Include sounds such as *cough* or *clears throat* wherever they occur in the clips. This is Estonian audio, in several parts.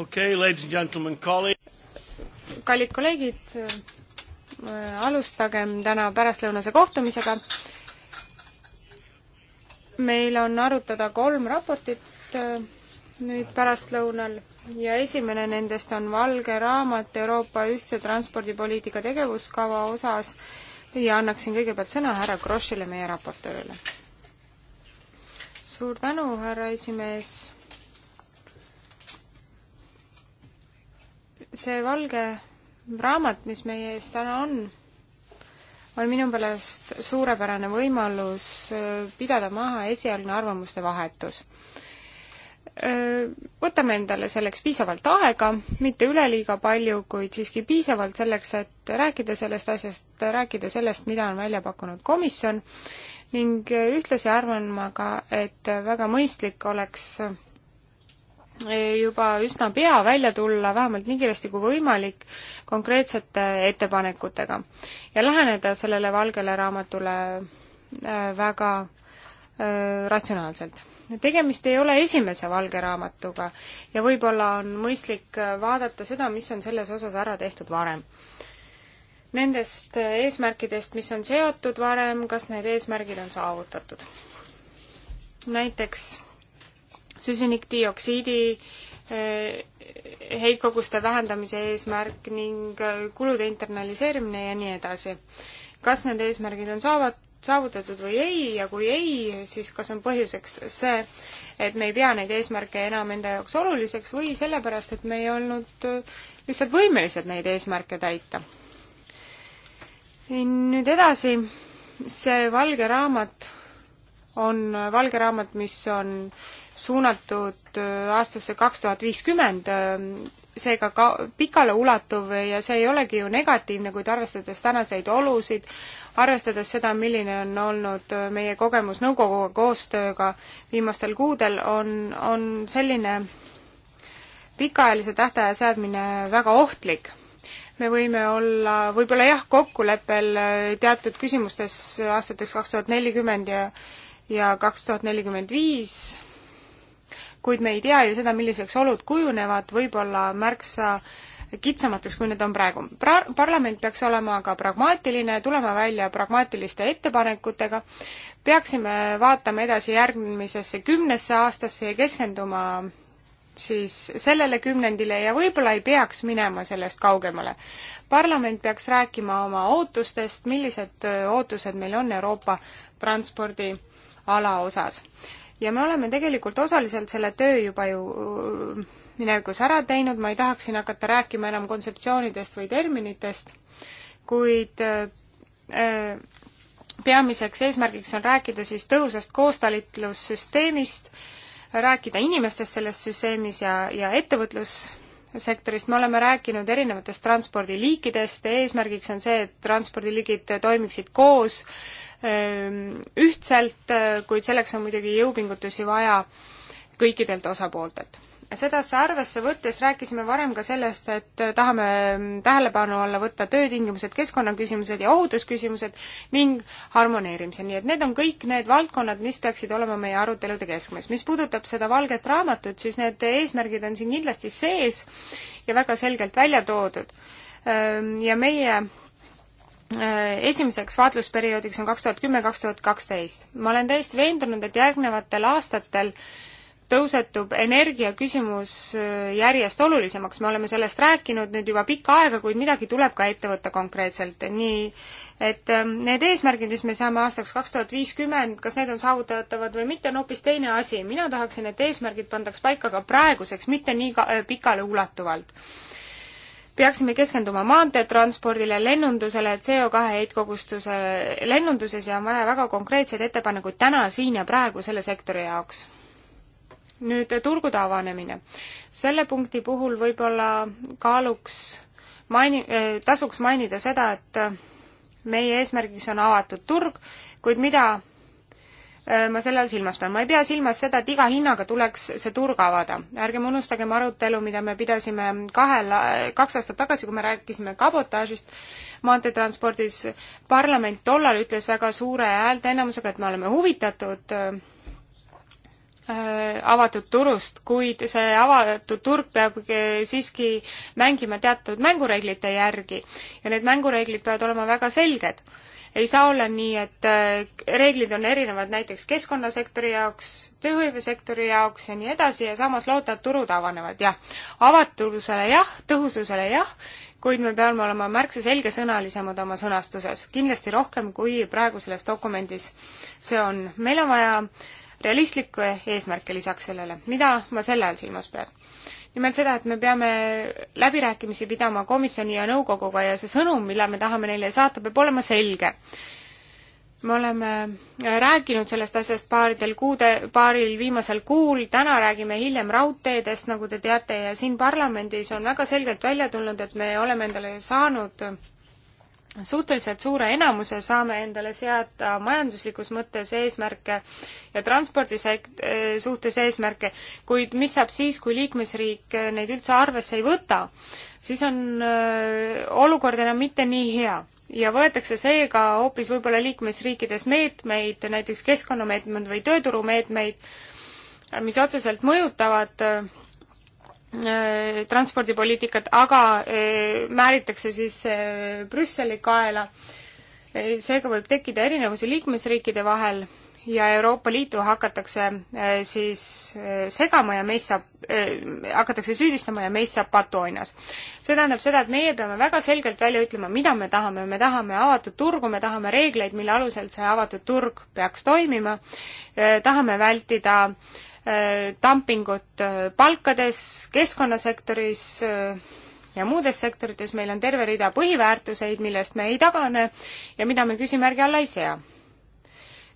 okei okay,, ladies and gentlemen, colleagues. kallid kolleegid, alustagem täna pärastlõunase kohtumisega. meil on arutada kolm raportit äh, nüüd pärastlõunal ja esimene nendest on valge raamat Euroopa ühtse transpordipoliitika tegevuskava osas ja annaksin kõigepealt sõna härra Grossile, meie raportöörile. suur tänu, härra esimees see valge raamat, mis meie ees täna on, on minu meelest suurepärane võimalus äh, pidada maha esialgne arvamuste vahetus. Äh, võtame endale selleks piisavalt aega, mitte üleliia palju, kuid siiski piisavalt selleks, et rääkida sellest asjast, rääkida sellest, mida on välja pakkunud komisjon ning äh, ühtlasi arvan ma ka, et väga mõistlik oleks juba üsna pea välja tulla, vähemalt nii kiiresti kui võimalik, konkreetsete ettepanekutega ja läheneda sellele valgele raamatule äh, väga äh, ratsionaalselt. tegemist ei ole esimese valge raamatuga ja võib-olla on mõistlik vaadata seda, mis on selles osas ära tehtud varem. Nendest eesmärkidest, mis on seotud varem, kas need eesmärgid on saavutatud? näiteks süsinikdioksiidi eh, heitkoguste vähendamise eesmärk ning eh, kulude internaliseerimine ja nii edasi. kas need eesmärgid on saavat-, saavutatud või ei ja kui ei, siis kas on põhjuseks see, et me ei pea neid eesmärke enam enda jaoks oluliseks või sellepärast, et me ei olnud eh, lihtsalt võimelised neid eesmärke täita? nüüd edasi, see valge raamat on valge raamat, mis on äh, suunatud äh, aastasse kaks tuhat viiskümmend, äh, seega ka pikale ulatuv ja see ei olegi ju negatiivne, kuid arvestades tänaseid olusid, arvestades seda, milline on olnud äh, meie kogemus nõukoguga koostööga viimastel kuudel, on, on selline pikaajalise tähtaja seadmine väga ohtlik me võime olla võib-olla jah, kokkuleppel teatud küsimustes aastateks kaks tuhat nelikümmend ja ja kaks tuhat nelikümmend viis, kuid me ei tea ju seda, milliseks olud kujunevad, võib-olla märksa kitsamateks, kui need on praegu. Pra-, parlament peaks olema ka pragmaatiline, tulema välja pragmaatiliste ettepanekutega, peaksime vaatama edasi järgmisesse kümnesse aastasse ja keskenduma siis sellele kümnendile ja võib-olla ei peaks minema sellest kaugemale. parlament peaks rääkima oma ootustest, millised ootused meil on Euroopa transpordi ala osas ja me oleme tegelikult osaliselt selle töö juba ju äh, minevikus ära teinud, ma ei tahaks siin hakata rääkima enam kontseptsioonidest või terminitest, kuid äh, äh, peamiseks eesmärgiks on rääkida siis tõhusast koostalitlussüsteemist, rääkida inimestest selles süsteemis ja, ja ettevõtlussektorist, me oleme rääkinud erinevatest transpordiliikidest, eesmärgiks on see, et transpordiliigid toimiksid koos, Ehm, ühtselt, äh, kuid selleks on muidugi jõupingutusi vaja kõikidelt osapooltelt sedasse arvesse võttes rääkisime varem ka sellest, et äh, tahame mm, tähelepanu alla võtta töötingimused, keskkonnaküsimused ja ohutusküsimused ning harmoneerimise, nii et need on kõik need valdkonnad, mis peaksid olema meie arutelude keskmes. mis puudutab seda valget raamatut, siis need eesmärgid on siin kindlasti sees ja väga selgelt välja toodud. Ehm, ja meie Äh, esimeseks vaatlusperioodiks on kaks tuhat kümme, kaks tuhat kaksteist. ma olen täiesti veendunud, et järgnevatel aastatel tõusetub energiaküsimus äh, järjest olulisemaks, me oleme sellest rääkinud nüüd juba pikka aega, kuid midagi tuleb ka ette võtta konkreetselt, nii et äh, need eesmärgid, mis me saame aastaks kaks tuhat viiskümmend, kas need on saavutatavad või mitte, on hoopis teine asi. mina tahaksin, et eesmärgid pandaks paika ka praeguseks, mitte nii ka, pikale ulatuvalt peaksime keskenduma maanteetranspordile, lennundusele, CO2 heitkogustuse lennunduses ja on vaja väga konkreetseid ettepanekuid täna, siin ja praegu selle sektori jaoks. nüüd turgude avanemine. selle punkti puhul võib-olla kaaluks maini-, äh, tasuks mainida seda, et meie eesmärgiks on avatud turg, kuid mida Äh, ma selle all silmas pean. ma ei pea silmas seda, et iga hinnaga tuleks see turg avada. ärgem unustagem arutelu, mida me pidasime kahel, kaks aastat tagasi, kui me rääkisime kabotaažist maanteetranspordis. parlament tollal ütles väga suure häälteenamusega, et me oleme huvitatud äh, avatud turust, kuid see avatud turg peab siiski mängima teatud mängureeglite järgi ja need mängureeglid peavad olema väga selged ei saa olla nii, et äh, reeglid on erinevad näiteks keskkonnasektori jaoks, tööhõivesektori jaoks ja nii edasi ja samas loota, et turud avanevad, jah. avatusele jah, tõhususele jah, kuid me peame olema märksa selgesõnalisemad oma sõnastuses, kindlasti rohkem kui praegu selles dokumendis see on. meil on vaja realistlikke eesmärke lisaks sellele, mida ma selle all silmas pean nimelt seda, et me peame läbirääkimisi pidama komisjoni ja nõukoguga ja see sõnum, mille me tahame neile saata, peab olema selge. me oleme rääkinud sellest asjast paaridel kuude, paaril viimasel kuul, täna räägime hiljem raudteedest, nagu te teate, ja siin parlamendis on väga selgelt välja tulnud, et me oleme endale saanud suhteliselt suure enamuse saame endale seada majanduslikus mõttes eesmärke ja transpordi eh, suhtes eesmärke, kuid mis saab siis, kui liikmesriik eh, neid üldse arvesse ei võta, siis on eh, olukord enam mitte nii hea ja võetakse seega hoopis võib-olla liikmesriikides meetmeid, näiteks keskkonnameetmeid või tööturumeetmeid, mis otseselt mõjutavad Äh, transpordipoliitikat, aga äh, määritakse siis äh, Brüsseli kaela. seega võib tekkida erinevusi liikmesriikide vahel ja Euroopa Liitu hakatakse siis segama ja meist saab äh,, hakatakse süüdistama ja meist saab patuoinas. see tähendab seda, et meie peame väga selgelt välja ütlema, mida me tahame, me tahame avatud turgu, me tahame reegleid, mille alusel see avatud turg peaks toimima eh,, tahame vältida äh, Äh, dumpingut äh, palkades, keskkonnasektoris äh, ja muudes sektorites, meil on terve rida põhiväärtuseid, millest me ei tagane ja mida me küsimärgi alla ei sea.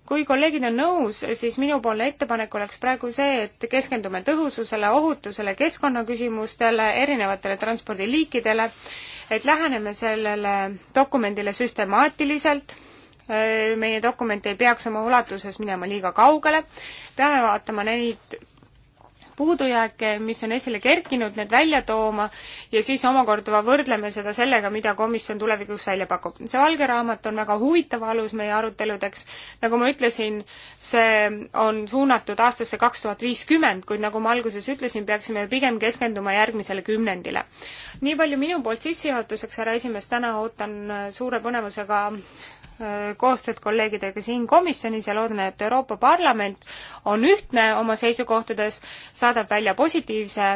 kui kolleegid on nõus, siis minupoolne ettepanek oleks praegu see, et keskendume tõhususele, ohutusele, keskkonnaküsimustele, erinevatele transpordiliikidele, et läheneme sellele dokumendile süstemaatiliselt Äh, meie dokument ei peaks oma ulatuses minema liiga kaugele, peame vaatama neid puudujääke, mis on esile kerkinud, need välja tooma ja siis omakorda võrdleme seda sellega, mida komisjon tulevikuks välja pakub. see valge raamat on väga huvitav alus meie aruteludeks, nagu ma ütlesin, see on suunatud aastasse kaks tuhat viiskümmend, kuid nagu ma alguses ütlesin, peaksime pigem keskenduma järgmisele kümnendile. nii palju minu poolt sissejuhatuseks, härra esimees, täna ootan suure põnevusega koostööd kolleegidega siin komisjonis ja loodan, et Euroopa Parlament on ühtne oma seisukohtades, saadab välja positiivse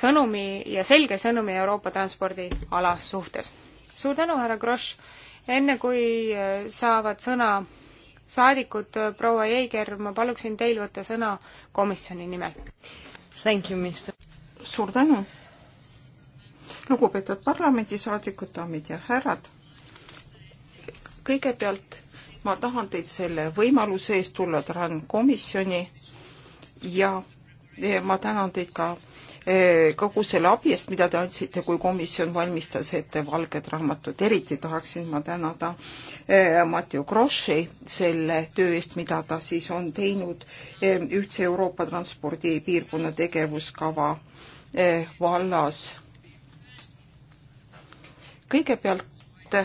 sõnumi ja selge sõnumi Euroopa transpordiala suhtes. suur tänu, härra Grosch! enne kui äh, saavad sõna saadikud, äh, proua Jeiger, ma paluksin teil võtta sõna komisjoni nimel. Thank you, minister. suur tänu! lugupeetud parlamendisaadikud, daamid ja härrad kõigepealt ma tahan teid selle võimaluse eest tulla TRAN komisjoni ja eh, ma tänan teid ka eh, kogu selle abi eest, mida te andsite, kui komisjon valmistas ette valged raamatud. eriti tahaksin ma tänada eh, Mattiu Grossi selle töö eest, mida ta siis on teinud Ühtse Euroopa Transpordipiirkonna tegevuskava vallas. kõigepealt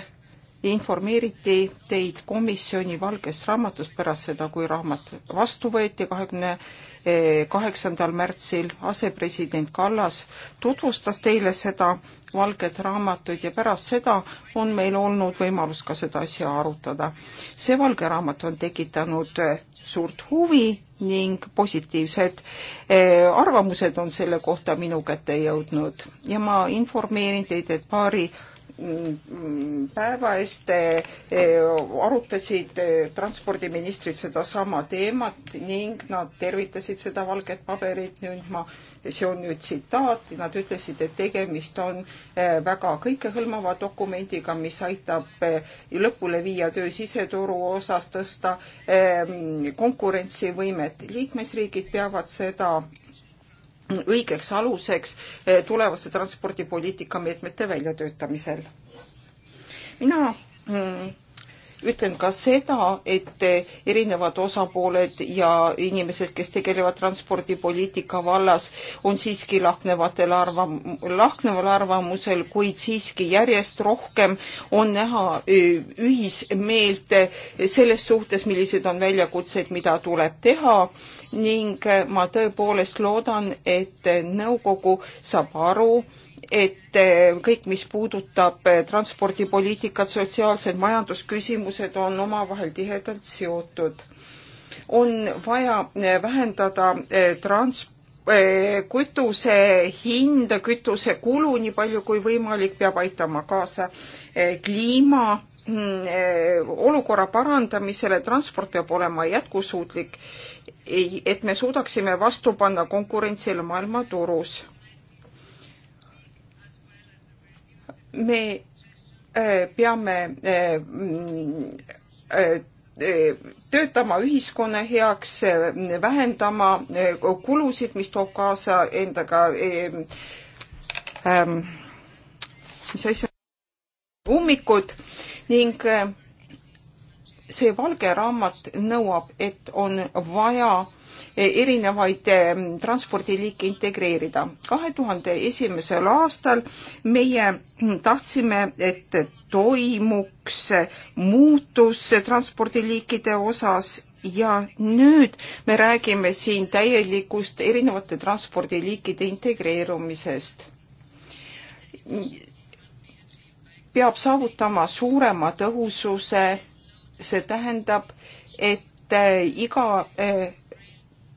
informeeriti teid komisjoni valgest raamatust pärast seda, kui raamat vastu võeti kahekümne eh, kaheksandal märtsil. asepresident Kallas tutvustas teile seda valget raamatut ja pärast seda on meil olnud võimalus ka seda asja arutada. see valge raamat on tekitanud eh, suurt huvi ning positiivsed eh, arvamused on selle kohta minu kätte jõudnud ja ma informeerin teid, et paari päeva eest eh, arutasid eh, transpordiministrid sedasama teemat ning nad tervitasid seda valget paberit. nüüd ma, see on nüüd tsitaat, nad ütlesid, et tegemist on eh, väga kõikehõlmava dokumendiga, mis aitab lõpule viia töö siseturu osas, tõsta konkurentsivõimet. liikmesriigid peavad seda õigeks aluseks eh, tulevase transpordipoliitika meetmete väljatöötamisel. mina mm, ütlen ka seda, et eh, erinevad osapooled ja inimesed, kes tegelevad transpordipoliitika vallas, on siiski lahknevatel arvam-, lahkneval arvamusel, kuid siiski järjest rohkem on näha eh, ühismeelt selles suhtes, millised on väljakutsed, mida tuleb teha ning eh, ma tõepoolest loodan, et eh, nõukogu saab aru, et eh, kõik, mis puudutab transpordipoliitikat, sotsiaalsed majandusküsimused on omavahel tihedalt seotud. on vaja vähendada trans-, kütuse hinda, kütusekulu nii palju kui võimalik, peab aitama kaasa kliima hmm, olukorra parandamisele, transport peab olema jätkusuutlik ei, et me suudaksime vastu panna konkurentsile maailmaturus. me äh, peame äh, mm, äh, töötama ühiskonna heaks, vähendama kulusid, mis toob kaasa endaga ähm, mis asja, ummikud ning see valge raamat nõuab, et on vaja erinevaid ehm, transpordiliike integreerida. kahe tuhande esimesel aastal meie tahtsime, et toimuks muutus transpordiliikide osas ja nüüd me räägime siin täielikust erinevate transpordiliikide integreerumisest peab saavutama suurema tõhususe see tähendab, et eh, iga eh,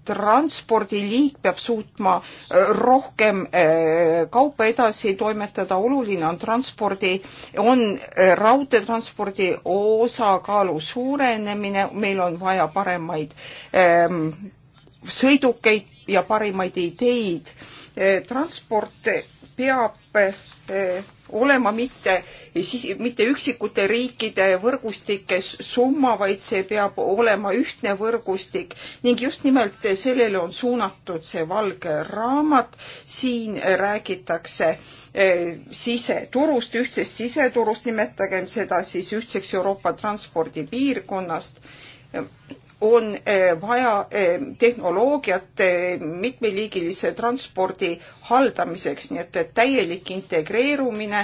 transpordiliik peab suutma eh, rohkem kaupa edasi toimetada, oluline on transpordi, on raudteetranspordi osakaalu suurenemine, meil on vaja paremaid ehm, sõidukeid ja parimaid ideid. transport peab olema mitte, mitte üksikute riikide võrgustikes summa, vaid see peab olema ühtne võrgustik ning just nimelt sellele on suunatud see valge raamat. siin räägitakse eh, siseturust, ühtsest siseturust, nimetagem seda siis ühtseks Euroopa transpordipiirkonnast on eh, vaja eh, tehnoloogiat mitmeliigilise transpordi haldamiseks, nii et, et täielik integreerumine,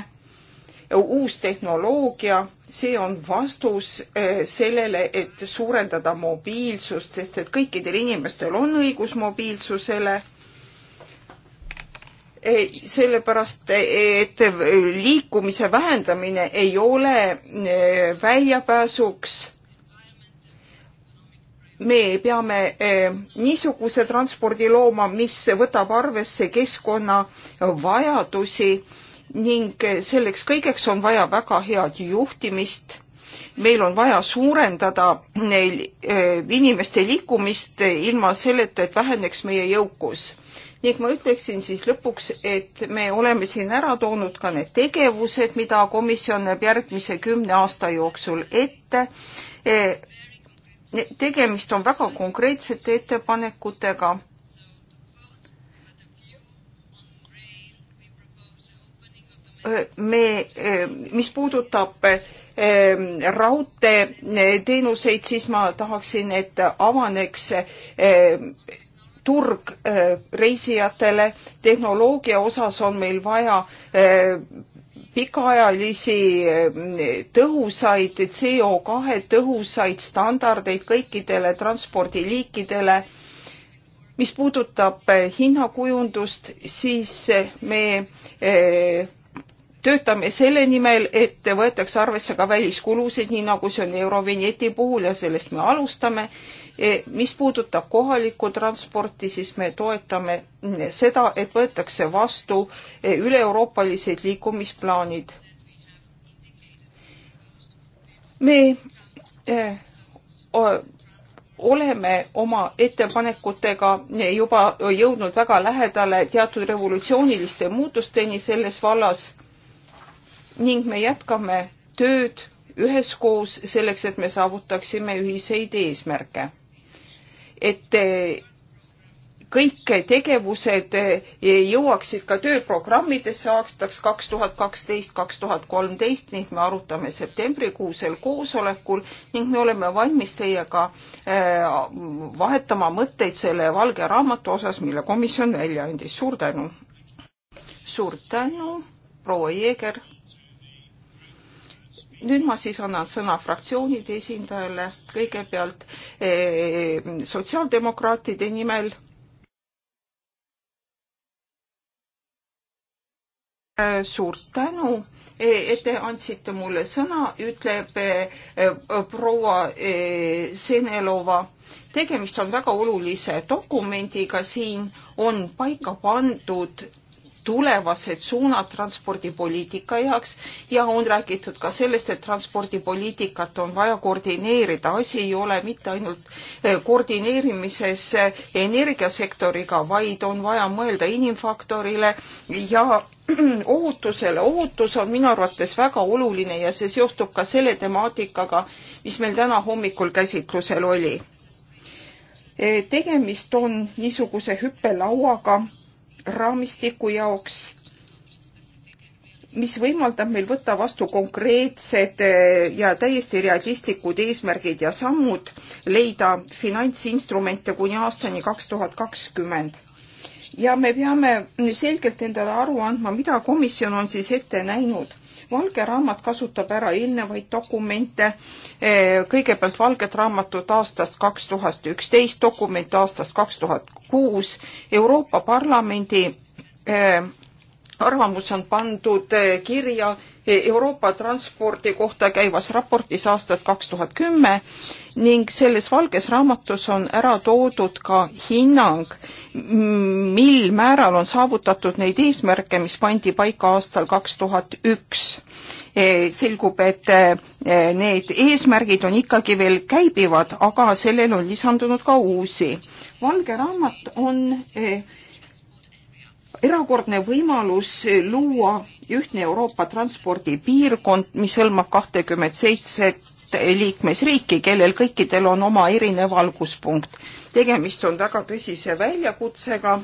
uus tehnoloogia, see on vastus eh, sellele, et suurendada mobiilsust, sest et kõikidel inimestel on õigus mobiilsusele eh, sellepärast, et liikumise vähendamine ei ole eh, väljapääsuks me peame eh, niisuguse transpordi looma, mis võtab arvesse keskkonna vajadusi ning selleks kõigeks on vaja väga head juhtimist. meil on vaja suurendada neil eh, inimeste liikumist ilma selleta, et väheneks meie jõukus. ning ma ütleksin siis lõpuks, et me oleme siin ära toonud ka need tegevused, mida komisjon näeb järgmise kümne aasta jooksul ette eh, tegemist on väga konkreetsete ettepanekutega. me, mis puudutab ehm, raudteeteenuseid, siis ma tahaksin, et avaneks ehm, turg ehm, reisijatele, tehnoloogia osas on meil vaja pikaajalisi mm, tõhusaid CO2 tõhusaid standardeid kõikidele transpordiliikidele. mis puudutab eh, hinnakujundust, siis eh, me eh, töötame selle nimel, et võetakse arvesse ka väliskulusid, nii nagu see on Eurovinjeti puhul ja sellest me alustame E, mis puudutab kohalikku transporti, siis me toetame seda, et võetakse vastu e, üle-euroopalised liikumisplaanid. me e, oleme oma ettepanekutega juba jõudnud väga lähedale teatud revolutsiooniliste muutusteni selles vallas ning me jätkame tööd üheskoos selleks, et me saavutaksime ühiseid eesmärke et eh, kõik tegevused eh, jõuaksid ka tööprogrammidesse aastaks kaks tuhat kaksteist, kaks tuhat kolmteist, neid me arutame septembrikuusel koosolekul ning me oleme valmis teiega eh, vahetama mõtteid selle valge raamatu osas, mille komisjon välja andis. suur tänu! suur tänu, proua Jeeger! nüüd ma siis annan sõna fraktsioonide esindajale, kõigepealt eh, sotsiaaldemokraatide nimel eh, suurt tänu, eh, et te andsite mulle sõna, ütleb eh, proua Senelova. tegemist on väga olulise dokumendiga, siin on paika pandud tulevased suunad transpordipoliitika heaks ja on räägitud ka sellest, et transpordipoliitikat on vaja koordineerida. asi ei ole mitte ainult e, koordineerimises e, energiasektoriga, vaid on vaja mõelda inimfaktorile ja *clears throat* ohutusele. ohutus on minu arvates väga oluline ja see seohtub ka selle temaatikaga, mis meil täna hommikul käsitlusel oli e, tegemist on niisuguse hüppelauaga raamistiku jaoks, mis võimaldab meil võtta vastu konkreetsed eh, ja täiesti realistlikud eesmärgid ja sammud, leida finantsinstrumente kuni aastani kaks tuhat kakskümmend ja me peame selgelt endale aru andma, mida komisjon on siis ette näinud valge raamat kasutab ära eelnevaid dokumente, eh, kõigepealt valget raamatut aastast kaks tuhat üksteist, dokument aastast kaks tuhat kuus, Euroopa Parlamendi eh, arvamus on pandud eh, kirja eh, Euroopa transpordi kohta käivas raportis aastat kaks tuhat kümme ning selles valges raamatus on ära toodud ka hinnang, mil määral on saavutatud neid eesmärke, mis pandi paika aastal kaks tuhat üks. Eh, selgub, et need eesmärgid on ikkagi veel käibivad, aga sellele on lisandunud ka uusi. valge raamat on erakordne võimalus luua ühtne Euroopa transpordipiirkond, mis hõlmab kahtekümmet seitset liikmesriiki, kellel kõikidel on oma erinev alguspunkt. tegemist on väga tõsise väljakutsega,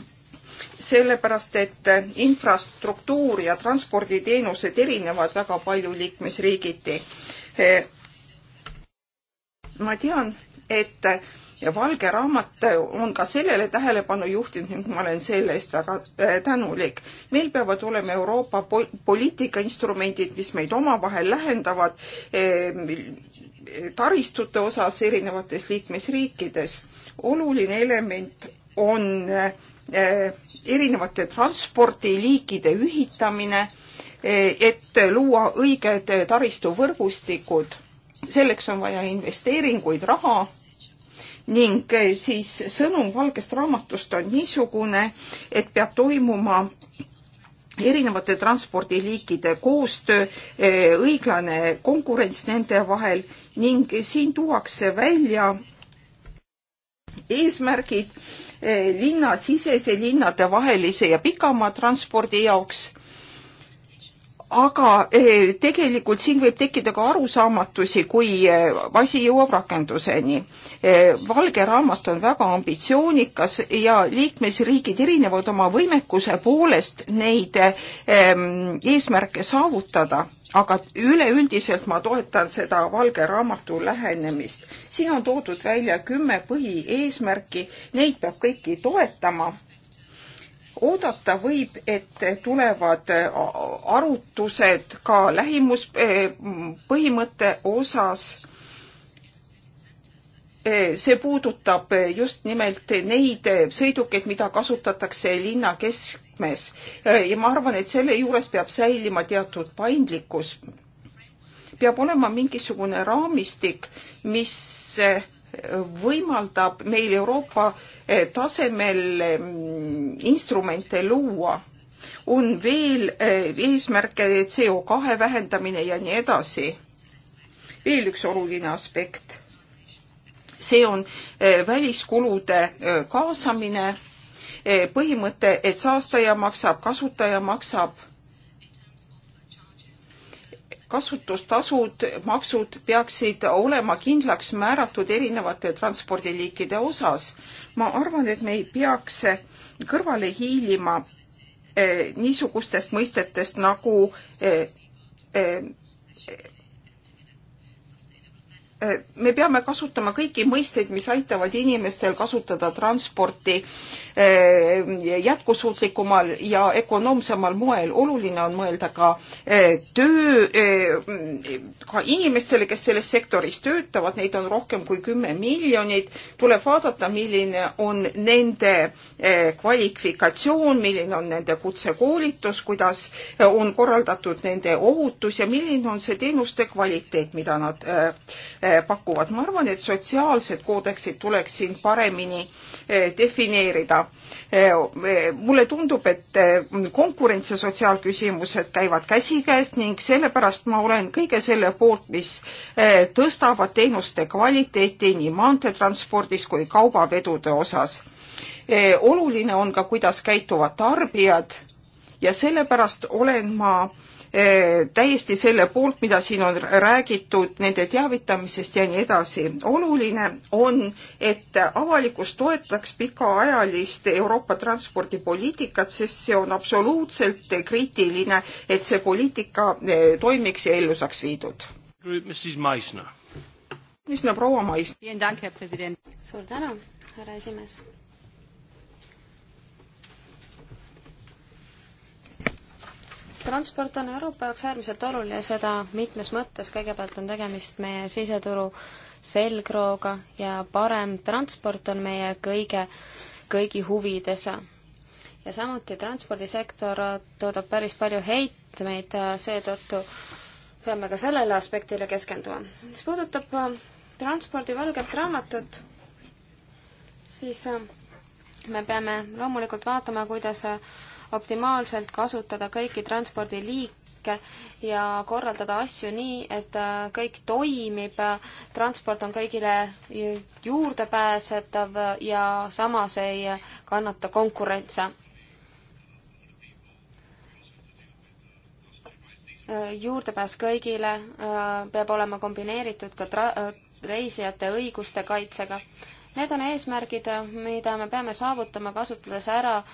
sellepärast et infrastruktuur ja transporditeenused erinevad väga palju liikmesriigiti. ma tean, et ja Valge raamat on ka sellele tähelepanu juhtinud ning ma olen selle eest väga äh, tänulik. meil peavad olema Euroopa poliitikainstrumendid, mis meid omavahel lähendavad äh, taristute osas erinevates liikmesriikides. oluline element on äh, erinevate transpordiliikide ühitamine, et luua õiged taristuvõrgustikud. selleks on vaja investeeringuid, raha ning eh, siis sõnum Valgest raamatust on niisugune, et peab toimuma erinevate transpordiliikide koostöö, eh, õiglane konkurents nende vahel ning siin tuuakse välja eesmärgid eh, linnasisese, linnadevahelise ja pikama transpordi jaoks aga eh, tegelikult siin võib tekkida ka arusaamatusi, kui eh, asi jõuab rakenduseni. Eh, valge raamat on väga ambitsioonikas ja liikmesriigid erinevad oma võimekuse poolest neid ehm, eesmärke saavutada, aga üleüldiselt ma toetan seda valge raamatu lähenemist. siin on toodud välja kümme põhieesmärki, neid peab kõiki toetama oodata võib, et tulevad arutused ka lähimuspõhimõtte eh, osas. Eh, see puudutab just nimelt neid sõidukeid, mida kasutatakse linna keskmes eh, ja ma arvan, et selle juures peab säilima teatud paindlikkus. peab olema mingisugune raamistik, mis võimaldab meil Euroopa eh, tasemel mm, instrumente luua. on veel eh, eesmärke CO2 vähendamine ja nii edasi. veel üks oluline aspekt. see on eh, väliskulude kaasamine, põhimõte, et saastaja maksab, kasutaja maksab kasutustasud, maksud peaksid olema kindlaks määratud erinevate transpordiliikide osas. ma arvan, et me ei peaks kõrvale hiilima eh, niisugustest mõistetest nagu eh, eh, Äh, me peame kasutama kõiki mõisteid, mis aitavad inimestel kasutada transporti äh, jätkusuutlikumal ja ökonoomsemal moel. oluline on mõelda ka äh, töö, ka inimestele, kes selles sektoris töötavad, neid on rohkem kui kümme miljonit. tuleb vaadata, milline on nende kvalifikatsioon, milline on nende kutsekoolitus, kuidas on korraldatud nende ohutus ja milline on see teenuste kvaliteet, mida nad pakuvad. ma arvan, et sotsiaalsed koodeksid tuleks siin paremini eh, defineerida. Eh, eh, mulle tundub, et konkurents ja sotsiaalküsimused käivad käsikäes ning sellepärast ma olen kõige selle poolt, mis tõstavad teenuste kvaliteeti nii maanteetranspordis kui kaubavedude osas. oluline on ka, kuidas käituvad tarbijad ja sellepärast olen ma Eh, täiesti selle poolt, mida siin on räägitud nende teavitamisest ja nii edasi. oluline on, et avalikkus toetaks pikaajalist Euroopa transpordipoliitikat, sest see on absoluutselt kriitiline, et see poliitika eh, toimiks ja ellu saaks viidud. mis on proua Mais-? suur tänu, härra esimees transport on Euroopa jaoks äärmiselt oluline, seda mitmes mõttes, kõigepealt on tegemist meie siseturu selgrooga ja parem transport on meie kõige, kõigi huvides. ja samuti transpordisektor toodab päris palju heitmeid, seetõttu peame ka sellele aspektile keskenduma. mis puudutab äh, transpordi valget raamatut, siis äh, me peame loomulikult vaatama, kuidas äh, optimaalselt kasutada kõiki transpordiliike ja korraldada asju nii, et äh, kõik toimib, transport on kõigile juurdepääsetav ja samas ei kannata konkurentse. juurdepääs kõigile äh, peab olema kombineeritud ka tra-, reisijate õiguste kaitsega. Need on eesmärgid, mida me peame saavutama, kasutades ära äh,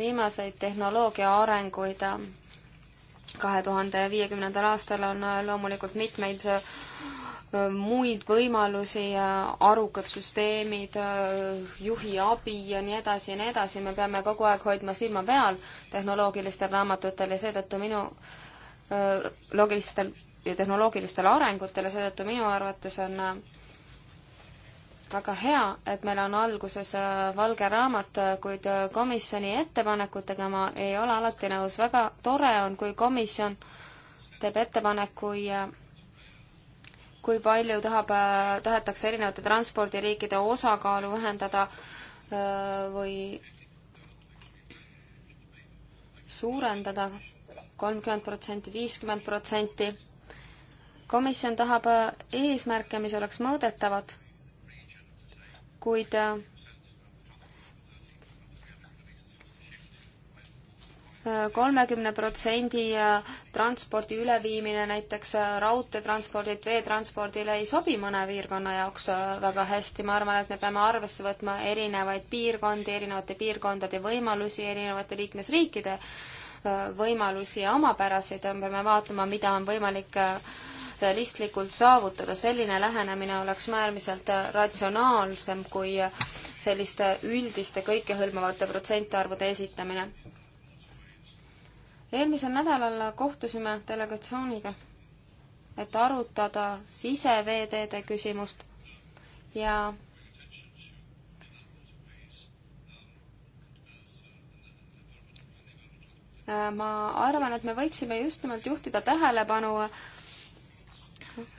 viimaseid tehnoloogia arenguid. Äh, kahe tuhande viiekümnendal aastal on äh, loomulikult mitmeid äh, muid võimalusi, arukad süsteemid, juhi abi ja nii edasi ja nii edasi, me peame kogu aeg hoidma silma peal tehnoloogilistel raamatutel ja seetõttu minu loogilistel ja tehnoloogilistel arengutel ja seetõttu minu arvates on väga hea, et meil on alguses äh, valge raamat, äh, kuid äh, komisjoni ettepanekutega ma ei ole alati nõus. väga tore on, kui komisjon teeb ettepaneku ja kui palju tahab, tahetakse erinevate transpordiliikide osakaalu vähendada või suurendada kolmkümmend protsenti, viiskümmend protsenti. komisjon tahab eesmärke, mis oleks mõõdetavad kuid äh, kolmekümne protsendi äh, transpordi üleviimine näiteks äh, raudteetranspordilt veetranspordile ei sobi mõne piirkonna jaoks väga hästi. ma arvan, et me peame arvesse võtma erinevaid piirkondi, erinevate piirkondade võimalusi, erinevate liikmesriikide võimalusi ja omapäraseid ja me peame vaatama, mida on võimalik realistlikult saavutada, selline lähenemine oleks äärmiselt ratsionaalsem kui selliste üldiste kõikehõlmavate protsentarvude esitamine. eelmisel nädalal kohtusime delegatsiooniga, et arutada siseveeteede küsimust ja ma arvan, et me võiksime just nimelt juhtida tähelepanu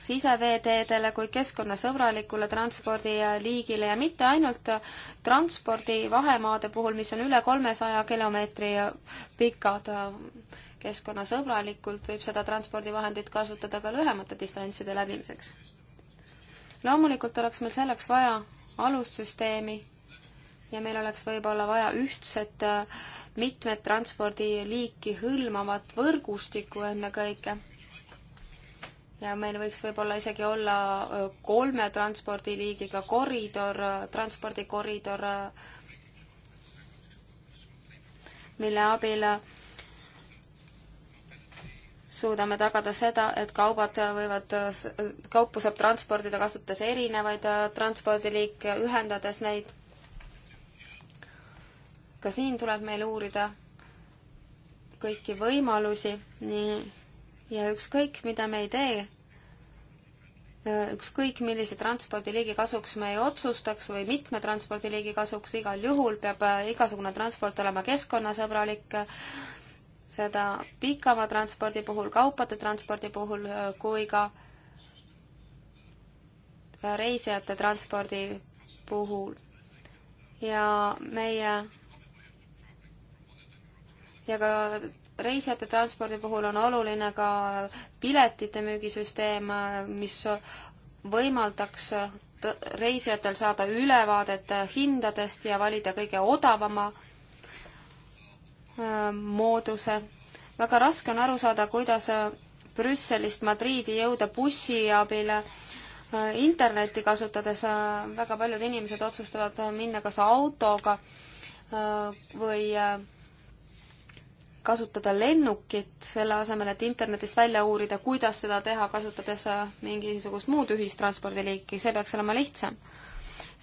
siseveeteedele kui keskkonnasõbralikule transpordiliigile ja mitte ainult transpordi vahemaade puhul, mis on üle kolmesaja kilomeetri pikad. keskkonnasõbralikult võib seda transpordivahendit kasutada ka lühemate distantside läbimiseks. loomulikult oleks meil selleks vaja alussüsteemi ja meil oleks võib-olla vaja ühtset äh, mitmed transpordiliiki hõlmavat võrgustikku ennekõike ja meil võiks võib-olla isegi olla kolme transpordiliigiga koridor, transpordikoridor, mille abil suudame tagada seda, et kaubad võivad, kaupu saab transportida kasutades erinevaid transpordiliike, ühendades neid. ka siin tuleb meil uurida kõiki võimalusi, nii ja ükskõik, mida me ei tee, ükskõik millise transpordiliigi kasuks me ei otsustaks või mitme transpordiliigi kasuks, igal juhul peab äh, igasugune transport olema keskkonnasõbralik, seda pikama transpordi puhul, kaupade transpordi puhul äh, kui ka äh, reisijate transpordi puhul. ja meie ja ka reisijate transpordi puhul on oluline ka piletite müügisüsteem, mis võimaldaks reisijatel saada ülevaadet hindadest ja valida kõige odavama äh, mooduse. väga raske on aru saada, kuidas Brüsselist Madriidi jõuda bussi abil. Äh, internetti kasutades äh, väga paljud inimesed otsustavad minna kas autoga või kasutada lennukit, selle asemel, et internetist välja uurida, kuidas seda teha, kasutades äh, mingisugust muud ühistranspordiliiki, see peaks olema lihtsam.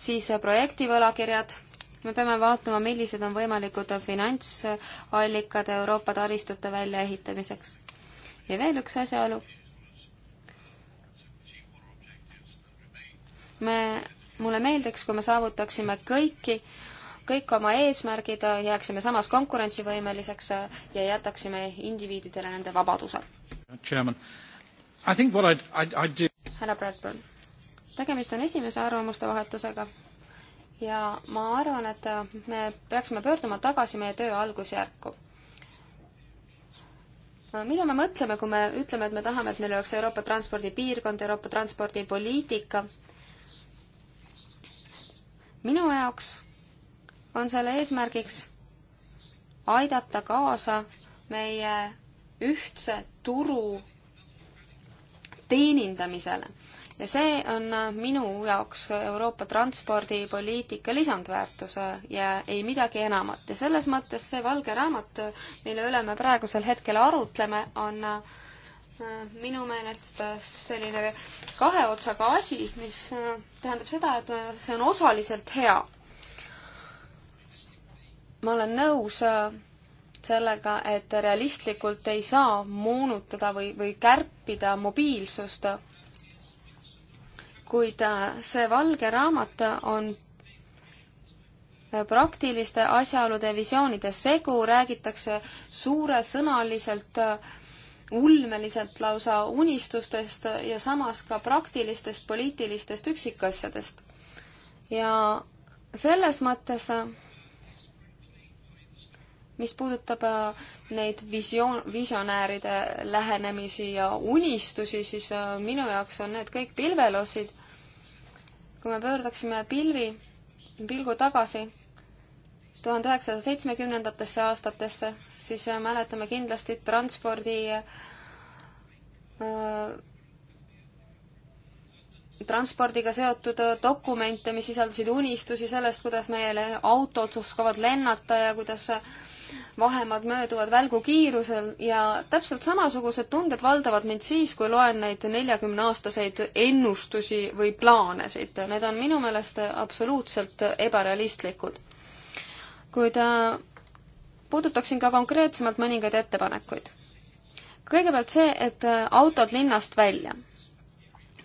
siis äh, projektivõlakirjad, me peame vaatama, millised on võimalikud äh, finantsallikad Euroopa taristute väljaehitamiseks. ja veel üks asjaolu. me, mulle meeldiks, kui me saavutaksime kõiki äh, kõik oma eesmärgid, jääksime samas konkurentsivõimeliseks äh, ja jätaksime indiviididele nende vabaduse. härra Bradburn, tegemist on esimese arvamuste vahetusega ja ma arvan, et äh, me peaksime pöörduma tagasi meie töö algusjärku äh, mida me mõtleme, kui me ütleme, et me tahame, et meil oleks Euroopa transpordipiirkond, Euroopa transpordipoliitika? minu jaoks on selle eesmärgiks aidata kaasa meie ühtse turu teenindamisele. ja see on minu jaoks Euroopa transpordipoliitika lisandväärtus ja ei midagi enamat. ja selles mõttes see valge raamat, mille üle me praegusel hetkel arutleme, on äh, minu meelest selline kahe otsaga asi, mis äh, tähendab seda, et see on osaliselt hea ma olen nõus äh, sellega, et realistlikult ei saa moonutada või, või kärpida mobiilsust, kuid äh, see valge raamat on praktiliste asjaolude visioonide segu, räägitakse suuresõnaliselt, äh, ulmeliselt lausa unistustest ja samas ka praktilistest poliitilistest üksikasjadest. ja selles mõttes mis puudutab äh, neid visioon, visionääride lähenemisi ja unistusi, siis äh, minu jaoks on need kõik pilvelossid. kui me pöördaksime pilvi, pilgu tagasi tuhande üheksasaja seitsmekümnendatesse aastatesse, siis äh, mäletame kindlasti transpordi äh, transpordiga seotud dokumente, mis sisaldasid unistusi sellest, kuidas meie autod oskavad lennata ja kuidas vahemad mööduvad välgukiirusel ja täpselt samasugused tunded valdavad mind siis, kui loen neid neljakümneaastaseid ennustusi või plaanesid. Need on minu meelest absoluutselt ebarealistlikud. kuid äh, puudutaksin ka konkreetsemalt mõningaid ettepanekuid. kõigepealt see, et äh, autod linnast välja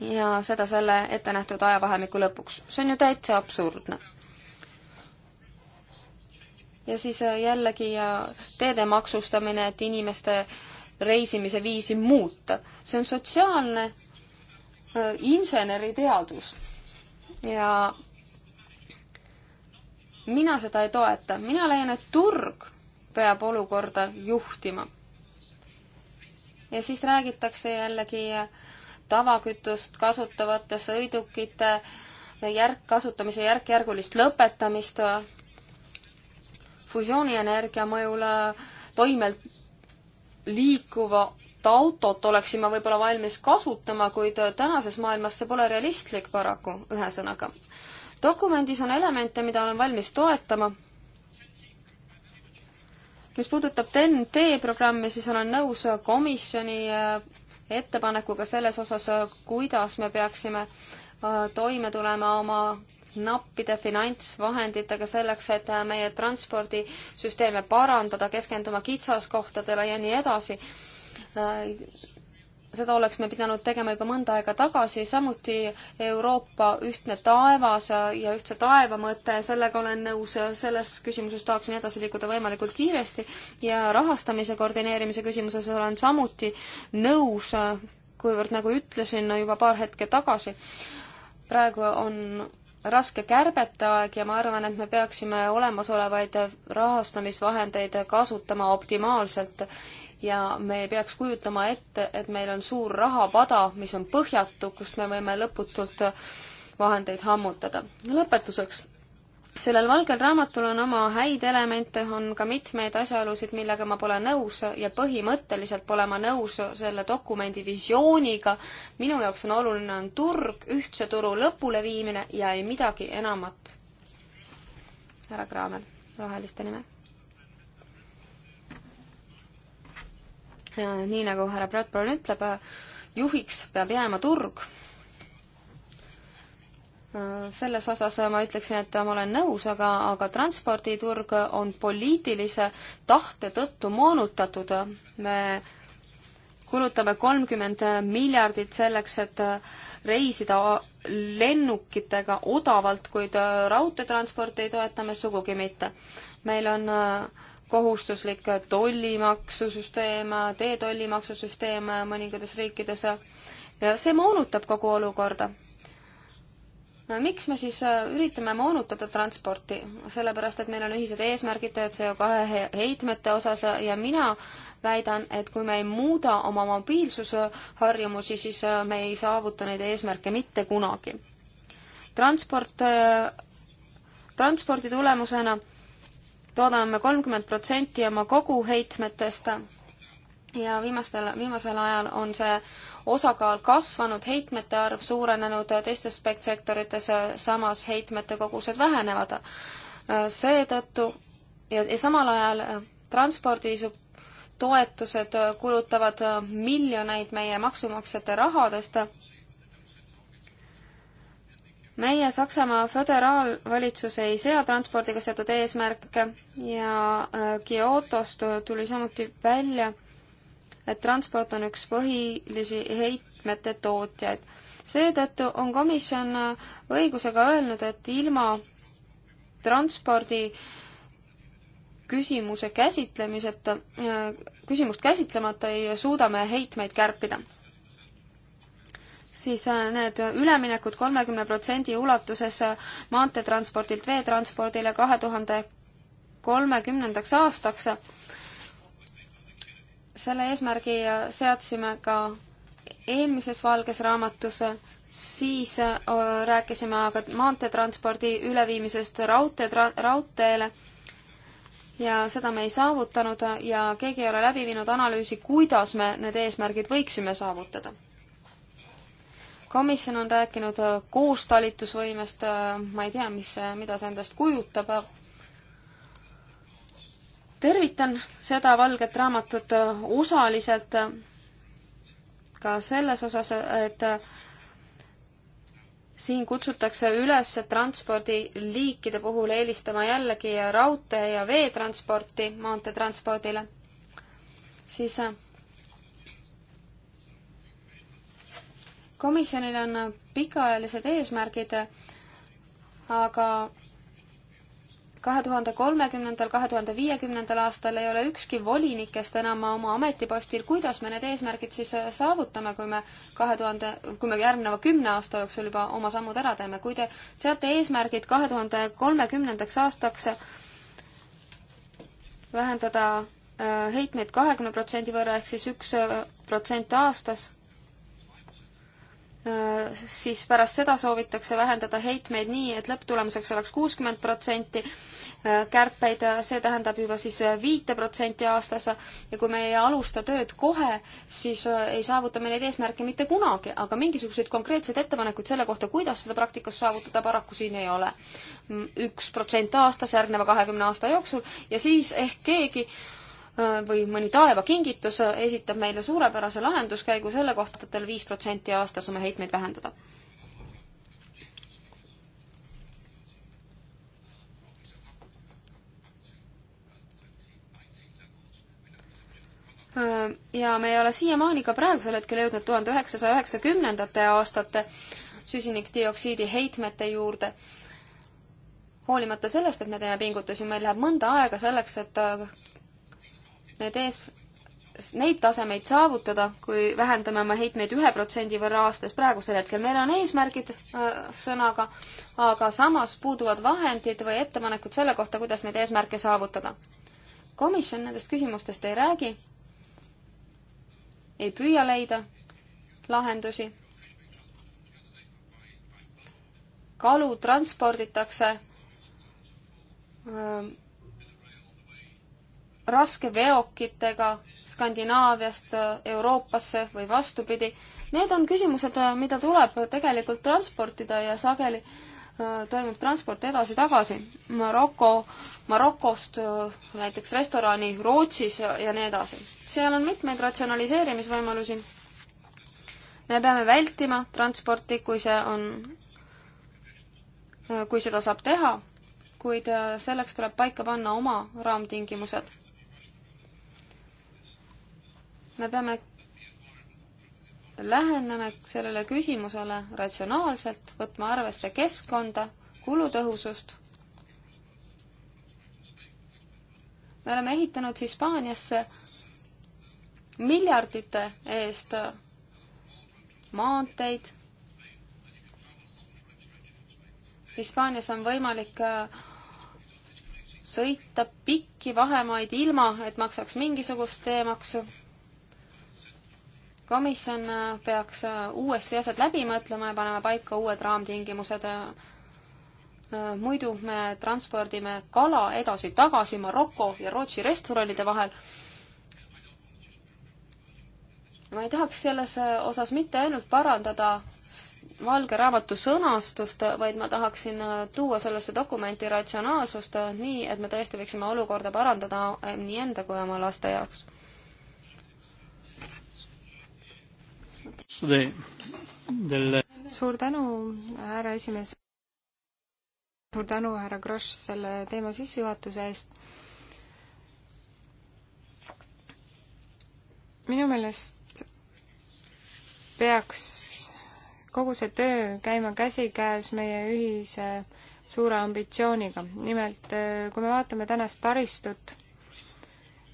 ja seda selle ettenähtud ajavahemiku lõpuks. see on ju täitsa absurdne ja siis äh, jällegi äh, teede maksustamine, et inimeste reisimise viisi muuta. see on sotsiaalne äh, inseneriteadus ja mina seda ei toeta, mina leian, et turg peab olukorda juhtima. ja siis räägitakse jällegi tavakütust kasutavate sõidukite järk, kasutamise järk-järgulist lõpetamist fusioonienergia mõjul toimelt liikuvat autot oleksime võib-olla valmis kasutama, kuid tänases maailmas see pole realistlik paraku, ühesõnaga. dokumendis on elemente, mida olen valmis toetama. mis puudutab TEN-T programmi, siis olen nõus komisjoni äh, ettepanekuga selles osas, äh, kuidas me peaksime äh, toime tulema oma nappide finantsvahenditega selleks, et meie transpordisüsteeme parandada, keskenduma kitsaskohtadele ja nii edasi. seda oleks me pidanud tegema juba mõnda aega tagasi, samuti Euroopa ühtne taevas ja ühtse taeva mõte, sellega olen nõus, selles küsimuses tahaksin edasi liikuda võimalikult kiiresti ja rahastamise koordineerimise küsimuses olen samuti nõus, kuivõrd nagu ütlesin juba paar hetke tagasi, praegu on raske kärbete aeg ja ma arvan, et me peaksime olemasolevaid rahastamisvahendeid kasutama optimaalselt ja me ei peaks kujutama ette, et meil on suur rahapada, mis on põhjatu, kust me võime lõputult vahendeid hammutada. lõpetuseks sellel valgel raamatul on oma häid elemente, on ka mitmeid asjaolusid, millega ma pole nõus ja põhimõtteliselt pole ma nõus selle dokumendi visiooniga. minu jaoks on oluline, on turg, ühtse turu lõpuleviimine ja ei midagi enamat. härra Kraamer, roheliste nimel. nii nagu härra Bradburn ütleb, juhiks peab jääma turg selles osas ma ütleksin, et ma olen nõus, aga, aga transporditurg on poliitilise tahte tõttu moonutatud. me kulutame kolmkümmend miljardit selleks, et reisida lennukitega odavalt, kuid raudteetransporti ei toeta me sugugi mitte. meil on äh, kohustuslik tollimaksusüsteem, teetollimaksusüsteem mõningates riikides ja see moonutab kogu olukorda miks me siis äh, üritame moonutada transporti? sellepärast, et meil on ühised eesmärgid CO2 heitmete osas ja mina väidan, et kui me ei muuda oma mobiilsusharjumusi, siis äh, me ei saavuta neid eesmärke mitte kunagi. transport, äh, transpordi tulemusena toodame kolmkümmend protsenti oma koguheitmetest ja viimastel, viimasel ajal on see osakaal kasvanud, heitmete arv suurenenud, teistes sektorites äh, samas heitmete kogused vähenevad. Äh, seetõttu ja, ja samal ajal äh, transpordi toetused kulutavad miljoneid meie maksumaksjate rahadest. meie Saksamaa föderaalvalitsus ei sea transpordiga seotud eesmärke ja Kyotost tuli samuti välja et transport on üks põhilisi heitmete tootjaid. seetõttu on komisjon õigusega öelnud, et ilma transpordi küsimuse käsitlemiseta, küsimust käsitlemata ei suuda me heitmeid kärpida. siis äh, need üleminekud kolmekümne protsendi ulatuses maanteetranspordilt veetranspordile kahe tuhande kolmekümnendaks aastaks selle eesmärgi seadsime ka eelmises valges raamatus, siis äh, rääkisime aga maanteetranspordi üleviimisest raudtee, raudteele ja seda me ei saavutanud ja keegi ei ole läbi viinud analüüsi, kuidas me need eesmärgid võiksime saavutada. komisjon on rääkinud äh, koostalitusvõimest, äh, ma ei tea, mis, mida see endast kujutab, tervitan seda valget raamatut äh, osaliselt äh, ka selles osas, et äh, siin kutsutakse üles transpordiliikide puhul eelistama jällegi raudtee- ja veetransporti maanteetranspordile, siis komisjonil on pikaajalised eesmärgid, aga kahe tuhande kolmekümnendal, kahe tuhande viiekümnendal aastal ei ole ükski volinikest enam oma ametipostil, kuidas me need eesmärgid siis äh, saavutame, kui me kahe tuhande, kui me järgneva kümne aasta jooksul juba oma sammud ära teeme, kui te seate eesmärgid kahe tuhande kolmekümnendaks aastaks vähendada äh, heitmeid kahekümne protsendi võrra ehk siis üks äh, protsent aastas siis pärast seda soovitakse vähendada heitmeid nii, et lõpptulemuseks oleks kuuskümmend protsenti äh, kärpeid, äh, see tähendab juba siis äh, viite protsenti aastas ja kui me ei alusta tööd kohe, siis ei saavuta me neid eesmärke mitte kunagi, aga mingisuguseid konkreetseid ettepanekuid selle kohta, kuidas seda praktikas saavutada, paraku siin ei ole. Mm, üks protsent aastas järgneva kahekümne aasta jooksul ja siis ehk keegi või mõni taevakingitus esitab meile suurepärase lahenduskäigu selle kohta, et talle viis protsenti aastas oma heitmeid vähendada. ja me ei ole siiamaani ka praegusel hetkel jõudnud tuhande üheksasaja üheksakümnendate aastate süsinikdioksiidi heitmete juurde hoolimata sellest, et me teeme pingutusi, meil läheb mõnda aega selleks, et need ees, neid tasemeid saavutada, kui vähendame oma heitmeid ühe protsendi võrra aastas praegusel hetkel. meil on eesmärgid äh, sõnaga, aga samas puuduvad vahendid või ettepanekud selle kohta, kuidas neid eesmärke saavutada. komisjon nendest küsimustest ei räägi, ei püüa leida lahendusi. kalu transporditakse äh, raskeveokitega Skandinaaviast äh, Euroopasse või vastupidi. Need on küsimused, äh, mida tuleb tegelikult transportida ja sageli äh, toimub transport edasi-tagasi. Maroko, Marokost näiteks restorani Rootsis ja nii edasi. seal on mitmeid ratsionaliseerimisvõimalusi. me peame vältima transporti, kui see on, kui seda saab teha, kuid selleks tuleb paika panna oma raamtingimused me peame läheneme sellele küsimusele ratsionaalselt, võtma arvesse keskkonda, kulutõhusust. me oleme ehitanud Hispaaniasse miljardite eest maanteid. Hispaanias on võimalik äh, sõita pikki vahemaid ilma, et maksaks mingisugust teemaksu komisjon äh, peaks äh, uuesti asjad läbi mõtlema ja panema paika uued raamtingimused. Äh, muidu me transpordime kala edasi-tagasi Maroko ja Rootsi restoranide vahel. ma ei tahaks selles osas mitte ainult parandada valge raamatu sõnastust, vaid ma tahaksin tuua sellesse dokumenti ratsionaalsust nii, et me tõesti võiksime olukorda parandada nii enda kui oma laste jaoks suur tänu, härra esimees. suur tänu, härra Grosch, selle teema sissejuhatuse eest. minu meelest peaks kogu see töö käima käsikäes meie ühise suure ambitsiooniga. nimelt, kui me vaatame tänast taristut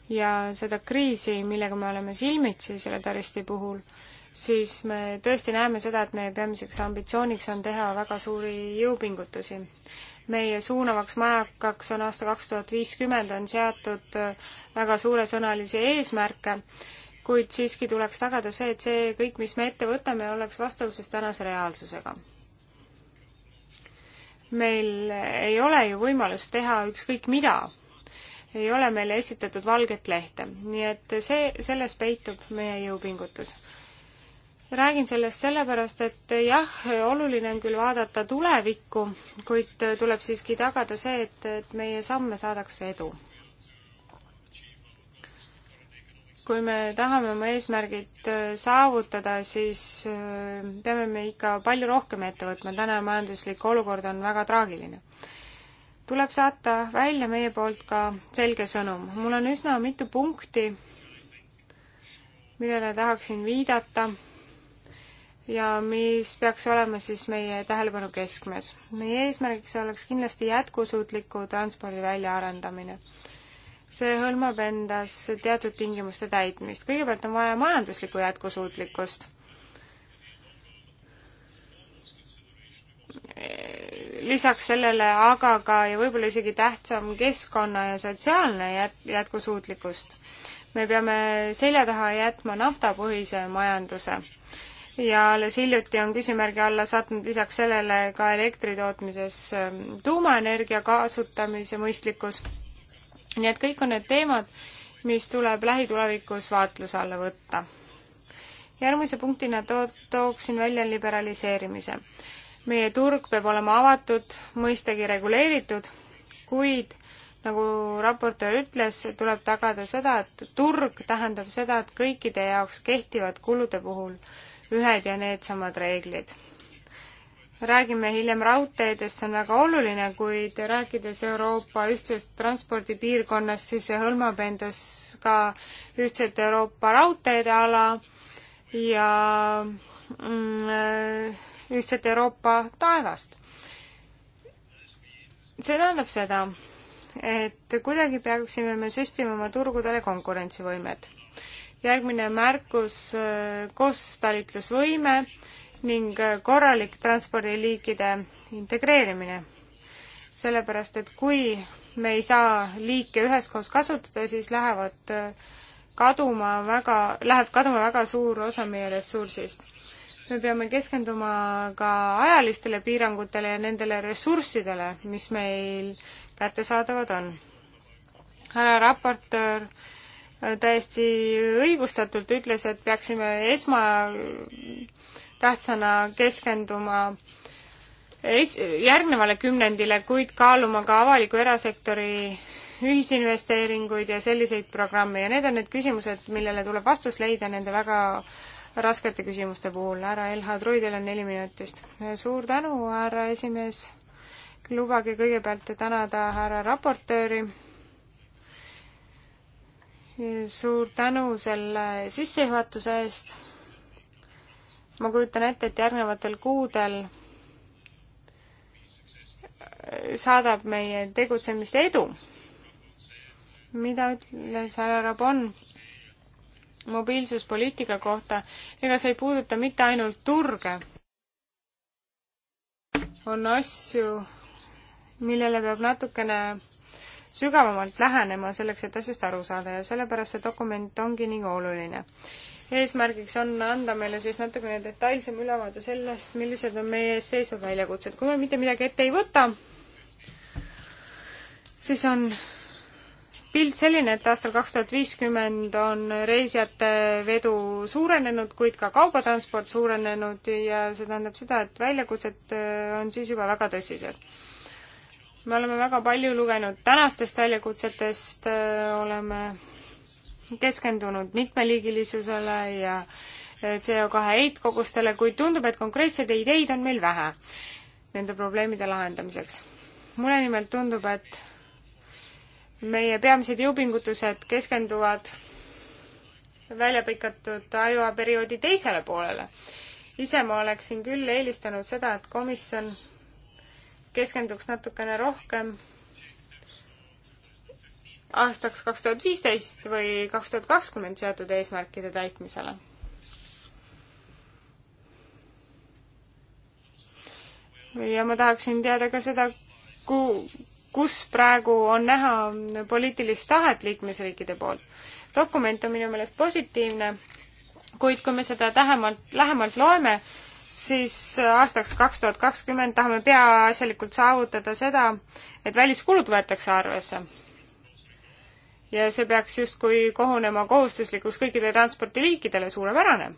ja seda kriisi, millega me oleme silmitsi selle taristi puhul, siis me tõesti näeme seda, et meie peamiseks ambitsiooniks on teha väga suuri jõupingutusi. meie suunavaks majakaks on aasta kaks tuhat viiskümmend, on seatud äh, väga suuresõnalisi eesmärke, kuid siiski tuleks tagada see, et see kõik, mis me ette võtame, oleks vastavuses tänase reaalsusega. meil ei ole ju võimalust teha ükskõik mida ei ole meile esitatud valget lehte, nii et see, selles peitub meie jõupingutus räägin sellest sellepärast, et jah, oluline on küll vaadata tulevikku, kuid tuleb siiski tagada see, et, et meie samme saadakse edu. kui me tahame oma eesmärgid äh, saavutada, siis äh, peame me ikka palju rohkem ette võtma, täna majanduslik olukord on väga traagiline tuleb saata välja meie poolt ka selge sõnum. mul on üsna mitu punkti, millele tahaksin viidata ja mis peaks olema siis meie tähelepanu keskmes. meie eesmärgiks oleks kindlasti jätkusuutliku transpordi väljaarendamine. see hõlmab endas teatud tingimuste täitmist. kõigepealt on vaja majanduslikku jätkusuutlikkust. lisaks sellele aga ka ja võib-olla isegi tähtsam keskkonna ja sotsiaalne jät-, jätkusuutlikkust. me peame selja taha jätma naftapõhise majanduse ja alles hiljuti on küsimärgi alla sattunud lisaks sellele ka elektritootmises ähm, tuumaenergia kasutamise mõistlikkus. nii et kõik on need teemad, mis tuleb lähitulevikus vaatluse alla võtta. järgmise punktina to-, tooksin välja liberaliseerimise. meie turg peab olema avatud, mõistagi reguleeritud, kuid nagu raportöör ütles, tuleb tagada seda, et turg tähendab seda, et kõikide jaoks kehtivad kulude puhul äh, ühed ja needsamad reeglid. räägime hiljem raudteedest, see on väga oluline, kuid rääkides Euroopa ühtsest transpordipiirkonnast, siis see hõlmab endas ka ühtset Euroopa raudteede ala ja mm, ühtset Euroopa taevast. see tähendab seda, et kuidagi peaksime me süstima oma turgudele konkurentsivõimet järgmine märkus, äh, koostalitlusvõime ning äh, korralik transpordiliikide integreerimine. sellepärast, et kui me ei saa liike üheskoos kasutada, siis lähevad äh, kaduma väga, läheb kaduma väga suur osa meie ressursist. me peame keskenduma ka ajalistele piirangutele ja nendele ressurssidele, mis meil kättesaadavad on. härra raportöör täiesti õigustatult ütles, et peaksime esmatähtsana keskenduma es-, järgnevale kümnendile, kuid kaaluma ka avaliku erasektori ühisinvesteeringuid ja selliseid programme ja need on need küsimused, millele tuleb vastus leida nende väga raskete küsimuste puhul. härra Elha Truidel on neli minutist. suur tänu, härra esimees. lubage kõigepealt tänada härra raportööri suur tänu selle sissejuhatuse eest. ma kujutan ette, et järgnevatel kuudel saadab meie tegutsemist edu. mida ütles härra Rabon mobiilsuspoliitika kohta? ega see ei puuduta mitte ainult turge. on asju, millele peab natukene sügavamalt lähenema selleks, et asjast aru saada ja sellepärast see dokument ongi nii oluline. eesmärgiks on anda meile siis natukene detailsem ülevaade sellest, millised on meie ees seisvad väljakutsed. kui me mitte midagi ette ei võta, siis on pilt selline, et aastal kaks tuhat viiskümmend on reisijate vedu suurenenud, kuid ka kaubatransport suurenenud ja see tähendab seda, et väljakutsed äh, on siis juba väga tõsised me oleme väga palju lugenud tänastest väljakutsetest, äh, oleme keskendunud mitmeliigilisusele ja äh, CO2 heitkogustele, kuid tundub, et konkreetseid ideid on meil vähe nende probleemide lahendamiseks. mulle nimelt tundub, et meie peamised jõupingutused keskenduvad väljapikatud ajuaperioodi teisele poolele. ise ma oleksin küll eelistanud seda, et komisjon keskenduks natukene rohkem aastaks kaks tuhat viisteist või kaks tuhat kakskümmend seatud eesmärkide täitmisele. ja ma tahaksin teada ka seda, ku-, kus praegu on näha poliitilist tahet liikmesriikide poolt. dokument on minu meelest positiivne, kuid kui me seda tähemalt, lähemalt loeme, siis aastaks kaks tuhat kakskümmend tahame peaasjalikult saavutada seda, et väliskulud võetakse arvesse. ja see peaks justkui kohunema kohustuslikuks kõikidele transpordiliikidele, suurepärane.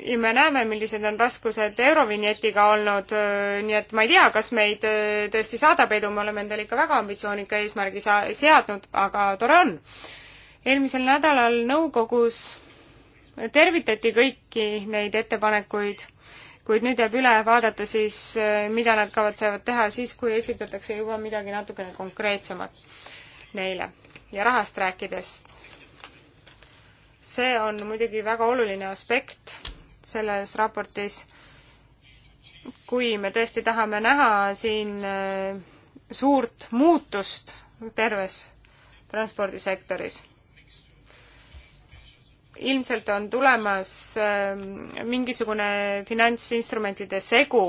ja me näeme, millised on raskused Eurovinjetiga olnud, nii et ma ei tea, kas meid tõesti saadab edu, me oleme endale ikka väga ambitsioonika eesmärgi sa-, seadnud, aga tore on. eelmisel nädalal nõukogus tervitati kõiki neid ettepanekuid, kuid nüüd jääb üle vaadata siis, eh, mida nad kavatsevad teha siis, kui esitatakse juba midagi natukene konkreetsemat neile. ja rahast rääkides, see on muidugi väga oluline aspekt selles raportis, kui me tõesti tahame näha siin eh, suurt muutust terves transpordisektoris ilmselt on tulemas ähm, mingisugune finantsinstrumentide segu,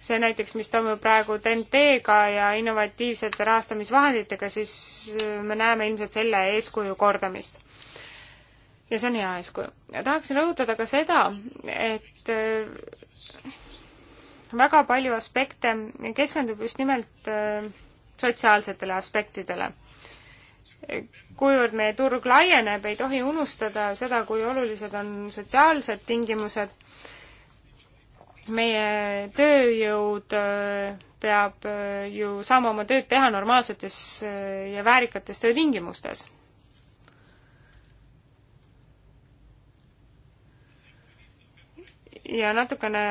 see näiteks, mis toimub praegu TNT-ga ja innovatiivsete rahastamisvahenditega, siis äh, me näeme ilmselt selle eeskuju kordamist. ja see on hea eeskuju. ja tahaksin rõhutada ka seda, et äh, väga palju aspekte keskendub just nimelt äh, sotsiaalsetele aspektidele kuivõrd meie turg laieneb, ei tohi unustada seda, kui olulised on sotsiaalsed tingimused. meie tööjõud äh, peab äh, ju saama oma tööd teha normaalsetes äh, ja väärikates töötingimustes. ja natukene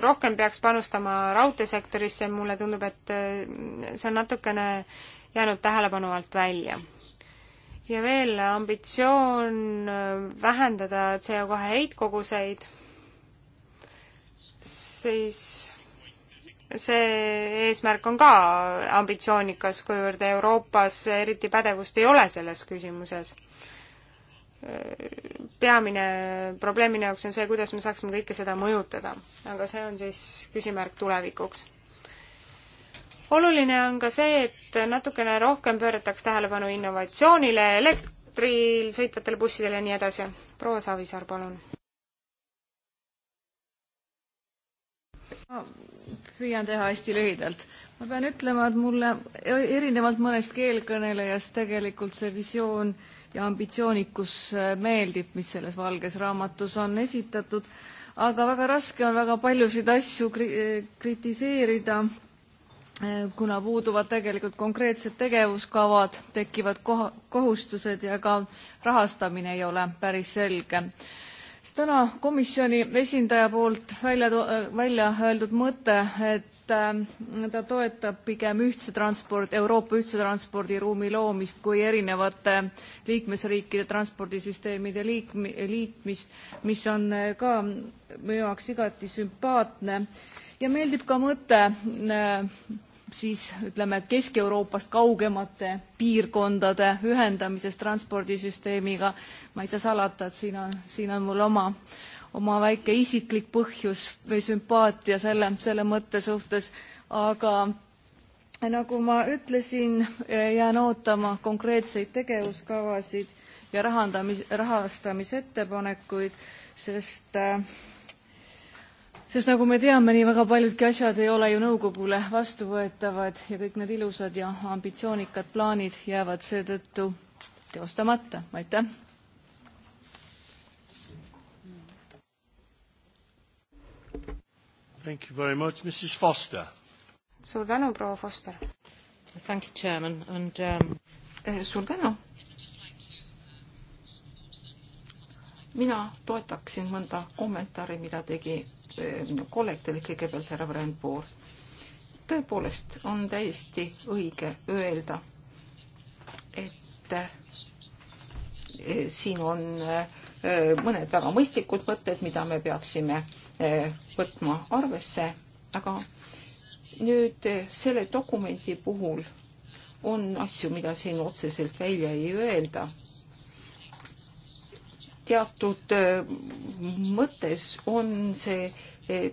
rohkem peaks panustama raudteesektorisse, mulle tundub, et see on natukene äh, jäänud tähelepanu alt välja. ja veel ambitsioon äh, vähendada CO2 heitkoguseid, siis see eesmärk on ka ambitsioonikas, kuivõrd Euroopas eriti pädevust ei ole selles küsimuses äh, peamine probleem minu jaoks on see, kuidas me saaksime kõike seda mõjutada. aga see on siis küsimärk tulevikuks oluline on ka see, et natukene rohkem pöörataks tähelepanu innovatsioonile, elektril sõitvatele bussidele ja nii edasi. proua Savisaar, palun. ma püüan teha hästi lühidalt ma pean ütlema, et mulle erinevalt mõnest keelkõnelejast tegelikult see visioon ja ambitsioonikus meeldib, mis selles valges raamatus on esitatud, aga väga raske on väga paljusid asju kri kritiseerida Äh, kuna puuduvad tegelikult konkreetsed tegevuskavad, tekivad koha, kohustused ja ka rahastamine ei ole päris selge. siis täna komisjoni esindaja poolt välja, äh, välja öeldud mõte, et äh, ta toetab pigem ühtse transport, Euroopa ühtse transpordiruumi loomist kui erinevate liikmesriikide transpordisüsteemide liikmi-, liitmist, mis on äh, ka minu jaoks igati sümpaatne ja meeldib ka mõte äh, siis ütleme, Kesk-Euroopast kaugemate piirkondade ühendamises transpordisüsteemiga, ma ei saa salata, et siin on, siin on mul oma, oma väike isiklik põhjus või sümpaatia selle, selle mõtte suhtes, aga nagu ma ütlesin, jään ootama konkreetseid tegevuskavasid ja rahandamis, rahastamisettepanekuid, sest äh, sest nagu me teame, nii väga paljudki asjad ei ole ju nõukogule vastuvõetavad ja kõik need ilusad ja ambitsioonikad plaanid jäävad seetõttu teostamata. aitäh! Thank you very much, Mrs Foster. suur tänu, proua Foster! Thank you, chairman and um... Eh, suur tänu! mina toetaksin mõnda kommentaari, mida tegi Eh, minu kolleeg tuli kõigepealt härra Brandpool. tõepoolest on täiesti õige öelda, et eh, siin on eh, mõned väga mõistlikud mõtted, mida me peaksime võtma arvesse, aga nüüd selle dokumendi puhul on asju, mida siin otseselt välja ei öelda teatud äh, mõttes on see äh,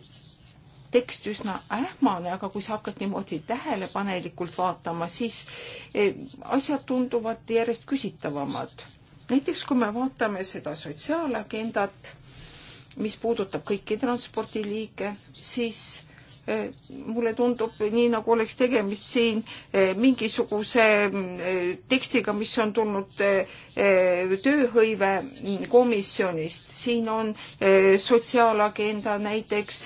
tekst üsna ähmane, aga kui sa hakkad niimoodi tähelepanelikult vaatama, siis äh, asjad tunduvad järjest küsitavamad. näiteks kui me vaatame seda sotsiaalagendat, mis puudutab kõiki transpordiliike, siis mulle tundub nii, nagu oleks tegemist siin eh, mingisuguse mm, eh, tekstiga, mis on tulnud eh, tööhõive mm, komisjonist. siin on sotsiaalagenda näiteks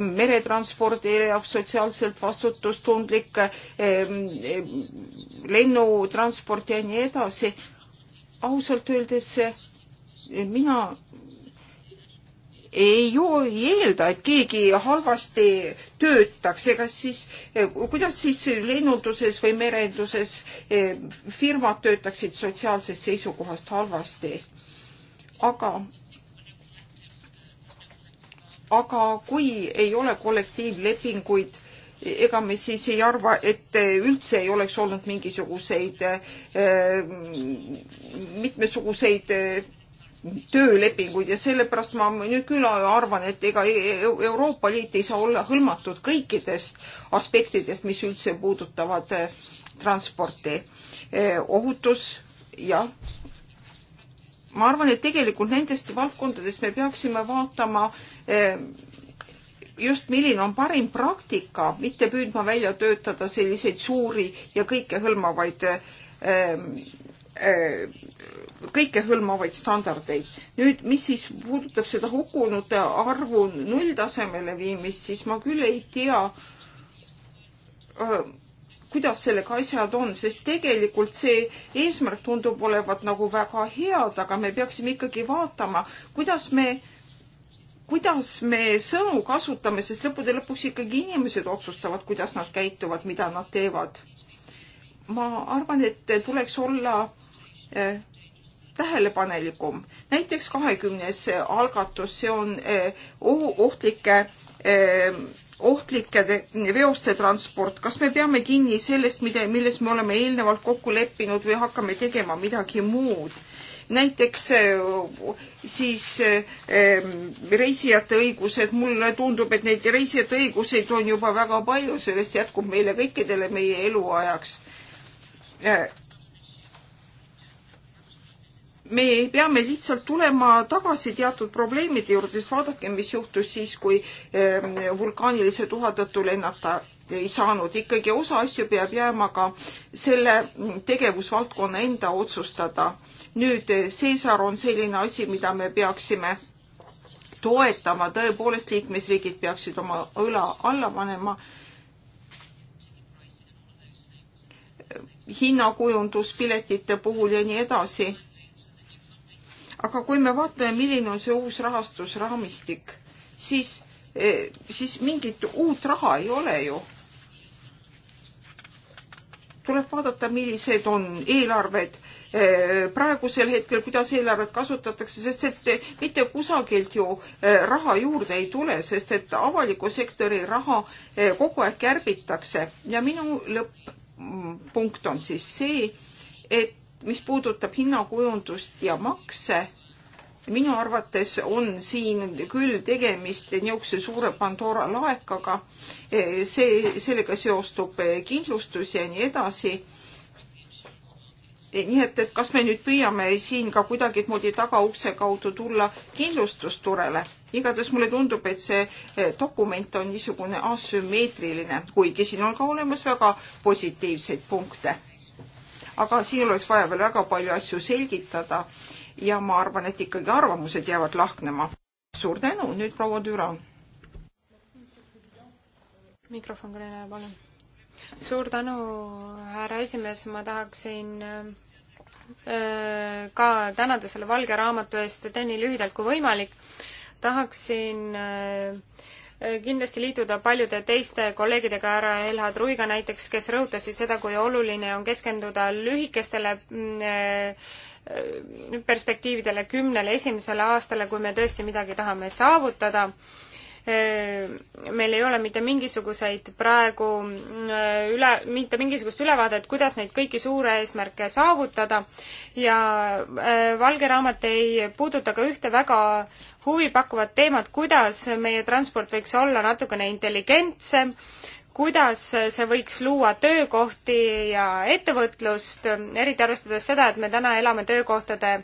meretranspordi jaoks sotsiaalselt vastutustundlik mm, lennutransport ja nii edasi. ausalt öeldes mina ei ju eelda, et keegi halvasti töötaks, ega siis kuidas siis lennunduses või merenduses eh, firmad töötaksid sotsiaalsest seisukohast halvasti? aga aga kui ei ole kollektiivlepinguid, ega me siis ei arva, et üldse ei oleks olnud mingisuguseid eh, mitmesuguseid eh, töölepinguid ja sellepärast ma nüüd küll arvan, et ega e- e- Euroopa Liit ei saa olla hõlmatud kõikidest aspektidest, mis üldse puudutavad eh, transporti. Eh, ohutus, jah. ma arvan, et tegelikult nendest valdkondadest me peaksime vaatama eh, just milline on parim praktika, mitte püüdma välja töötada selliseid suuri ja kõikehõlmavaid Äh, kõikehõlmavaid standardeid. nüüd, mis siis puudutab seda hukkunute arvu nulltasemele viimist, siis ma küll ei tea, äh, kuidas sellega asjad on, sest tegelikult see eesmärk tundub olevat nagu väga head, aga me peaksime ikkagi vaatama, kuidas me, kuidas me sõnu kasutame, sest lõppude lõpuks ikkagi inimesed otsustavad, kuidas nad käituvad, mida nad teevad. ma arvan, et tuleks olla Eh, tähelepanelikum. näiteks kahekümnes algatus, see on eh, ohu, ohtlike eh, ohtlike veoste transport, kas me peame kinni sellest, mida, milles me oleme eelnevalt kokku leppinud või hakkame tegema midagi muud? näiteks siis reisijate õigused, mulle tundub, et neid reisijate õiguseid on juba väga palju, sellest jätkub meile kõikidele meie eluajaks me peame lihtsalt tulema tagasi teatud probleemide juurde, sest vaadake, mis juhtus siis, kui ehm, vulkaanilise tuha tõttu lennata ei saanud. ikkagi osa asju peab jääma ka selle tegevusvaldkonna enda otsustada. nüüd Cesar on selline asi, mida me peaksime toetama, tõepoolest liikmesriigid peaksid oma õla alla panema hinnakujundus piletite puhul ja nii edasi aga kui me vaatame, milline on see uus rahastusraamistik, siis, eh, siis mingit uut raha ei ole ju. tuleb vaadata, millised on eelarved eh, praegusel hetkel, kuidas eelarvet kasutatakse, sest et eh, mitte kusagilt ju raha juurde ei tule, sest et avaliku sektori raha kogu aeg kärbitakse ja minu lõpp-punkt on siis see, et mis puudutab hinnakujundust ja makse, minu arvates on siin küll tegemist niisuguse suure Pandora laekaga, see, sellega seostub kindlustus ja nii edasi. nii et, et kas me nüüd püüame siin ka kuidagimoodi tagaukse kaudu tulla kindlustusturele? igatahes mulle tundub, et see dokument on niisugune asümmeetriline, kuigi siin on ka olemas väga positiivseid punkte aga siin oleks vaja veel väga palju asju selgitada ja ma arvan, et ikkagi arvamused jäävad lahknema. suur tänu, nüüd proua Düra. mikrofon kõneleja, palun. suur tänu, härra esimees, ma tahaksin äh, ka tänada selle valge raamatu eest, teen nii lühidalt kui võimalik. tahaksin äh, kindlasti liituda paljude teiste kolleegidega, härra Elhad Ruiga näiteks, kes rõhutasid seda, kui oluline on keskenduda lühikestele mm, eh, perspektiividele kümnele esimesele aastale, kui me tõesti midagi tahame saavutada Äh, meil ei ole mitte mingisuguseid praegu äh, üle, mitte mingisugust ülevaadet, kuidas neid kõiki suure eesmärke saavutada ja äh, valge raamat ei puuduta ka ühte väga huvipakkuvat teemat, kuidas meie transport võiks olla natukene intelligentsem, kuidas see võiks luua töökohti ja ettevõtlust, eriti arvestades seda, et me täna elame töökohtade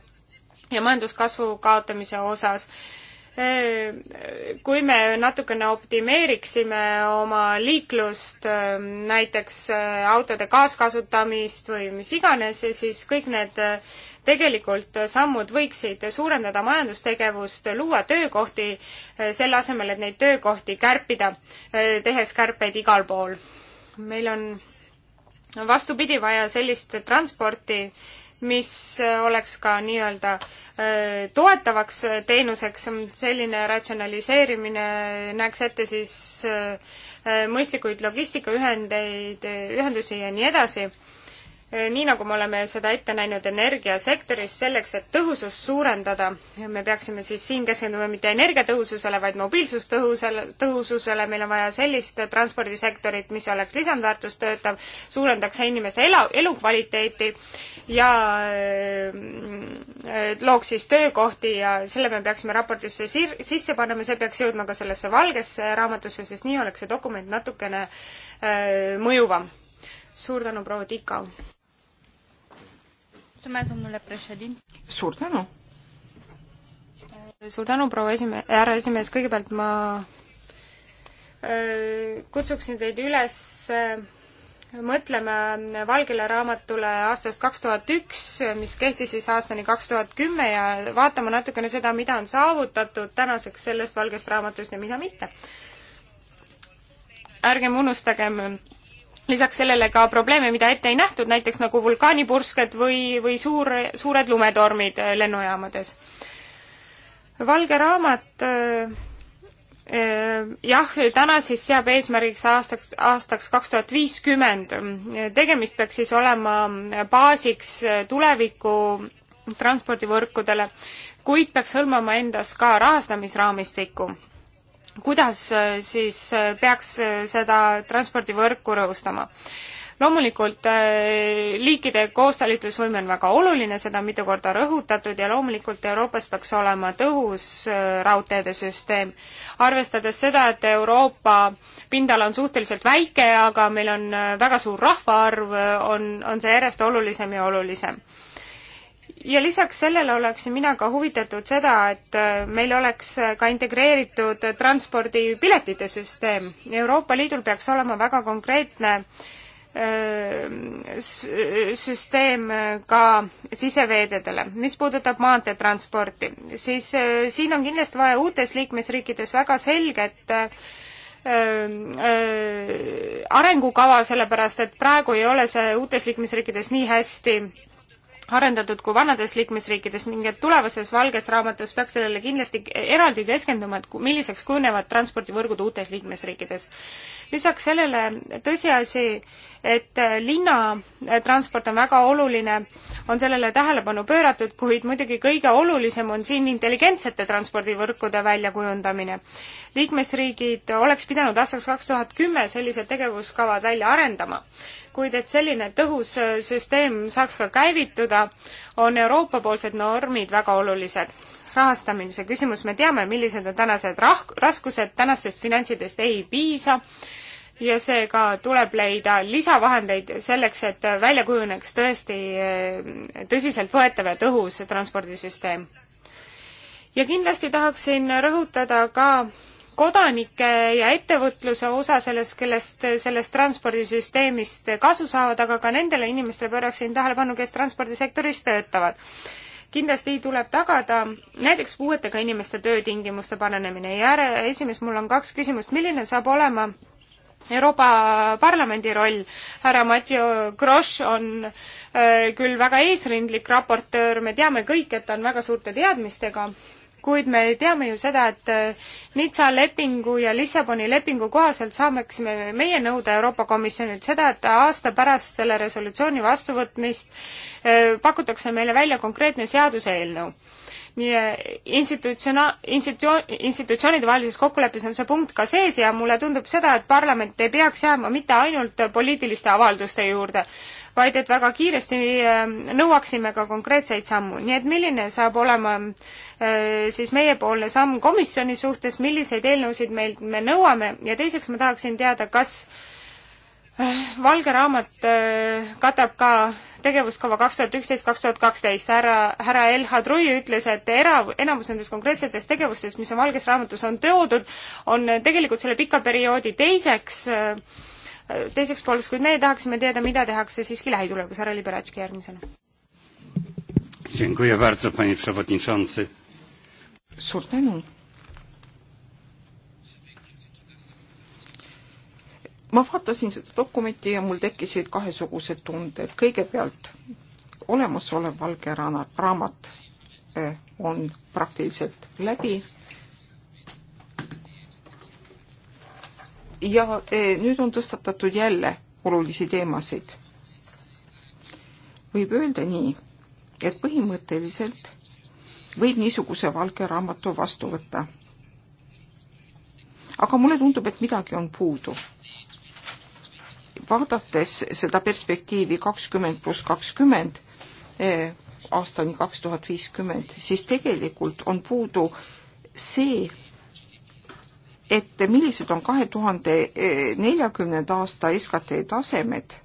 ja majanduskasvu kaotamise osas kui me natukene optimeeriksime oma liiklust, näiteks äh, autode kaaskasutamist või mis iganes, siis kõik need äh, tegelikult sammud võiksid suurendada majandustegevust, luua töökohti, äh, selle asemel, et neid töökohti kärpida, tehes kärpeid igal pool. meil on vastupidi vaja sellist transporti, mis äh, oleks ka nii-öelda äh, toetavaks äh, teenuseks, selline ratsionaliseerimine näeks ette siis mõistlikuid logistikaühendeid, ühendusi ja nii edasi Eh, nii nagu me oleme seda ette näinud energiasektoris, selleks, et tõhusust suurendada, me peaksime siis siin keskenduma mitte energiatõhususele, vaid mobiilsustõhusele, tõhususele, meil on vaja sellist transpordisektorit, mis oleks lisandväärtust töötav, suurendaks inimeste ela, elukvaliteeti ja eh, eh, looks siis töökohti ja selle me peaksime raportisse sir-, sisse panema, see peaks jõudma ka sellesse valgesse raamatusse, sest nii oleks see dokument natukene öö, mõjuvam. suur tänu, proua Tikau! mulțumesc, domnule președinte. suur tänu! suur tänu, proua esime-, härra esimees, kõigepealt ma äh, kutsuksin teid üles äh, mõtlema valgele raamatule aastast kaks tuhat üks, mis kehtis siis aastani kaks tuhat kümme ja vaatama natukene seda, mida on saavutatud tänaseks sellest valgest raamatust ja mida mitte. ärgem unustagem lisaks sellele ka probleeme, mida ette ei nähtud, näiteks nagu vulkaanipursked või, või suur, suured lumetormid äh, lennujaamades. valge raamat äh, äh, jah, täna siis seab eesmärgiks aastaks, aastaks kaks tuhat viiskümmend. tegemist peaks siis olema baasiks äh, tuleviku transpordivõrkudele, kuid peaks hõlmama endas ka rahastamisraamistikku kuidas äh, siis äh, peaks äh, seda transpordivõrku rõhustama? loomulikult liikide koostalitlusvõime on väga oluline, seda on mitu korda rõhutatud ja loomulikult Euroopas peaks olema tõhus raudteede süsteem. arvestades seda, et Euroopa pindala on suhteliselt väike, aga meil on väga suur rahvaarv, on, on see järjest olulisem ja olulisem ja lisaks sellele oleksin mina ka huvitatud seda, et äh, meil oleks äh, ka integreeritud äh, transpordipiletite süsteem. Euroopa Liidul peaks olema väga konkreetne süsteem ka siseveededele. mis puudutab maanteetransporti, siis siin on kindlasti vaja uutes liikmesriikides väga selget arengukava, sellepärast et praegu ei ole see uutes liikmesriikides nii hästi arendatud kui vanades liikmesriikides ning et tulevases valges raamatus peaks sellele kindlasti eraldi keskenduma, et milliseks kujunevad transpordivõrgud uutes liikmesriikides. lisaks sellele tõsiasi, et äh, linnatransport äh, on väga oluline, on sellele tähelepanu pööratud, kuid muidugi kõige olulisem on siin intelligentsete transpordivõrkude väljakujundamine. liikmesriigid oleks pidanud aastaks kaks tuhat kümme sellised tegevuskavad välja arendama kuid et selline tõhus äh, süsteem saaks ka käivituda, on Euroopa-poolsed normid väga olulised. rahastamise küsimus, me teame, millised on tänased rah-, raskused, tänastest finantsidest ei piisa ja seega tuleb leida lisavahendeid selleks, et välja kujuneks tõesti äh, tõsiseltvõetav ja tõhus transpordisüsteem. ja kindlasti tahaksin rõhutada ka kodanike ja ettevõtluse osa sellest, kellest, sellest transpordisüsteemist kasu saavad, aga ka nendele inimestele pööraksin tähelepanu, kes transpordisektoris töötavad. kindlasti tuleb tagada näiteks puuetega inimeste töötingimuste paranemine ja esimees, mul on kaks küsimust, milline saab olema Euroopa Parlamendi roll. härra Mathieu Grosch on öö, äh, küll väga eesrindlik raportöör, me teame kõik, et ta on väga suurte teadmistega kuid me teame ju seda, et äh, Nizza lepingu ja Lissaboni lepingu kohaselt saaksime meie nõuda Euroopa Komisjonilt seda, et aasta pärast selle resolutsiooni vastuvõtmist äh, pakutakse meile välja konkreetne seaduseelnõu institutsiona-, institutsioon, institutsioonide vahelises kokkuleppes on see punkt ka sees ja mulle tundub seda, et parlament ei peaks jääma mitte ainult poliitiliste avalduste juurde, vaid et väga kiiresti äh, nõuaksime ka konkreetseid sammu. nii et milline saab olema äh, siis meiepoolne samm komisjoni suhtes, milliseid eelnõusid meilt me nõuame ja teiseks ma tahaksin teada, kas äh, valge raamat äh, katab ka tegevuskava kaks tuhat üksteist, kaks tuhat kaksteist. härra, härra Elha Trui ütles, et era, enamus nendest konkreetsetest tegevustest, mis on valges raamatus on toodud, on tegelikult selle pika perioodi teiseks, äh, teiseks pooleks, kuid meie tahaksime teada, mida tehakse siiski lähitulevikus. härra Liberatski järgmisena. suur tänu ma vaatasin seda dokumenti ja mul tekkisid kahesugused tunded. kõigepealt olemasolev valge raamat eh, on praktiliselt läbi. ja eh, nüüd on tõstatatud jälle olulisi teemasid. võib öelda nii, et põhimõtteliselt võib niisuguse valge raamatu vastu võtta. aga mulle tundub, et midagi on puudu vaadates seda perspektiivi kakskümmend pluss kakskümmend eh, aastani kaks tuhat viiskümmend, siis tegelikult on puudu see, et millised on kahe tuhande neljakümnenda aasta SKT tasemed,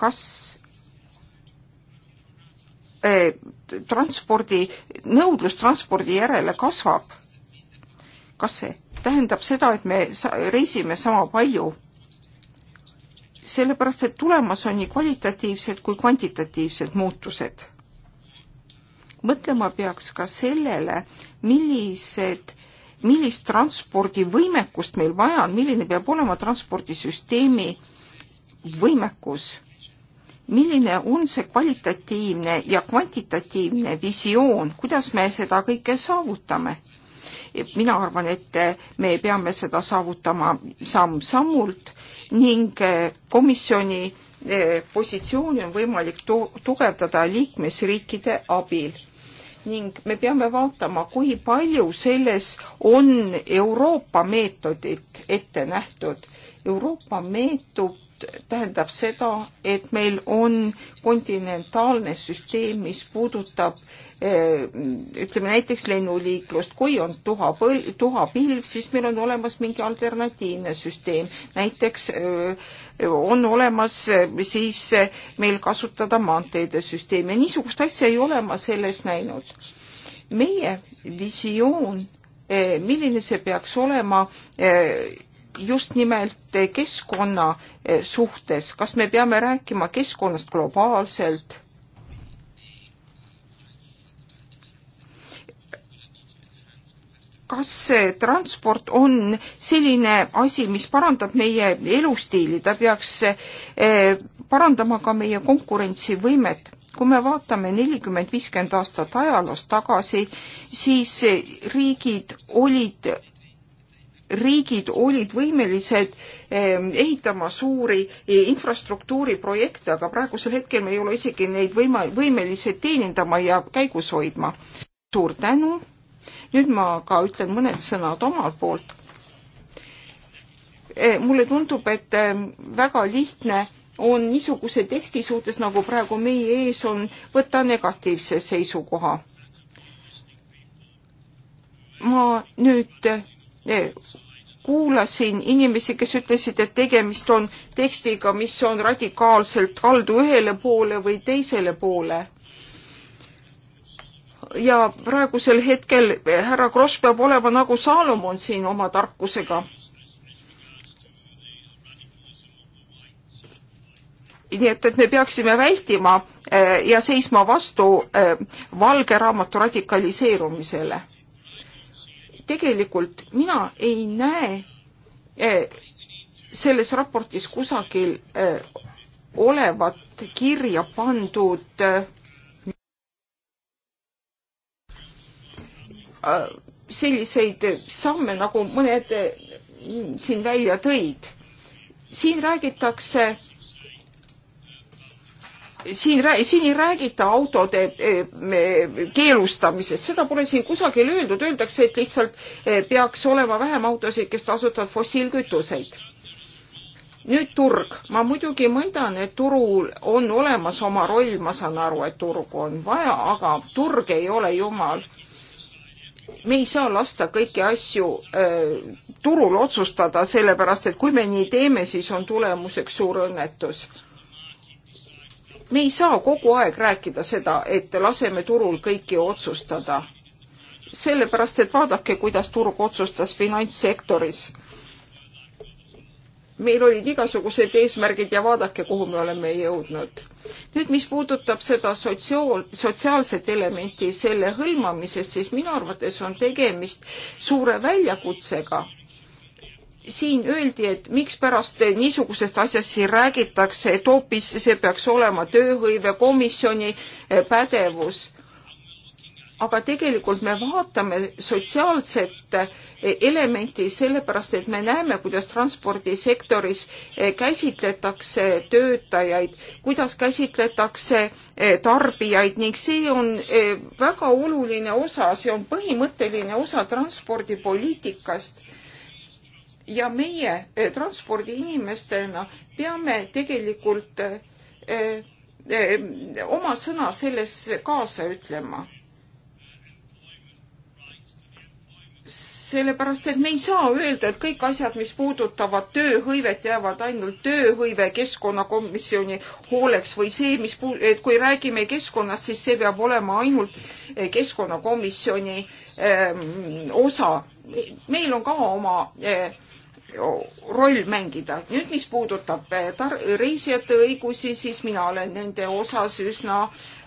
kas eh, transpordi, nõudlus transpordi järele kasvab, kas see tähendab seda, et me reisime sama palju sellepärast, et tulemas on nii kvalitatiivsed kui kvantitatiivsed muutused. mõtlema peaks ka sellele, millised, millist transpordivõimekust meil vaja on, milline peab olema transpordisüsteemi võimekus, milline on see kvalitatiivne ja kvantitatiivne visioon, kuidas me seda kõike saavutame mina arvan, et me peame seda saavutama samm-sammult ning eh, komisjoni eh, positsiooni on võimalik tugevdada liikmesriikide abil ning me peame vaatama, kui palju selles on Euroopa meetodit ette nähtud. Euroopa meetod tähendab seda, et meil on kontinentaalne süsteem, mis puudutab eh, ütleme näiteks lennuliiklust, kui on tuhapõl-, tuhapilv, siis meil on olemas mingi alternatiivne süsteem. näiteks eh, on olemas eh, siis meil kasutada maanteede süsteemi ja niisugust asja ei ole ma selles näinud. meie visioon, milline see peaks olema, just nimelt keskkonna eh, suhtes, kas me peame rääkima keskkonnast globaalselt? kas transport on selline asi, mis parandab meie elustiili, ta peaks eh, parandama ka meie konkurentsivõimet kui me vaatame nelikümmend, viiskümmend aastat ajaloos tagasi, siis riigid olid riigid olid võimelised ehm, ehitama suuri eh, infrastruktuuriprojekte, aga praegusel hetkel me ei ole isegi neid võima-, võimelised teenindama ja käigus hoidma. suur tänu, nüüd ma ka ütlen mõned sõnad omalt poolt. Eh, mulle tundub, et ehm, väga lihtne on niisuguse teksti suhtes, nagu praegu meie ees on, võtta negatiivse seisukoha. ma nüüd kuulasin inimesi, kes ütlesid, et tegemist on tekstiga, mis on radikaalselt kaldu ühele poole või teisele poole. ja praegusel hetkel härra Kross peab olema nagu Saalomon siin oma tarkusega. nii et, et me peaksime vältima eh, ja seisma vastu eh, valge raamatu radikaliseerumisele tegelikult mina ei näe eh, selles raportis kusagil eh, olevat kirja pandud eh, selliseid samme, nagu mõned siin välja tõid. siin räägitakse siin, siin ei räägita autode e, keelustamisest, seda pole siin kusagil öeldud, öeldakse, et lihtsalt e, peaks olema vähem autosid, kes kasutavad fossiilkütuseid. nüüd turg, ma muidugi mõõdan, et turul on olemas oma roll, ma saan aru, et turgu on vaja, aga turg ei ole jumal me ei saa lasta kõiki asju äh, turul otsustada, sellepärast et kui me nii teeme, siis on tulemuseks suur õnnetus me ei saa kogu aeg rääkida seda, et laseme turul kõiki otsustada. sellepärast, et vaadake, kuidas turg otsustas finantssektoris. meil olid igasugused eesmärgid ja vaadake, kuhu me oleme jõudnud. nüüd, mis puudutab seda sotsiaal, sotsiaalset elementi selle hõlmamisest, siis minu arvates on tegemist suure väljakutsega siin öeldi, et mikspärast niisugusest asjast siin räägitakse, et hoopis see peaks olema tööhõivekomisjoni eh, pädevus. aga tegelikult me vaatame sotsiaalset eh, elementi sellepärast, et me näeme, kuidas transpordisektoris eh, käsitletakse töötajaid, kuidas käsitletakse tarbijaid ning see on väga oluline osa, see on põhimõtteline osa transpordipoliitikast ja meie eh, transpordiinimestena peame tegelikult eh, eh, oma sõna selles kaasa ütlema. sellepärast, et me ei saa öelda, et kõik asjad, mis puudutavad tööhõivet, jäävad ainult tööhõive keskkonnakomisjoni hooleks või see, mis puu-, et kui räägime keskkonnast, siis see peab olema ainult keskkonnakomisjoni öö, ehm, osa. meil on ka oma öö, roll mängida. nüüd, mis puudutab eh, tar-, reisijate õigusi, siis mina olen nende osas üsna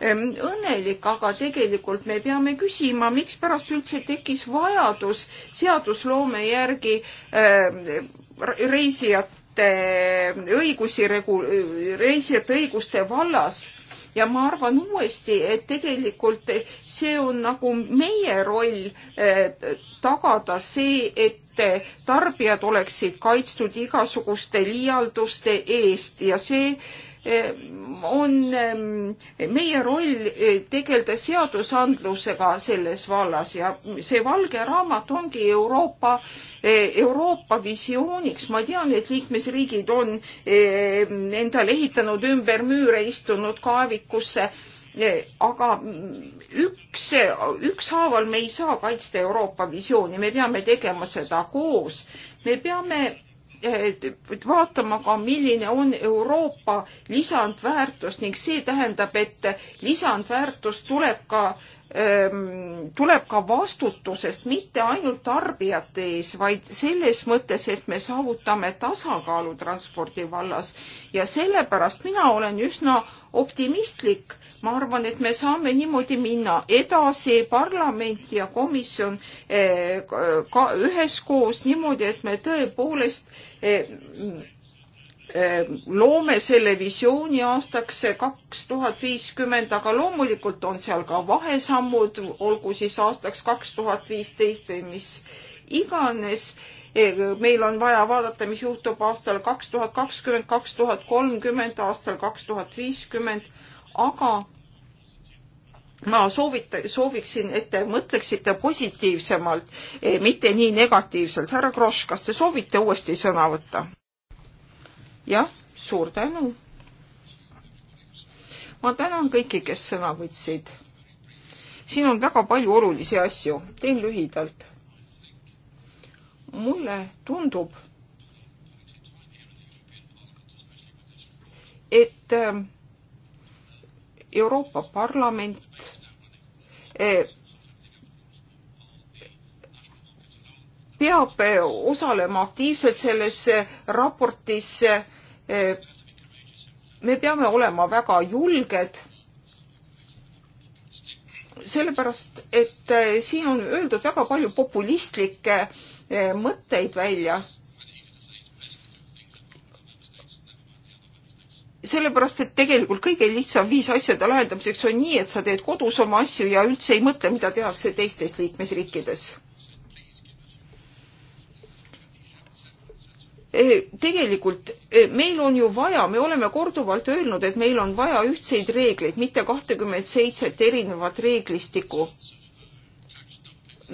ähm, õnnelik, aga tegelikult me peame küsima, mikspärast üldse tekkis vajadus seadusloome järgi ähm, reisijate õigusi regu-, reisijate õiguste vallas ja ma arvan uuesti, et tegelikult see on nagu meie roll eh, tagada see, et et tarbijad oleksid kaitstud igasuguste liialduste eest ja see eh, on ehm, meie roll eh, tegeleda seadusandlusega selles vallas ja see valge raamat ongi Euroopa, eh, Euroopa visiooniks. ma tean, et liikmesriigid on endale ehitanud ümber müüre, istunud kaevikusse aga üks, ükshaaval me ei saa kaitsta Euroopa visiooni, me peame tegema seda koos. me peame eh, vaatama ka, milline on Euroopa lisandväärtus ning see tähendab, et lisandväärtus tuleb ka, ehm, tuleb ka vastutusest, mitte ainult tarbijate ees, vaid selles mõttes, et me saavutame tasakaalu transpordi vallas ja sellepärast mina olen üsna optimistlik ma arvan, et me saame niimoodi minna edasi, parlament ja komisjon eh, ka üheskoos niimoodi, et me tõepoolest eh, eh, loome selle visiooni aastaks kaks tuhat viiskümmend, aga loomulikult on seal ka vahesammud, olgu siis aastaks kaks tuhat viisteist või mis iganes. meil on vaja vaadata, mis juhtub aastal kaks tuhat kakskümmend, kaks tuhat kolmkümmend, aastal kaks tuhat viiskümmend, aga ma soovita-, sooviksin, et te mõtleksite positiivsemalt, eh, mitte nii negatiivselt. härra Kross, kas te soovite uuesti sõna võtta? jah, suur tänu. ma tänan kõiki, kes sõna võtsid. siin on väga palju olulisi asju, teen lühidalt. mulle tundub, et äh, Euroopa Parlament eh, peab eh, osalema aktiivselt selles eh, raportis. me peame olema väga julged. sellepärast, et siin on öeldud väga palju populistlikke mõtteid välja sellepärast, et tegelikult kõige lihtsam viis asjade lahendamiseks on nii, et sa teed kodus oma asju ja üldse ei mõtle, mida tehakse teistes liikmesriikides. E, tegelikult e, meil on ju vaja, me oleme korduvalt öelnud, et meil on vaja ühtseid reegleid, mitte kahtekümmet seitset erinevat reeglistikku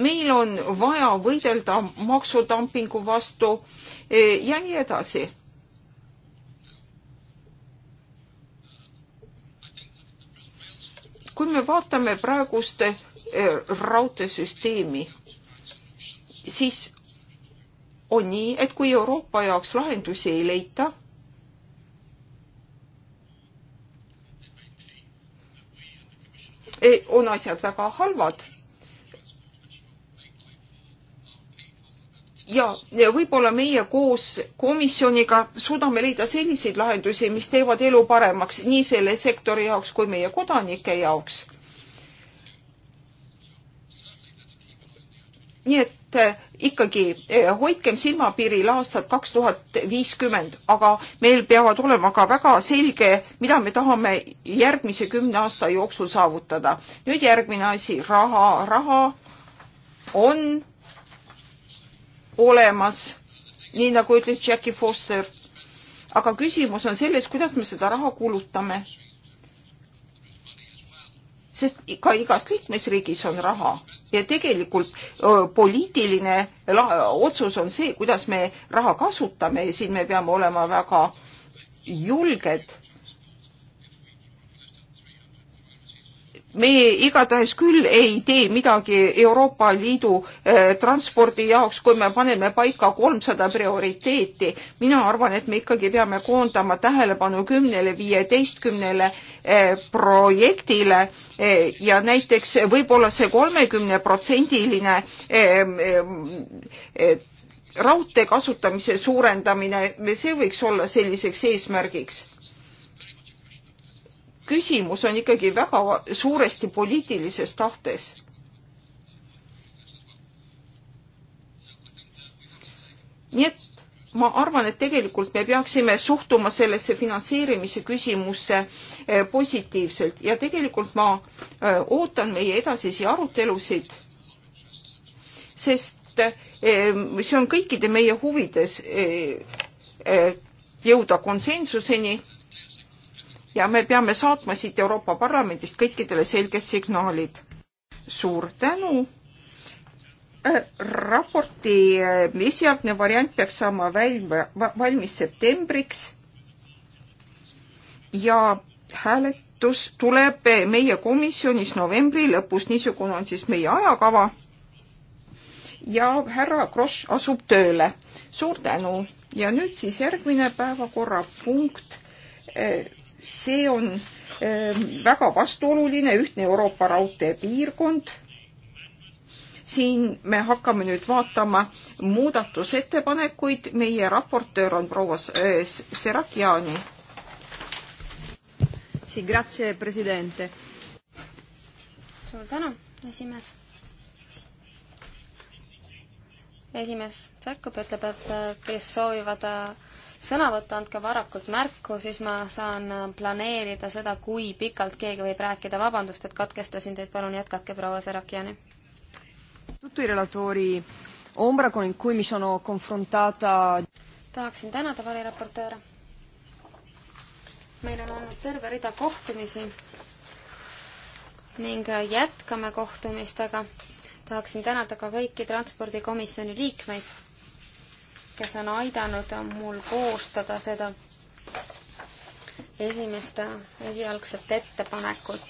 meil on vaja võidelda maksudumpingu vastu e, ja nii edasi. kui me vaatame praegust eh, raudteesüsteemi, siis on nii, et kui Euroopa jaoks lahendusi ei leita, eh, on asjad väga halvad ja võib-olla meie koos komisjoniga suudame leida selliseid lahendusi, mis teevad elu paremaks nii selle sektori jaoks kui meie kodanike jaoks. nii et äh, ikkagi äh, hoidkem silmapiiril aastat kaks tuhat viiskümmend, aga meil peavad olema ka väga selge, mida me tahame järgmise kümne aasta jooksul saavutada. nüüd järgmine asi, raha, raha on olemas, nii nagu ütles Jackie Foster. aga küsimus on selles, kuidas me seda raha kulutame. sest ka igas liikmesriigis on raha ja tegelikult öö, poliitiline otsus on see, kuidas me raha kasutame ja siin me peame olema väga julged me igatahes küll ei tee midagi Euroopa Liidu eh, transpordi jaoks, kui me paneme paika kolmsada prioriteeti. mina arvan, et me ikkagi peame koondama tähelepanu kümnele, viieteistkümnele eh, projektile eh, ja näiteks võib-olla see kolmekümneprotsendiline raudtee kasutamise suurendamine, see võiks olla selliseks eesmärgiks küsimus on ikkagi väga suuresti poliitilises tahtes. nii et ma arvan, et tegelikult me peaksime suhtuma sellesse finantseerimise küsimusse eh, positiivselt ja tegelikult ma eh, ootan meie edasisi arutelusid, sest eh, see on kõikide meie huvides jõuda konsensuseni ja me peame saatma siit Euroopa Parlamendist kõikidele selged signaalid. suur tänu äh,. raporti äh, esialgne variant peaks saama välja, valmis septembriks ja hääletus tuleb äh, meie komisjonis novembri lõpus, niisugune on siis meie ajakava. ja härra Kross asub tööle. suur tänu ja nüüd siis järgmine päevakorrapunkt äh, see on ähm, väga vastuoluline ühtne Euroopa raudteepiirkond. siin me hakkame nüüd vaatama muudatusettepanekuid, meie raportöör on proua äh, Serakiani. suur tänu, esimees esimees sekkub ja ütleb, et äh, kes soovivad äh, sõna võtta, andke varakult märku, siis ma saan äh, planeerida seda, kui pikalt keegi võib rääkida. vabandust, et katkestasin teid, palun jätkake, proua Serakiani. tahaksin tänada variraportööre. meil on olnud terve rida kohtumisi ning äh, jätkame kohtumistega. tahaksin tänada ka kõiki transpordikomisjoni liikmeid kes on aidanud mul koostada seda esimest, esialgset ettepanekut.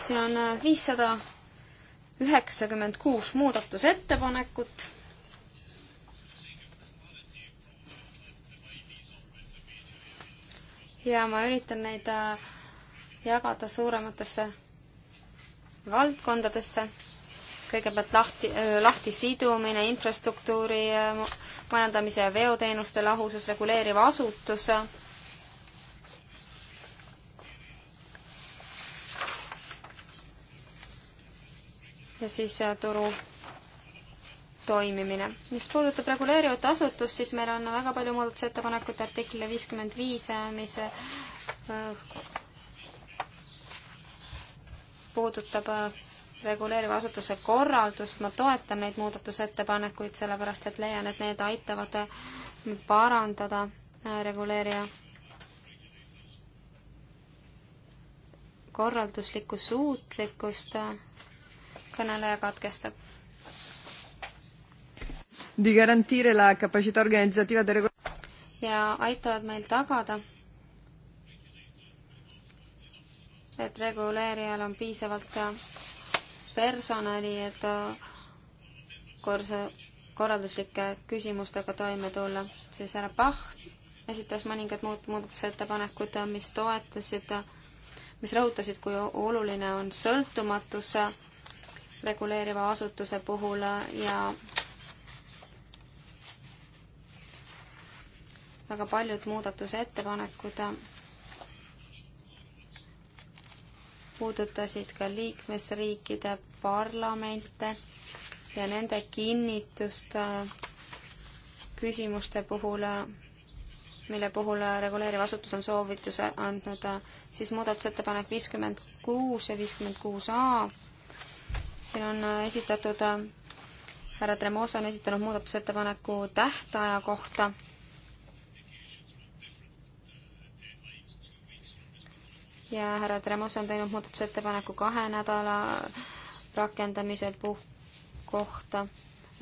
see on viissada üheksakümmend kuus muudatusettepanekut. ja ma üritan neid jagada suurematesse valdkondadesse kõigepealt lahti, lahtisidumine, infrastruktuuri majandamise ja veoteenuste lahusus reguleeriv asutus. ja siis turu toimimine. mis puudutab reguleerivat asutust, siis meil on väga palju muudatusettepanekut artiklile viiskümmend viis, mis puudutab reguleeriva asutuse korraldust, ma toetan neid muudatusettepanekuid, sellepärast et leian, et need aitavad parandada äh, reguleerija korralduslikku suutlikkust, kõneleja katkestab. ja aitavad meil tagada, et reguleerijal on piisavalt personali, et korsa, korralduslike küsimustega toime tulla. siis härra Pahv esitas mõningad muud muudatusettepanekud, mis toetasid, mis rõhutasid, kui oluline on sõltumatus reguleeriva asutuse puhul ja väga paljud muudatusettepanekud puudutasid ka liikmesriikide parlamente ja nende kinnitust äh, küsimuste puhul, äh, mille puhul äh, reguleeriv asutus on soovituse andnud, siis muudatusettepanek viiskümmend kuus ja viiskümmend kuus A. siin on esitatud, härra Tremosa on esitanud muudatusettepaneku tähtaja kohta ja härra Tremos on teinud muudatusettepaneku kahe nädala rakendamise puh-, kohta.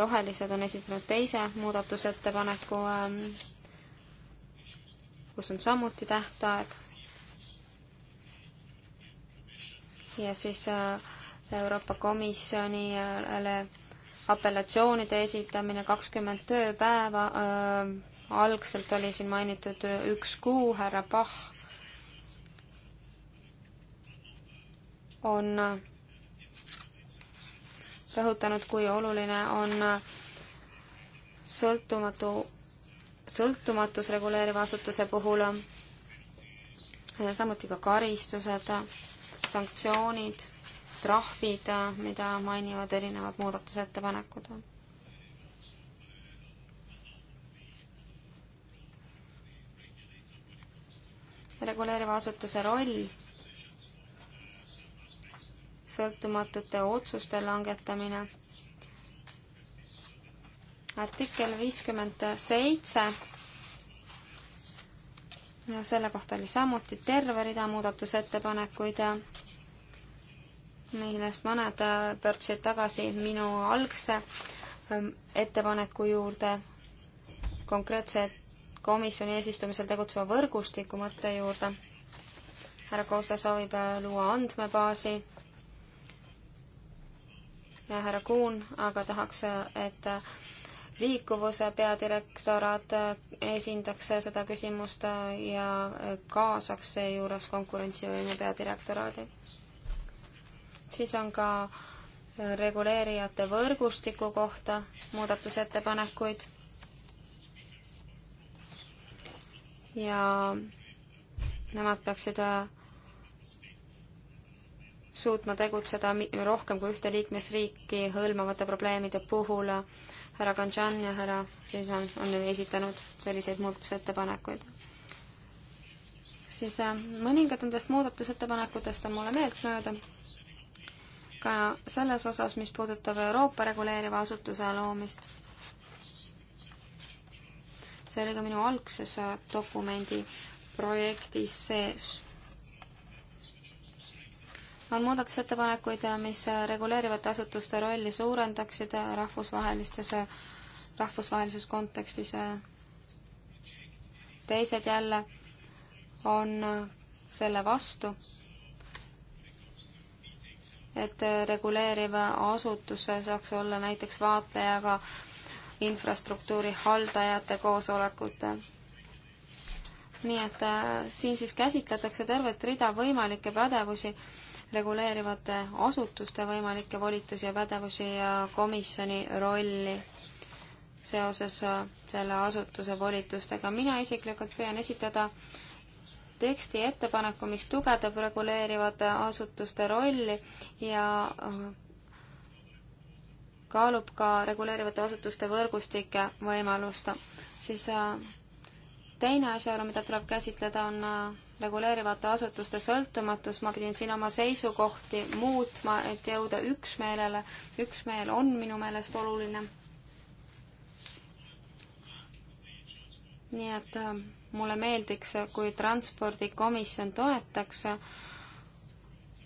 rohelised on esitanud teise muudatusettepaneku, ähm, kus on samuti tähtaeg. ja siis äh, Euroopa Komisjonile apellatsioonide esitamine kakskümmend tööpäeva, ähm, algselt oli siin mainitud äh, üks kuu, härra Pahh on rõhutanud, kui oluline on sõltumatu, sõltumatus reguleeriva asutuse puhul, samuti ka karistused, sanktsioonid, trahvid, mida mainivad erinevad muudatusettepanekud reguleeriva asutuse roll sõltumatute otsuste langetamine. artikkel viiskümmend seitse, selle kohta oli samuti terve rida muudatusettepanekuid ja millest mõned pöördusid tagasi minu algse ähm, ettepaneku juurde konkreetse komisjoni eesistumisel tegutseva võrgustiku mõtte juurde. härra Koosa soovib äh, luua andmebaasi ja härra Kuhn aga tahaks, et liikuvuse peadirektoraat esindaks seda küsimust ja kaasaks seejuures konkurentsivõime peadirektoraadi. siis on ka reguleerijate võrgustiku kohta muudatusettepanekuid ja nemad peaksid suutma tegutseda rohkem kui ühte liikmesriiki hõlmavate probleemide puhul. härra Kanjan ja härra Kisan on esitanud selliseid muudatusettepanekuid. siis äh, mõningad nendest muudatusettepanekutest on mulle meeltmööda. ka selles osas, mis puudutab Euroopa reguleeriva asutuse loomist. see oli ka minu algses äh, dokumendi projektis sees on muudatusettepanekuid, mis reguleerivate asutuste rolli suurendaksid rahvusvahelistes, rahvusvahelises kontekstis. teised jälle on selle vastu, et reguleeriv asutus saaks olla näiteks vaatlejaga infrastruktuuri haldajate koosolekutel. nii et äh, siin siis käsitletakse tervet rida võimalikke pädevusi reguleerivate asutuste võimalikke volitusi ja pädevusi ja komisjoni rolli seoses äh, selle asutuse volitustega. mina isiklikult püüan esitada teksti ettepaneku, mis tugevdab reguleerivate asutuste rolli ja äh, kaalub ka reguleerivate asutuste võrgustike võimalust, siis äh, teine asjaolu, mida tuleb käsitleda, on äh, reguleerivate asutuste sõltumatus, ma pidin siin oma seisukohti muutma, et jõuda üksmeelele. üksmeel on minu meelest oluline. nii et äh, mulle meeldiks, kui Transpordikomisjon toetaks äh,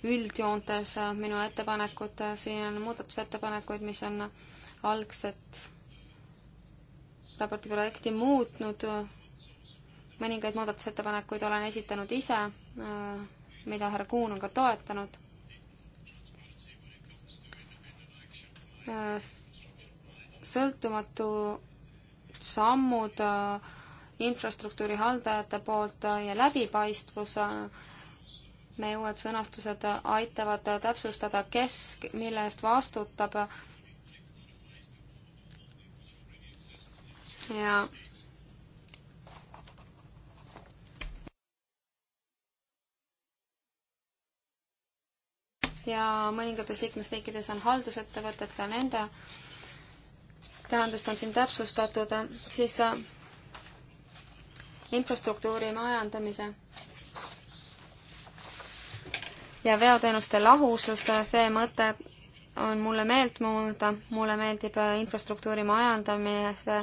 üldjoontes minu ettepanekut, siin on muudatusettepanekuid, mis on algset raporti projekti muutnud mõningaid muudatusettepanekuid olen esitanud ise, äh, mida härra Kuhn on ka toetanud. Äh, sõltumatu sammud äh, infrastruktuuri haldajate poolt ja läbipaistvus, meie uued sõnastused aitavad täpsustada, kes mille eest vastutab ja ja mõningates liikmesriikides on haldusettevõtted ka nende tähendust on siin täpsustatud, siis äh, infrastruktuuri majandamise ja veoteenuste lahusus, see mõte on mulle meeltmööda, mulle meeldib äh, infrastruktuuri majandamise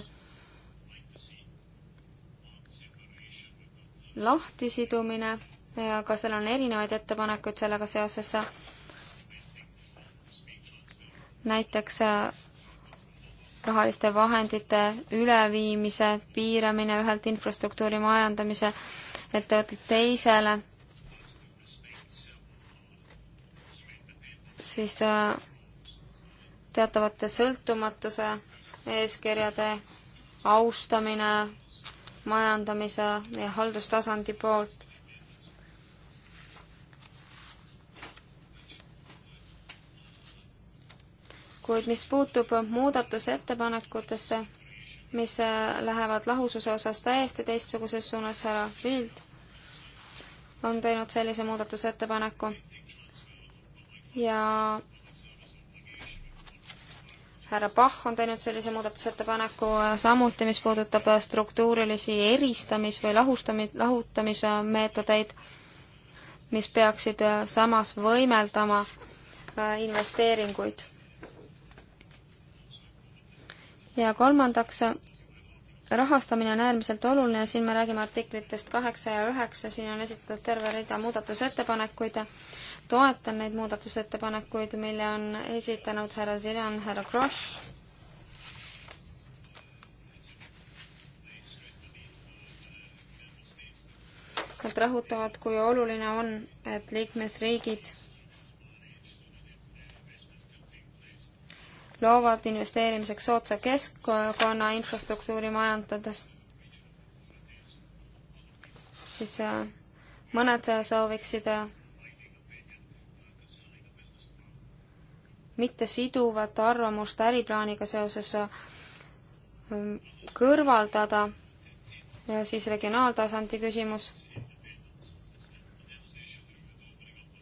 lahtisidumine ja ka seal on erinevaid ettepanekuid sellega seoses näiteks äh, rahaliste vahendite üleviimise piiramine ühelt infrastruktuuri majandamise ettevõttelt teisele, siis äh, teatavate sõltumatuse eeskirjade austamine majandamise ja haldustasandi poolt kuid mis puutub muudatusettepanekutesse, mis äh, lähevad lahususe osas täiesti teistsuguses suunas, härra Vild on teinud sellise muudatusettepaneku ja härra Pahh on teinud sellise muudatusettepaneku äh, samuti, mis puudutab äh, struktuurilisi eristamis- või lahustami-, lahutamismeetodeid, mis peaksid samas võimeldama investeeringuid ja kolmandaks, rahastamine on äärmiselt oluline, siin me räägime artiklitest kaheksa ja üheksa, siin on esitatud terve rida muudatusettepanekuid. toetan neid muudatusettepanekuid, mille on esitanud härra Ziljan, härra Kross. Nad rõhutavad, kui oluline on, et liikmesriigid loovad investeerimiseks soodsa keskkonna infrastruktuuri majandades, siis äh, mõned sooviksid äh, mitte siduvat arvamust äriplaaniga seoses äh, kõrvaldada ja siis regionaaltasandi küsimus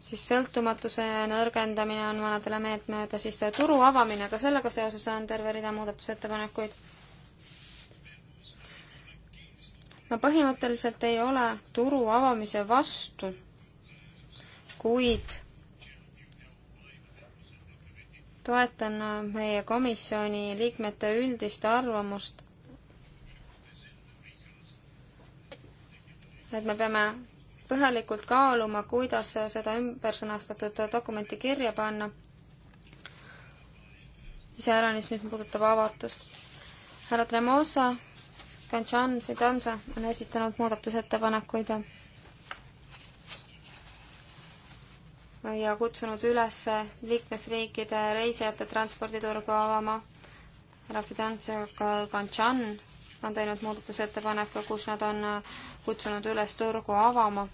siis sõltumatuse nõrgendamine on vanadele meetmööda, siis turu avamine, ka sellega seoses on terve rida muudatusettepanekuid. ma põhimõtteliselt ei ole turu avamise vastu, kuid toetan meie komisjoni liikmete üldist arvamust, et me peame põhjalikult kaaluma, kuidas seda ümbersõnastatud dokumenti kirja panna. iseäranis, mis puudutab avatust. härra Tremosa, Kanchan Fidanza on esitanud muudatusettepanekuid ja kutsunud üles liikmesriikide reisijate transporditurgu avama. härra Fidanza Kanchan on teinud muudatusettepaneku, kus nad on äh, kutsunud üles turgu avama.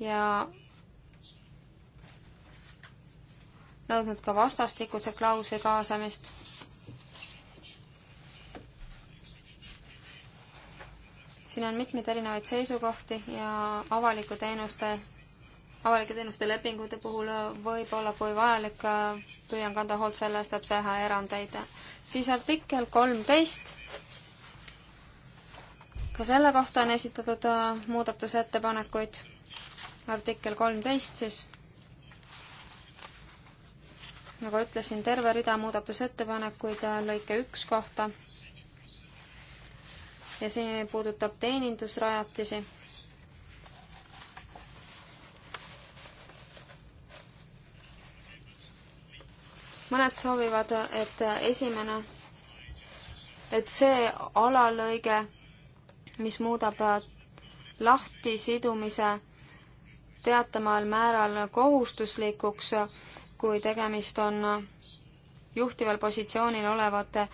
ja nõudnud ka vastastikuse klausli kaasamist. siin on mitmeid erinevaid seisukohti ja avaliku teenuste, avalike teenuste lepingute puhul võib-olla, kui vajalik, äh, püüan kanda hoolt selle eest, et teha erandeid. siis artikkel kolmteist. ka selle kohta on esitatud äh, muudatusettepanekuid. artikkel kolmteist siis. nagu ütlesin, terve rida muudatusettepanekuid äh, lõike üks kohta. ja see puudutab teenindusrajatisi mõned soovivad, et esimene, et see alalõige, mis muudab lahtisidumise teatamal määral kohustuslikuks, kui tegemist on juhtival positsioonil olevate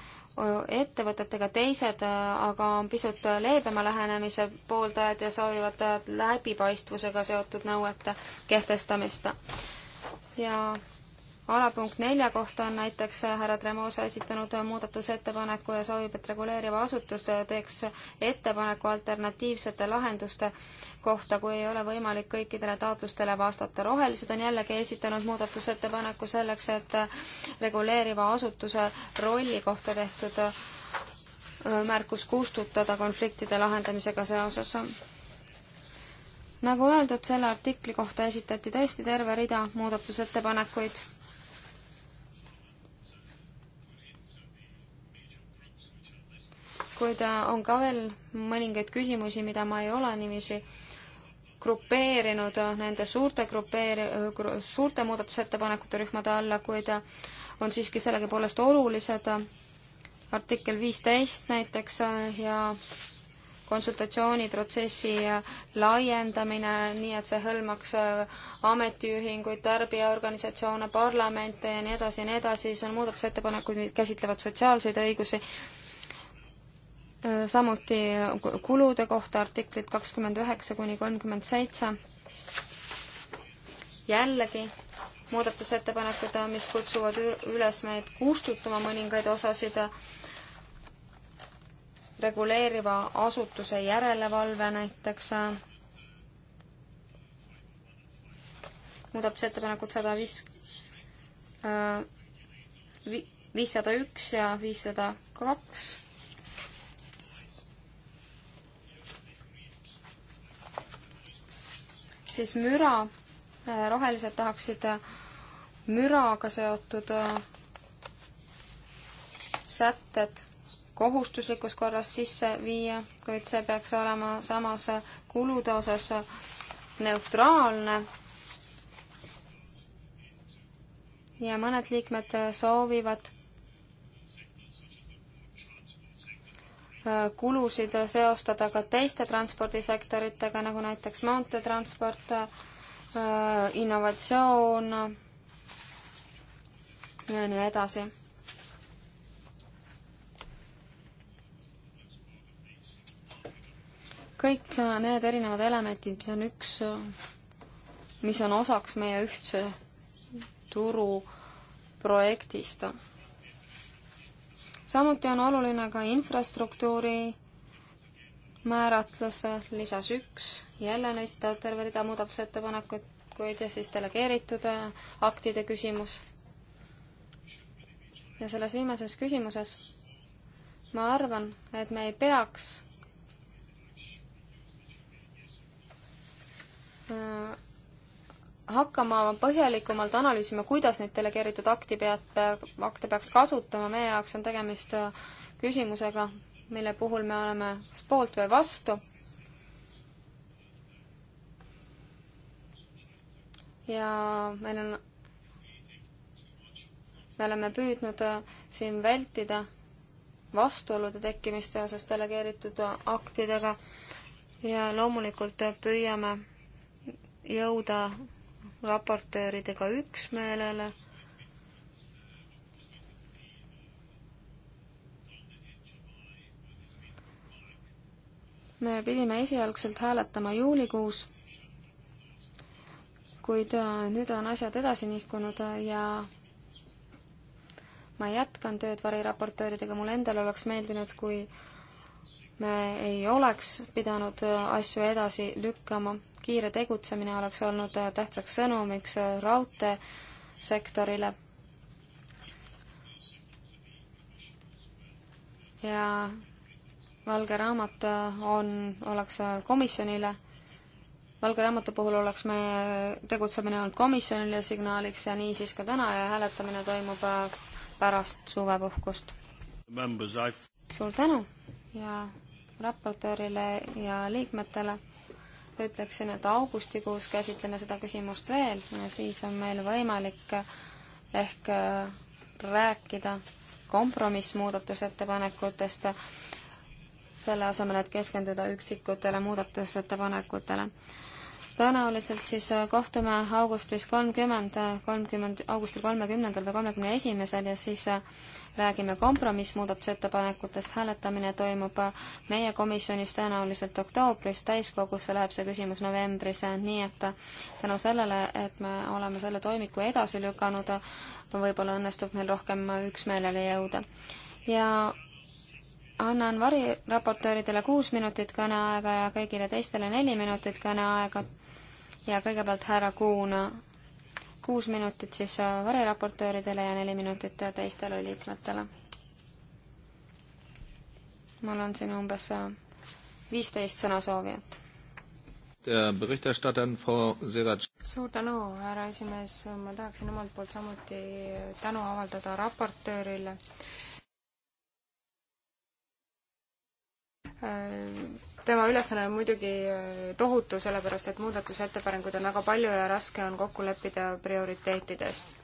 ettevõtetega, teised aga on pisut leebema lähenemise pooldajad ja soovivad läbipaistvusega seotud nõuete kehtestamist. ja alapunkt nelja kohta on näiteks härra Tremosa esitanud muudatusettepaneku ja soovib, et reguleeriv asutus teeks ettepaneku alternatiivsete lahenduste kohta, kui ei ole võimalik kõikidele taotlustele vastata. rohelised on jällegi esitanud muudatusettepaneku selleks, et reguleeriva asutuse rolli kohta tehtud märkus kustutada konfliktide lahendamisega seoses nagu öeldud, selle artikli kohta esitati tõesti terve rida muudatusettepanekuid kuid äh, on ka veel mõningaid küsimusi, mida ma ei ole niiviisi grupeerinud äh, nende suurte grupeeri-, äh, suurte muudatusettepanekute rühmade alla, kuid on siiski sellegipoolest olulised. artikkel viisteist näiteks ja konsultatsiooniprotsessi laiendamine, nii et see hõlmaks ametiühinguid, tarbijaorganisatsioone, parlamente ja nii edasi ja nii edasi, siis on muudatusettepanekud, mis käsitlevad sotsiaalseid õigusi Äh, samuti kulude kohta artiklid kakskümmend üheksa kuni kolmkümmend seitse. jällegi muudatusettepanekud, äh, mis kutsuvad üles meid kustutama mõningaid osasid äh, reguleeriva asutuse järelevalve näiteks. muudatusettepanekud sada viis, viissada üks ja viissada kaks siis müra, äh, rohelised tahaksid äh, müraga seotud äh, sätted kohustuslikus korras sisse viia, kuid see peaks olema samas kulude osas neutraalne. ja mõned liikmed soovivad kulusid seostada ka teiste transpordisektoritega, nagu näiteks maanteetransport, äh, innovatsioon ja nii edasi. kõik need erinevad elemendid, mis on üks, mis on osaks meie ühtse turu projektist samuti on oluline ka infrastruktuuri määratluse lisas üks, jälle on esitatud terve rida muudatusettepanekuid, kuid ja siis delegeeritud äh, aktide küsimus. ja selles viimases küsimuses ma arvan, et me ei peaks äh, hakkama põhjalikumalt analüüsima, kuidas neid delegeeritud akti pead, akte peaks kasutama, meie jaoks on tegemist äh, küsimusega, mille puhul me oleme kas poolt või vastu. ja meil on, me oleme püüdnud äh, siin vältida vastuolude tekkimist seoses delegeeritud aktidega ja loomulikult püüame jõuda raportööridega üksmeelele. me pidime esialgselt hääletama juulikuus, kuid äh, nüüd on asjad edasi nihkunud äh, ja ma jätkan tööd variraportööridega, mul endal oleks meeldinud, kui me ei oleks pidanud äh, asju edasi lükkama kiire tegutsemine oleks olnud tähtsaks sõnumiks raudteesektorile. ja valge raamat on, oleks komisjonile, valge raamatu puhul oleks meie tegutsemine olnud komisjonile signaaliks ja nii siis ka täna ja hääletamine toimub pärast suvepuhkust. suur tänu ja raportöörile ja liikmetele ütleksin, et augustikuus käsitleme seda küsimust veel ja siis on meil võimalik ehk äh, rääkida kompromissmuudatusettepanekutest, selle asemel, et keskenduda üksikutele muudatusettepanekutele. tõenäoliselt siis äh, kohtume augustis kolmkümmend, äh, kolmkümmend, augustil kolmekümnendal või kolmekümne esimesel ja siis räägime kompromissmuudatusettepanekutest, hääletamine toimub meie komisjonis tõenäoliselt oktoobris, täiskogusse läheb see küsimus novembris, nii et tänu sellele, et me oleme selle toimiku edasi lükanud, võib-olla õnnestub meil rohkem üksmeelele jõuda. ja annan variraportööridele kuus minutit kõneaega ja kõigile teistele neli minutit kõneaega ja kõigepealt härra Kuuna kuus minutit siis äh, variraportööridele ja neli minutit äh, teistele liikmetele. mul on siin umbes äh, viisteist sõnasoovijat. suur tänu, härra esimees, ma tahaksin omalt poolt samuti tänu avaldada raportöörile tema ülesanne on muidugi äh, tohutu, sellepärast et muudatusettepanekuid on väga palju ja raske on kokku leppida prioriteetidest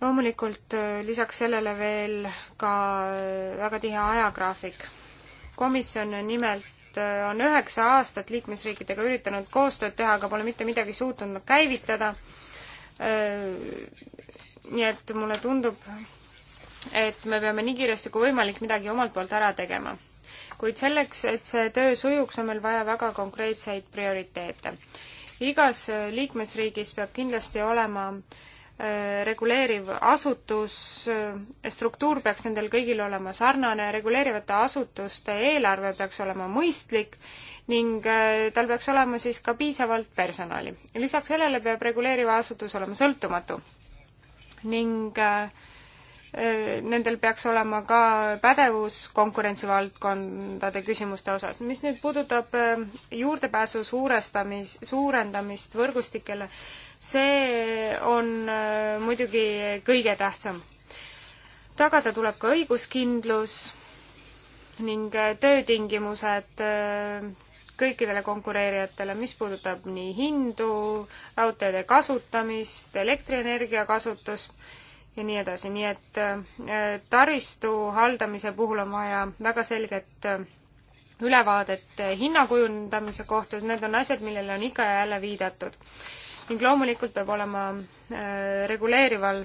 loomulikult äh, lisaks sellele veel ka äh, väga tihe ajagraafik. komisjon nimelt on üheksa aastat liikmesriikidega üritanud koostööd teha, aga pole mitte midagi suutnud käivitada. nii et mulle tundub, et me peame nii kiiresti kui võimalik midagi omalt poolt ära tegema kuid selleks, et see töö sujuks, on meil vaja väga konkreetseid prioriteete. igas äh, liikmesriigis peab kindlasti olema äh, reguleeriv asutus, äh, struktuur peaks nendel kõigil olema sarnane, reguleerivate asutuste eelarve peaks olema mõistlik ning tal peaks olema siis ka piisavalt personali. lisaks sellele peab reguleeriv asutus olema sõltumatu ning äh, nendel peaks olema ka pädevus konkurentsivaldkondade küsimuste osas. mis nüüd puudutab äh, juurdepääsu suurestamis, suurendamist võrgustikele, see on äh, muidugi kõige tähtsam. tagada tuleb ka õiguskindlus ning äh, töötingimused kõikidele konkureerijatele, mis puudutab nii hindu, raudteede kasutamist, elektrienergia kasutust ja nii edasi, nii et äh, taristu haldamise puhul on vaja väga selget äh, ülevaadet äh, hinnakujundamise kohta, need on asjad, millele on ikka ja jälle viidatud. ning loomulikult peab olema reguleerival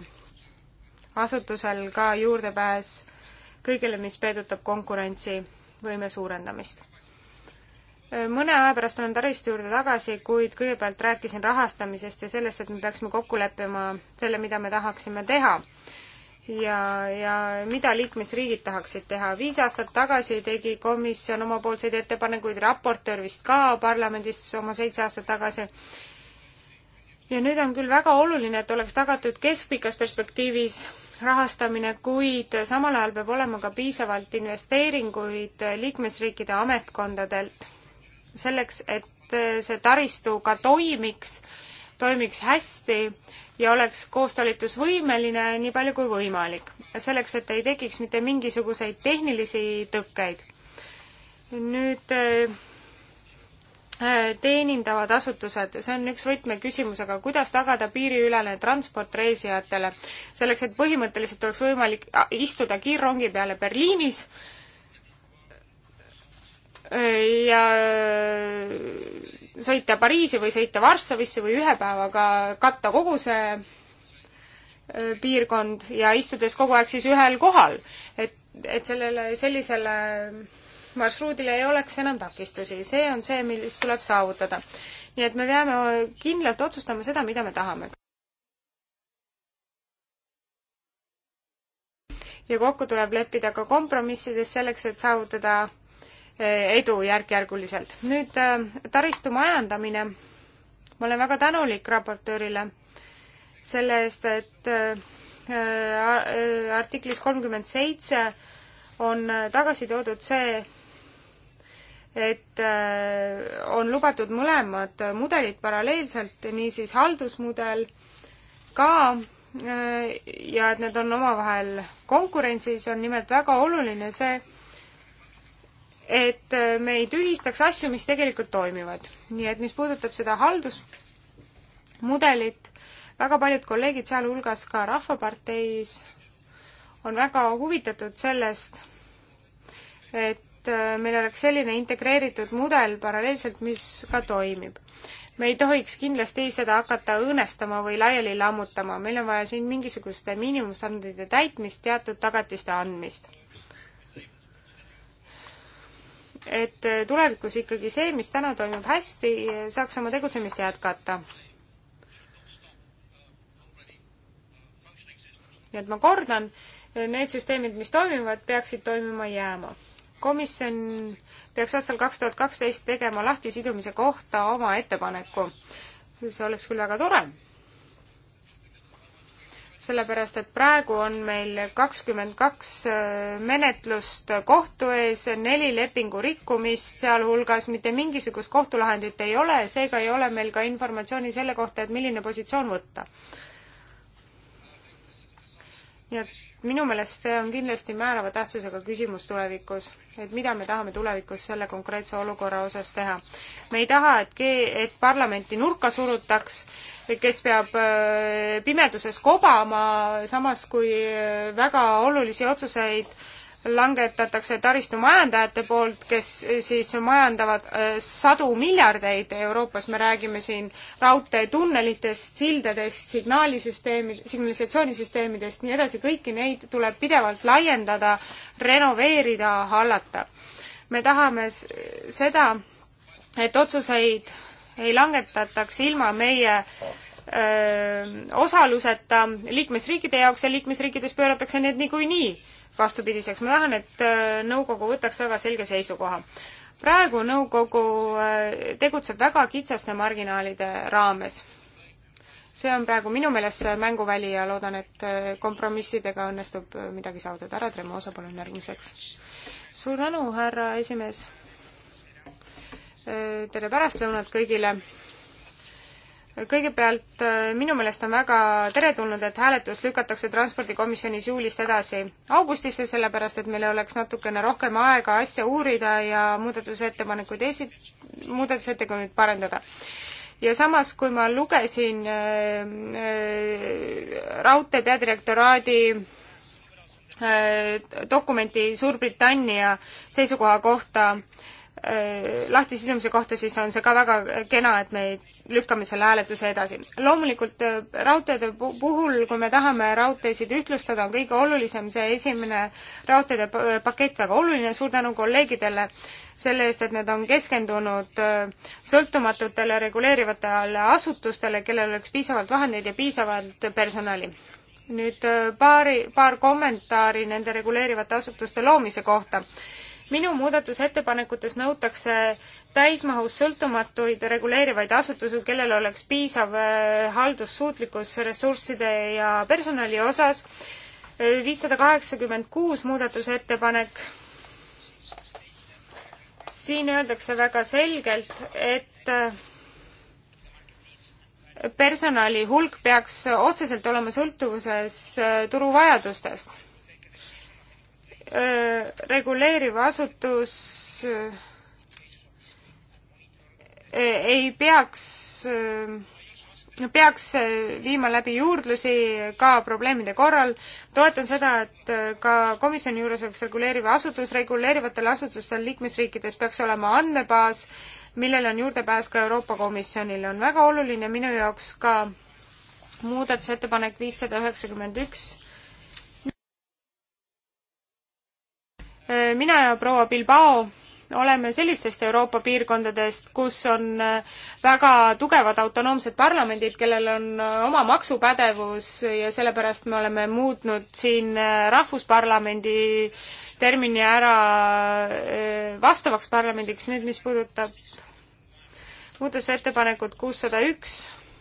asutusel ka juurdepääs kõigele, mis peedutab konkurentsivõime suurendamist mõne aja pärast olen taristu juurde tagasi, kuid kõigepealt rääkisin rahastamisest ja sellest, et me peaksime kokku leppima selle, mida me tahaksime teha. ja, ja mida liikmesriigid tahaksid teha. viis aastat tagasi tegi komisjon omapoolseid ettepanekuid, raportöör vist ka parlamendis oma seitse aastat tagasi, ja nüüd on küll väga oluline, et oleks tagatud keskpikas perspektiivis rahastamine, kuid samal ajal peab olema ka piisavalt investeeringuid liikmesriikide ametkondadelt selleks, et äh, see taristu ka toimiks, toimiks hästi ja oleks koostalitusvõimeline nii palju kui võimalik. selleks, et ei tekiks mitte mingisuguseid tehnilisi tõkkeid. nüüd äh, äh, teenindavad asutused, see on üks võtmeküsimus, aga kuidas tagada piiriülene transport reisijatele, selleks et põhimõtteliselt oleks võimalik istuda kiirrongi peale Berliinis ja äh, sõita Pariisi või sõita Varssavisse või ühe päevaga katta kogu see äh, piirkond ja istudes kogu aeg siis ühel kohal, et, et sellele sellisele marsruudile ei oleks enam takistusi, see on see, mis tuleb saavutada. nii et me peame kindlalt otsustama seda, mida me tahame. ja kokku tuleb leppida ka kompromissides selleks, et saavutada Eh, edu järk-järguliselt. nüüd äh, taristu majandamine. ma olen väga tänulik raportöörile selle eest, et äh, äh, artiklis kolmkümmend seitse on tagasi toodud see, et on lubatud mõlemad mudelid paralleelselt, niisiis haldusmudel ka ja et need on omavahel konkurentsis, on nimelt väga oluline see, et äh, me ei tühistaks asju, mis tegelikult toimivad. nii et mis puudutab seda haldusmudelit, väga paljud kolleegid, sealhulgas ka Rahvaparteis, on väga huvitatud sellest, et äh, meil oleks selline integreeritud mudel paralleelselt, mis ka toimib. me ei tohiks kindlasti seda hakata õõnestama või laiali lammutama, meil on vaja siin mingisuguste miinimumstandardite täitmist, teatud tagatiste andmist et äh, tulevikus ikkagi see, mis täna toimub hästi, saaks oma tegutsemist jätkata. nii et ma kordan, need süsteemid, mis toimivad, peaksid toimima jääma. komisjon peaks aastal kaks tuhat kaksteist tegema lahtisidumise kohta oma ettepaneku. see oleks küll väga tore sellepärast et praegu on meil kakskümmend kaks äh, menetlust kohtu ees, neli lepingu rikkumist sealhulgas, mitte mingisugust kohtulahendit ei ole, seega ei ole meil ka informatsiooni selle kohta, et milline positsioon võtta nii et minu meelest see on kindlasti määrava tähtsusega küsimus tulevikus, et mida me tahame tulevikus selle konkreetse olukorra osas teha. me ei taha, et ke-, et parlamenti nurka surutaks, kes peab äh, pimeduses kobama, samas kui äh, väga olulisi otsuseid äh, langetatakse taristumajandajate poolt, kes siis majandavad äh, sadu miljardeid Euroopas, me räägime siin raudteetunnelitest, sildadest, signaalisüsteemi, signalisatsioonisüsteemidest, nii edasi, kõiki neid tuleb pidevalt laiendada, renoveerida, hallata. me tahame seda, et otsuseid ei langetataks ilma meie äh, osaluseta liikmesriikide jaoks ja liikmesriikides pööratakse need niikuinii vastupidiseks. ma tahan, et nõukogu võtaks väga selge seisukoha. praegu nõukogu tegutseb väga kitsaste marginaalide raames. see on praegu minu meelest see mänguväli ja loodan, et kompromissidega õnnestub midagi saavutada. härra Tremosa, palun järgmiseks. suur tänu, härra esimees. tere pärastlõunat kõigile kõigepealt äh, minu meelest on väga teretulnud, et hääletus lükatakse Transpordikomisjonis juulist edasi augustisse, sellepärast et meil oleks natukene rohkem aega asja uurida ja muudatusettepanekuid esi-, muudatusettepanekuid parandada. ja samas, kui ma lugesin äh, äh, raudtee peadirektoraadi äh, dokumenti Suurbritannia seisukoha kohta äh, Äh, lahtisidumise kohta, siis on see ka väga kena, et me lükkame selle hääletuse edasi. loomulikult äh, raudteede puhul, kui me tahame raudteesid ühtlustada, on kõige olulisem see esimene raudteede pakett väga oluline, suur tänu kolleegidele selle eest, et nad on keskendunud äh, sõltumatutele reguleerivatele asutustele, kellel oleks piisavalt vahendeid ja piisavalt personali nüüd paari, paar kommentaari nende reguleerivate asutuste loomise kohta minu muudatusettepanekutes nõutakse täismahus sõltumatuid reguleerivaid asutusi, kellel oleks piisav äh, haldussuutlikkus ressursside ja personali osas. Äh, viissada kaheksakümmend kuus muudatusettepanek siin öeldakse väga selgelt, et äh, personali hulk peaks otseselt olema sõltuvuses turuvajadustest reguleeriv asutus e, ei peaks, peaks viima läbi juurdlusi ka probleemide korral. toetan seda, et ka komisjoni juures oleks reguleeriv asutus, reguleerivatel asutustel liikmesriikides peaks olema andmebaas, millel on juurdepääs ka Euroopa Komisjonile, on väga oluline minu jaoks ka muudatusettepanek viissada üheksakümmend üks mina ja proua Bilbao oleme sellistest Euroopa piirkondadest, kus on äh, väga tugevad autonoomsed parlamendid, kellel on äh, oma maksupädevus ja sellepärast me oleme muutnud siin äh, rahvusparlamendi termini ära vastavaks parlamendiks, nüüd mis puudutab muudatusettepanekut kuussada üks,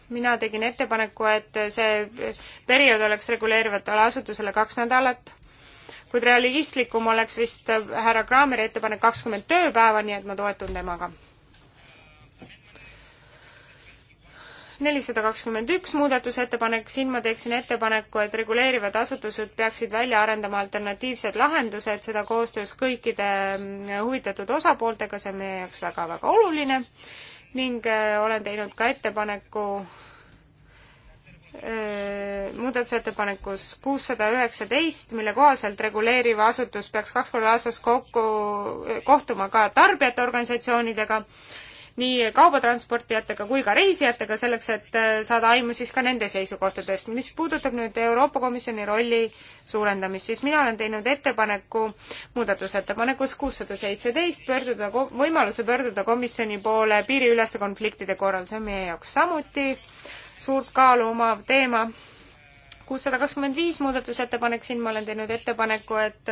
mina tegin ettepaneku, et see periood oleks reguleerivatele asutusele kaks nädalat kuid realistlikum oleks vist äh, härra Kraameri ettepanek kakskümmend tööpäeva, nii et ma toetun temaga. nelisada kakskümmend üks muudatusettepanek, siin ma teeksin ettepaneku, et reguleerivad asutused peaksid välja arendama alternatiivsed lahendused, seda koostöös kõikide mm, huvitatud osapooltega, see on meie jaoks väga-väga oluline ning äh, olen teinud ka ettepaneku Äh, muudatusettepanekus kuussada üheksateist, mille kohaselt reguleeriv asutus peaks kaks korda aastas kokku, äh, kohtuma ka tarbijate organisatsioonidega, nii kaubatransportijatega kui ka reisijatega, selleks et äh, saada aimu siis ka nende seisukohtadest. mis puudutab nüüd Euroopa Komisjoni rolli suurendamist, siis mina olen teinud ettepaneku muudatusettepanekus kuussada seitseteist pöörduda, võimaluse pöörduda komisjoni poole piiriüleste konfliktide korral, see on meie jaoks samuti äh, suurt kaalu omav teema. kuussada kakskümmend viis muudatusettepanek, siin ma olen teinud ettepaneku, et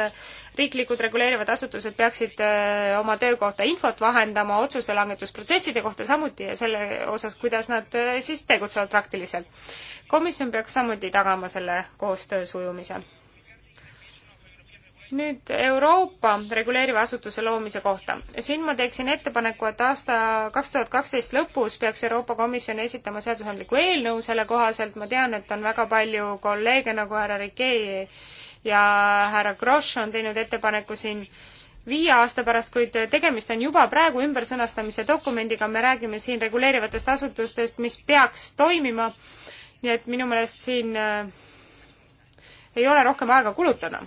riiklikud reguleerivad asutused peaksid äh, oma töö kohta infot vahendama otsuse langetusprotsesside kohta samuti ja selle osas, kuidas nad äh, siis tegutsevad praktiliselt. komisjon peaks samuti tagama selle koostöö sujumise nüüd Euroopa reguleeriva asutuse loomise kohta. siin ma teeksin ettepaneku, et aasta kaks tuhat kaksteist lõpus peaks Euroopa Komisjon esitama seadusandliku eelnõu selle kohaselt, ma tean, et on väga palju kolleege nagu härra Rikei ja härra Grosch on teinud ettepaneku siin viie aasta pärast, kuid tegemist on juba praegu ümbersõnastamise dokumendiga, me räägime siin reguleerivatest asutustest, mis peaks toimima, nii et minu meelest siin äh, ei ole rohkem aega kulutada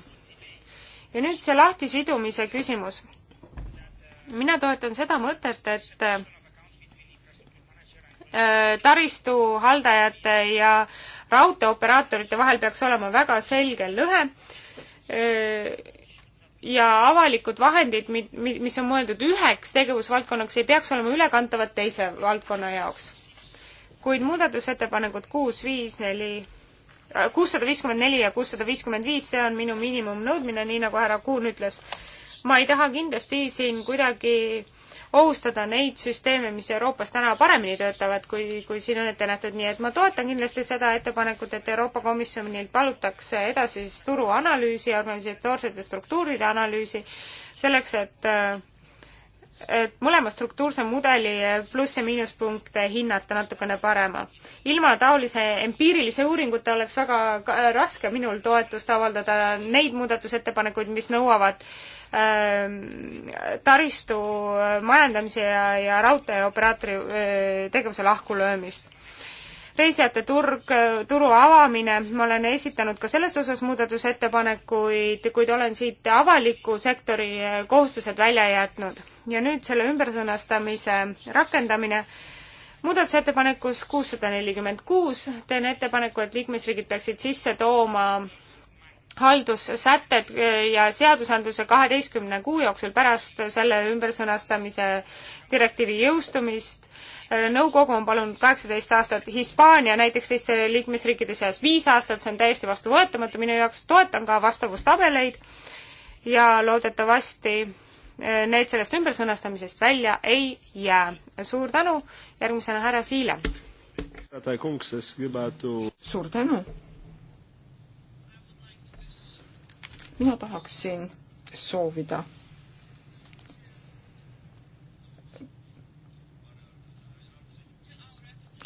ja nüüd see lahtisidumise küsimus. mina toetan seda mõtet, et äh, taristu haldajate ja raudteeoperaatorite vahel peaks olema väga selge lõhe äh, ja avalikud vahendid, mis on mõeldud üheks tegevusvaldkonnaks, ei peaks olema ülekantavad teise valdkonna jaoks. kuid muudatusettepanekud kuus, viis, neli, kuussada viiskümmend neli ja kuussada viiskümmend viis, see on minu miinimumnõudmine, nii nagu härra Kuhn ütles. ma ei taha kindlasti siin kuidagi ohustada neid süsteeme, mis Euroopas täna paremini töötavad, kui, kui siin on ette nähtud, nii et ma toetan kindlasti seda ettepanekut, et Euroopa Komisjonil palutakse edasi siis turuanalüüsi ja organisatorsete struktuuride analüüsi selleks, et äh, et mõlema struktuurse mudeli pluss- ja miinuspunkte hinnata natukene parema. ilma taolise empiirilise uuringuta oleks väga äh, raske minul toetust avaldada neid muudatusettepanekuid, mis nõuavad ähm, äh, taristu majandamise ja, ja raudteeoperaatori äh, tegevuse lahkulöömist reisijate turg, äh, turu avamine, ma olen esitanud ka selles osas muudatusettepanekuid, kuid olen siit avaliku sektori äh, kohustused välja jätnud ja nüüd selle ümbersõnastamise rakendamine. muudatusettepanekus kuussada nelikümmend kuus teen ettepaneku, et liikmesriigid peaksid sisse tooma haldussätted äh, ja seadusandluse kaheteistkümne kuu jooksul pärast selle ümbersõnastamise direktiivi jõustumist. Äh, nõukogu on palunud kaheksateist aastat, Hispaania näiteks teiste liikmesriikide seas viis aastat, see on täiesti vastuvõetamatu minu jaoks, toetan ka vastavustabeleid ja loodetavasti need sellest ümbersõnastamisest välja ei jää. suur tänu, järgmisena härra Siile. suur tänu. mina tahaksin soovida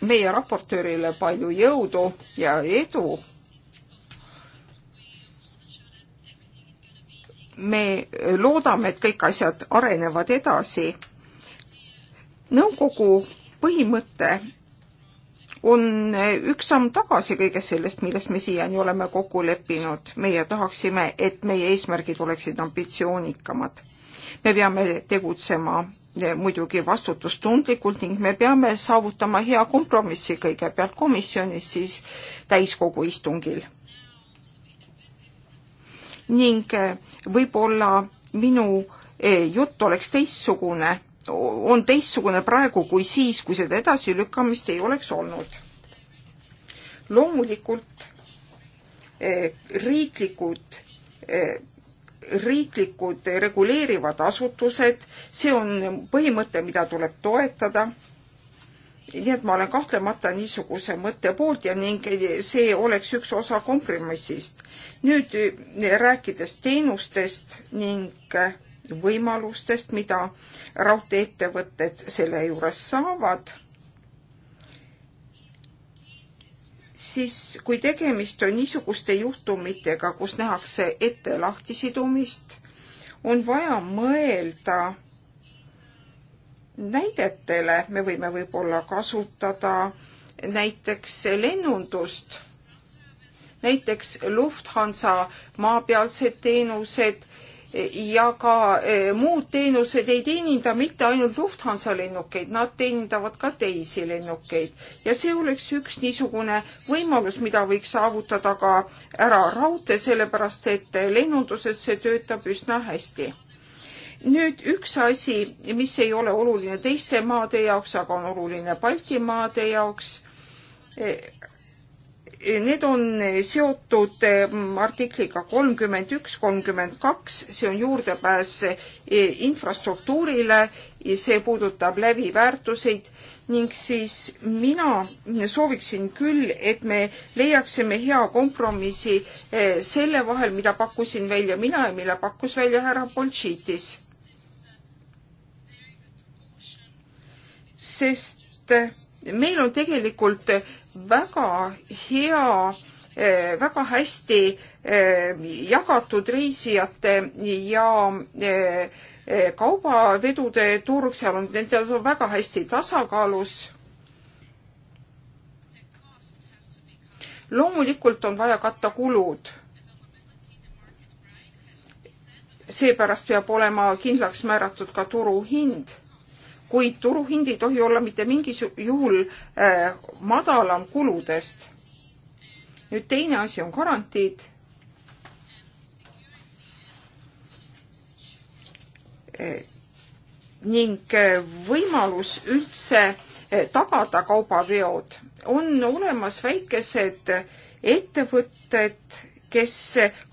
meie raportöörile palju jõudu ja edu me loodame, et kõik asjad arenevad edasi. nõukogu põhimõte on üks samm tagasi kõigest sellest, millest me siiani oleme kokku leppinud. meie tahaksime, et meie eesmärgid oleksid ambitsioonikamad. me peame tegutsema muidugi vastutustundlikult ning me peame saavutama hea kompromissi kõigepealt komisjonis, siis täiskogu istungil ning eh, võib-olla minu eh, jutt oleks teistsugune, on teistsugune praegu kui siis, kui seda edasilükkamist ei oleks olnud. loomulikult eh, riiklikud riiklikud reguleerivad asutused, see on põhimõte, mida tuleb toetada nii et ma olen kahtlemata niisuguse mõtte poolt ja ning see oleks üks osa kompromissist. nüüd eh, rääkides teenustest ning eh, võimalustest, mida raudtee-ettevõtted selle juures saavad, siis kui tegemist on niisuguste juhtumitega, kus nähakse ette lahtisidumist, on vaja mõelda näidetele, me võime võib-olla kasutada näiteks lennundust, näiteks Lufthansa maapealsed teenused ja ka e, muud teenused ei teeninda mitte ainult Lufthansa lennukeid, nad teenindavad ka teisi lennukeid ja see oleks üks niisugune võimalus, mida võiks saavutada ka ära raudtee, sellepärast et lennunduses see töötab üsna hästi nüüd üks asi, mis ei ole oluline teiste maade jaoks, aga on oluline Baltimaade jaoks. E, e, need on seotud e, artikliga kolmkümmend üks, kolmkümmend kaks, see on juurdepääs infrastruktuurile, see puudutab läbiväärtuseid ning siis mina sooviksin küll, et me leiaksime hea kompromissi selle vahel, mida pakkusin välja mina ja mille pakkus välja härra Boltšiitis sest meil on tegelikult väga hea väga hästi eh, jagatud reisijate ja eh, kaubavedude turg, seal on, need on väga hästi tasakaalus loomulikult on vaja katta kulud. seepärast peab olema kindlaks määratud ka turuhind kuid turuhind ei tohi olla mitte mingis juhul äh, madalam kuludest. nüüd teine asi on garantiid. Äh, ning äh, võimalus üldse tagada kaubaveod. on olemas väikesed ettevõtted, kes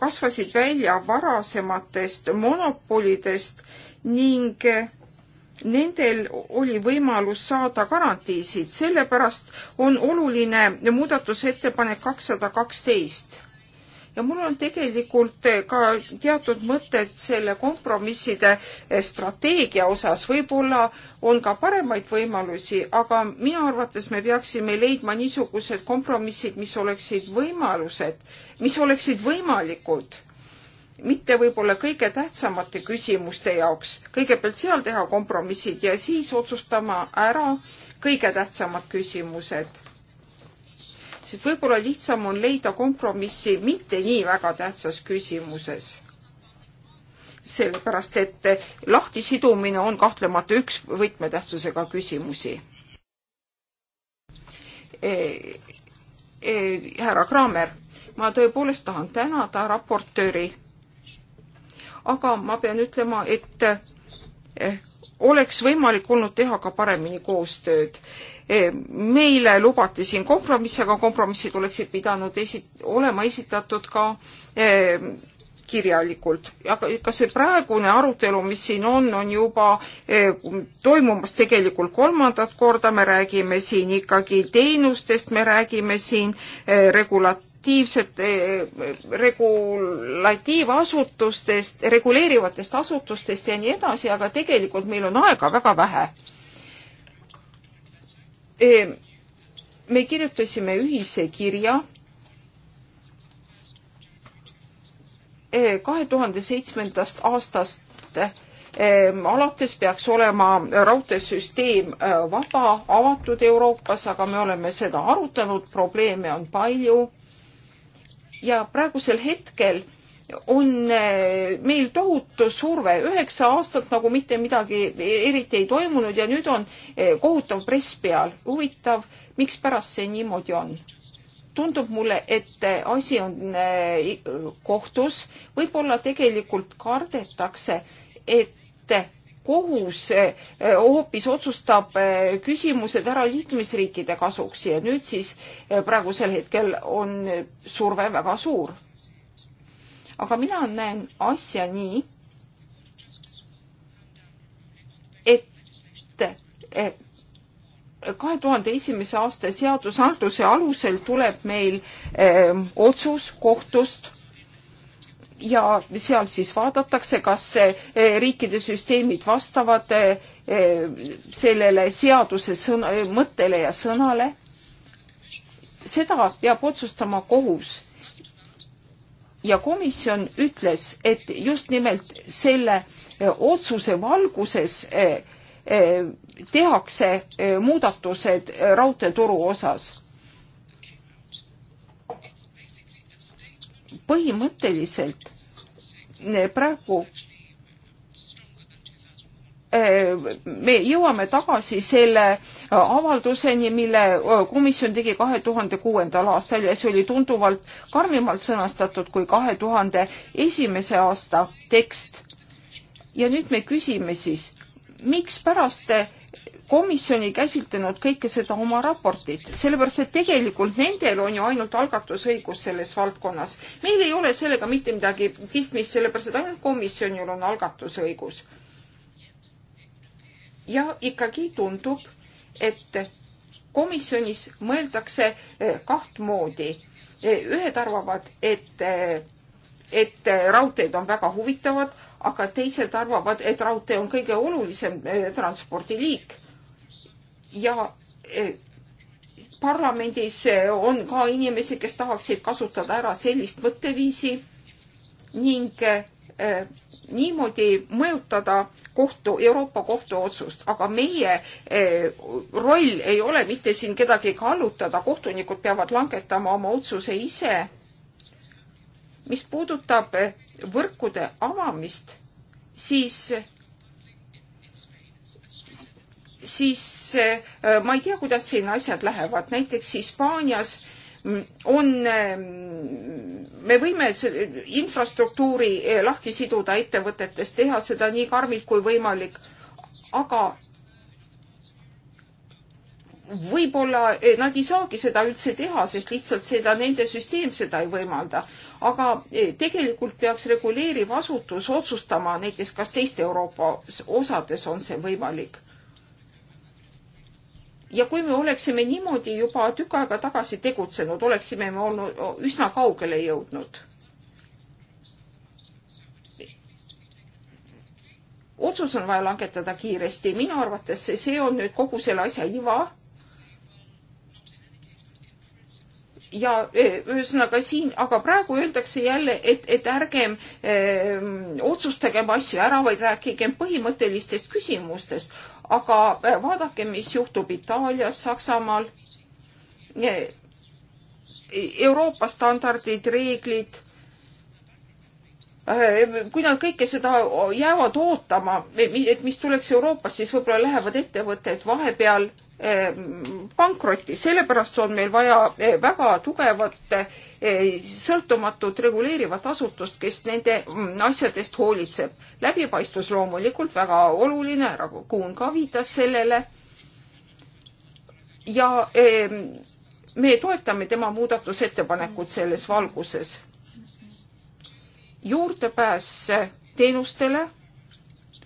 kasvasid välja varasematest monopolidest ning nendel oli võimalus saada garantiisid, sellepärast on oluline muudatusettepanek kakssada kaksteist ja mul on tegelikult ka teatud mõtted selle kompromisside strateegia osas, võib-olla on ka paremaid võimalusi, aga minu arvates me peaksime leidma niisugused kompromissid, mis oleksid võimalused, mis oleksid võimalikud mitte võib-olla kõige tähtsamate küsimuste jaoks. kõigepealt seal teha kompromissid ja siis otsustama ära kõige tähtsamad küsimused. sest võib-olla lihtsam on leida kompromissi mitte nii väga tähtsas küsimuses. sellepärast, et lahtisidumine on kahtlemata üks võtmetähtsusega küsimusi e, e härra Kramer, ma tõepoolest tahan tänada raportööri aga ma pean ütlema, et eh, oleks võimalik olnud teha ka paremini koostööd. Eh, meile lubati siin kompromisse, aga kompromissid oleksid pidanud esi-, olema esitatud ka eh, kirjalikult, aga ka see praegune arutelu, mis siin on, on juba toimumas tegelikult kolmandat korda, me räägime siin ikkagi teenustest, me räägime siin regulat-, regulatiivset, eh, regulatiivasutustest, reguleerivatest asutustest ja nii edasi, aga tegelikult meil on aega väga vähe. Eh, me kirjutasime ühise kirja eh, kahe tuhande seitsmendast aastast alates peaks olema raudteesüsteem vaba, avatud Euroopas, aga me oleme seda arutanud, probleeme on palju ja praegusel hetkel on eh, meil tohutu surve, üheksa aastat nagu mitte midagi eriti ei toimunud ja nüüd on eh, kohutav press peal. huvitav, mikspärast see niimoodi on? tundub mulle, et eh, asi on kohtus, võib-olla tegelikult kardetakse, et kohus eh, eh, hoopis otsustab eh, küsimused ära liikmesriikide kasuks ja nüüd siis praegusel hetkel on surve väga suur. aga mina näen asja nii, et kahe tuhande esimese aasta seadusandluse alusel tuleb meil öö, otsus kohtust ja seal siis vaadatakse, kas eh, riikide süsteemid vastavad eh, eh, sellele seaduse sõna, mõttele ja sõnale. seda peab otsustama kohus. ja komisjon ütles, et just nimelt selle otsuse valguses tehakse muudatused raudteeturu osas põhimõtteliselt eh, praegu eh, me jõuame tagasi selle eh, avalduseni, mille komisjon tegi kahe tuhande kuuendal aastal ja see oli tunduvalt karmimalt sõnastatud kui kahe tuhande esimese aasta tekst. ja nüüd me küsime siis, mikspärast komisjon ei käsitlenud kõike seda oma raportit, sellepärast et tegelikult nendel on ju ainult algatusõigus selles valdkonnas. meil ei ole sellega mitte midagi pistmist, sellepärast et ainult komisjonil on algatusõigus. ja ikkagi tundub, et komisjonis mõeldakse eh, kaht moodi. Eh, ühed arvavad, et, eh, et raudteed on väga huvitavad, aga teised arvavad, et raudtee on kõige olulisem transpordiliik ja eh, parlamendis eh, on ka inimesi, kes tahaksid kasutada ära sellist mõtteviisi ning eh, niimoodi mõjutada kohtu, Euroopa Kohtu otsust, aga meie roll ei ole mitte siin kedagi kallutada, kohtunikud peavad langetama oma otsuse ise. mis puudutab võrkude avamist, siis siis eh, eh, ma ei tea, kuidas siin asjad lähevad, näiteks Hispaanias mm, on, eh, me võime infrastruktuuri lahti siduda ettevõtetest, teha seda nii karmilt kui võimalik, aga võib-olla nad ei saagi seda üldse teha, sest lihtsalt seda, nende süsteem seda ei võimalda. aga tegelikult peaks reguleeriv asutus otsustama näiteks, kas teiste Euroopa osades on see võimalik ja kui me oleksime niimoodi juba tükk aega tagasi tegutsenud, oleksime me olnud üsna kaugele jõudnud. otsus on vaja langetada kiiresti, minu arvates see on nüüd kogu selle asja iva ja e, ühesõnaga siin, aga praegu öeldakse jälle, et, et ärgem öö, e, otsustagem asju ära, vaid rääkigem põhimõttelistest küsimustest. aga e, vaadake, mis juhtub Itaalias, Saksamaal. Euroopa standardid, reeglid Äh, kui nad kõike seda jäävad ootama, et mis tuleks Euroopast, siis võib-olla lähevad ettevõtted vahepeal äh, pankrotti, sellepärast on meil vaja äh, väga tugevat sõltumatut reguleerivat asutust, kes nende mm, asjadest hoolitseb. läbipaistvus loomulikult väga oluline, härra Kuhn ka viitas sellele. ja me toetame tema muudatusettepanekut selles valguses juurdepääs teenustele,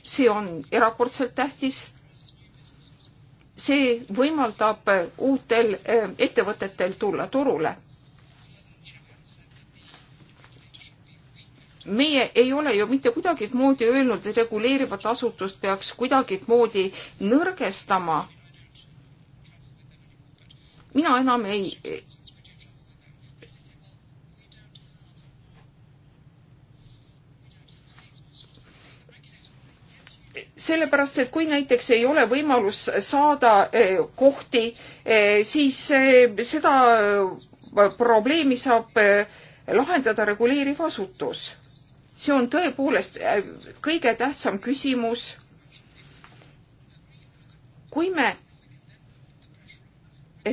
see on erakordselt tähtis. see võimaldab uutel eh, ettevõtetel tulla turule. meie ei ole ju mitte kuidagimoodi öelnud, et reguleerivat asutust peaks kuidagimoodi nõrgestama. mina enam ei sellepärast, et kui näiteks ei ole võimalus saada eh, kohti, eh, siis eh, seda probleemi saab lahendada reguleeriv asutus. see on tõepoolest kõige tähtsam küsimus. kui me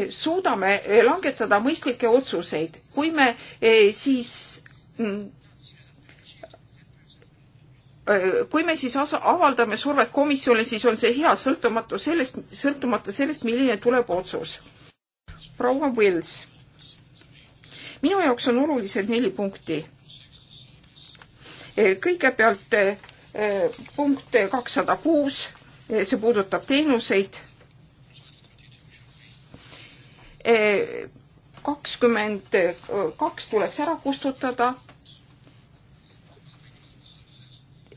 suudame langetada mõistlikke otsuseid, kui me siis mm, Äh, kui me siis avaldame survet komisjonile, siis on see hea, sõltumatu sellest, sõltumata sellest, milline tuleb otsus. proua Vils, minu jaoks on olulised neli punkti. Äh, kõigepealt äh, punkt kakssada kuus, see puudutab teenuseid. kakskümmend kaks tuleks ära kustutada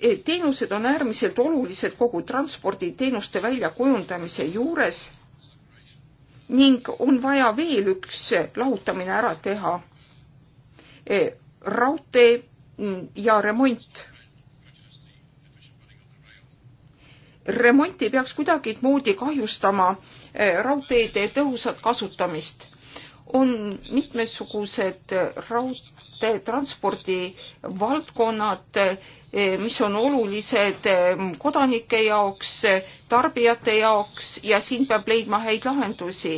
Eh, teenused on äärmiselt olulised kogu transporditeenuste väljakujundamise juures ning on vaja veel üks lahutamine ära teha. Eh, raudtee mm, ja remont. remont ei peaks kuidagimoodi kahjustama eh, raudteede tõhusat kasutamist. on mitmesugused raudteetranspordi valdkonnad Eh, mis on olulised eh, kodanike jaoks, tarbijate jaoks ja siin peab leidma häid lahendusi.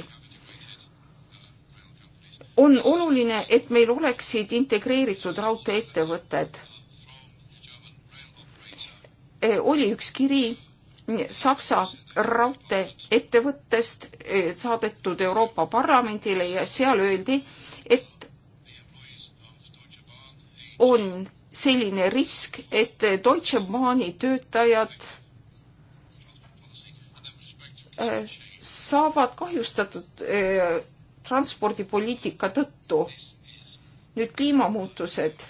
on oluline, et meil oleksid integreeritud raudteeettevõtted. Eh, oli üks kiri Saksa raudteeettevõttest saadetud Euroopa Parlamendile ja seal öeldi, et on selline risk, et Deutsche Bahni töötajad äh, saavad kahjustatud äh, transpordipoliitika tõttu. nüüd kliimamuutused.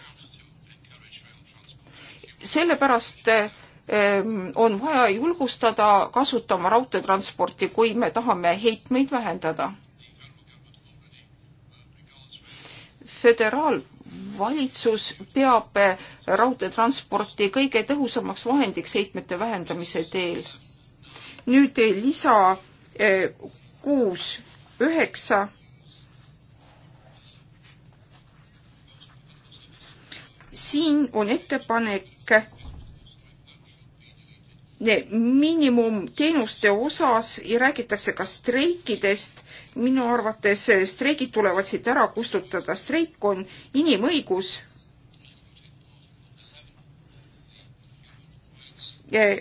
sellepärast ähm, on vaja julgustada kasutama raudteetransporti, kui me tahame heitmeid vähendada. föderaal valitsus peab eh, raudteetransporti kõige tõhusamaks vahendiks heitmete vähendamise teel. nüüd eh, lisa eh, kuus üheksa. siin on ettepanek miinimumteenuste osas ja räägitakse ka streikidest. minu arvates streigid tulevad siit ära kustutada, streik on inimõigus.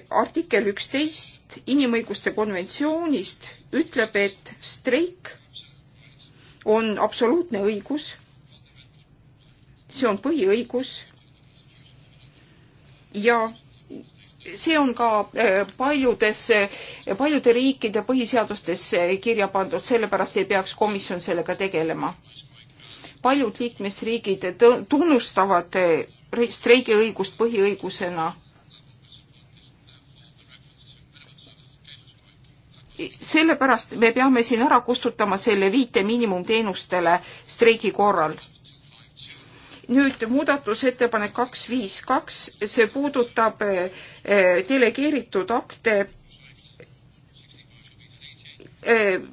artikkel üksteist inimõiguste konventsioonist ütleb, et streik on absoluutne õigus. see on põhiõigus. ja see on ka äh, paljudes, paljude riikide põhiseadustes kirja pandud, sellepärast ei peaks komisjon sellega tegelema. paljud liikmesriigid tunnustavad äh, streigiõigust põhiõigusena. sellepärast me peame siin ära kustutama selle viite miinimumteenustele streigi korral nüüd muudatusettepanek kaks viis kaks, see puudutab eh, delegeeritud akte eh,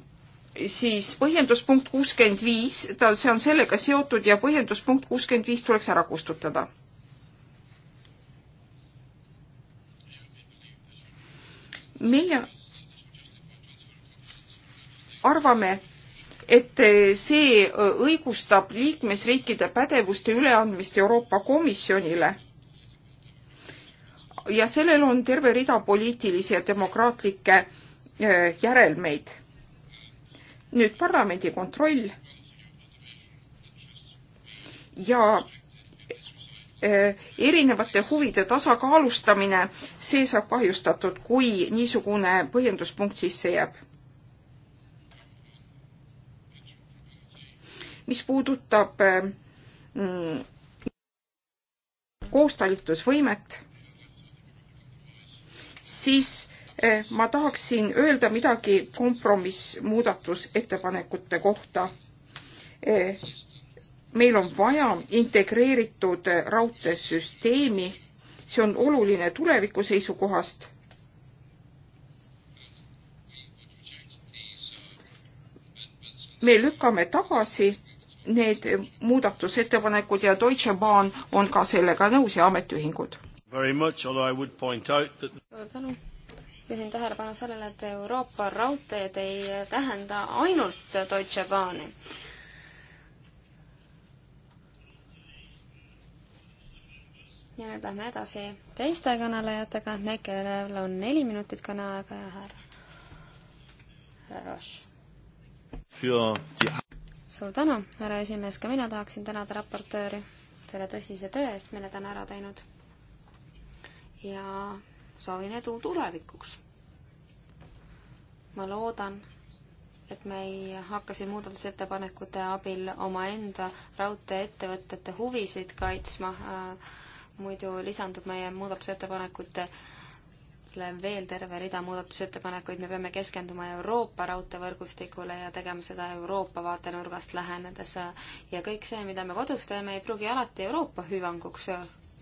siis põhjenduspunkt kuuskümmend viis, ta, see on sellega seotud ja põhjenduspunkt kuuskümmend viis tuleks ära kustutada. meie arvame, et see õigustab liikmesriikide pädevuste üleandmist Euroopa Komisjonile. ja sellel on terve rida poliitilisi ja demokraatlikke eh, järelmeid. nüüd parlamendi kontroll ja eh, erinevate huvide tasakaalustamine, see saab kahjustatud, kui niisugune põhjenduspunkt sisse jääb mis puudutab äh, mm, koostalitusvõimet, siis äh, ma tahaksin öelda midagi kompromissmuudatusettepanekute kohta. Äh, meil on vaja integreeritud raudteesüsteemi, see on oluline tuleviku seisukohast. me lükkame tagasi need muudatusettepanekud ja Deutsche Bahn on ka sellega nõus ja ametiühingud. suur tänu juhin tähelepanu sellele, et Euroopa raudteed ei tähenda ainult Deutsche Bahni. ja nüüd lähme edasi teiste kõnelejatega, need, kellel on neli minutit kõneaega ja härra Roš suur tänu, härra esimees, ka mina tahaksin tänada raportööri selle tõsise töö eest, mille ta on ära teinud. ja soovin edu tulevikuks. ma loodan, et me ei hakka siin muudatusettepanekute abil omaenda raudteeettevõtete huvisid kaitsma, äh, muidu lisandub meie muudatusettepanekute äh, läheb veel terve rida muudatusettepanekuid, me peame keskenduma Euroopa raudteevõrgustikule ja tegema seda Euroopa vaatenurgast lähenedes. ja kõik see, mida me kodus teeme, ei pruugi alati Euroopa hüvanguks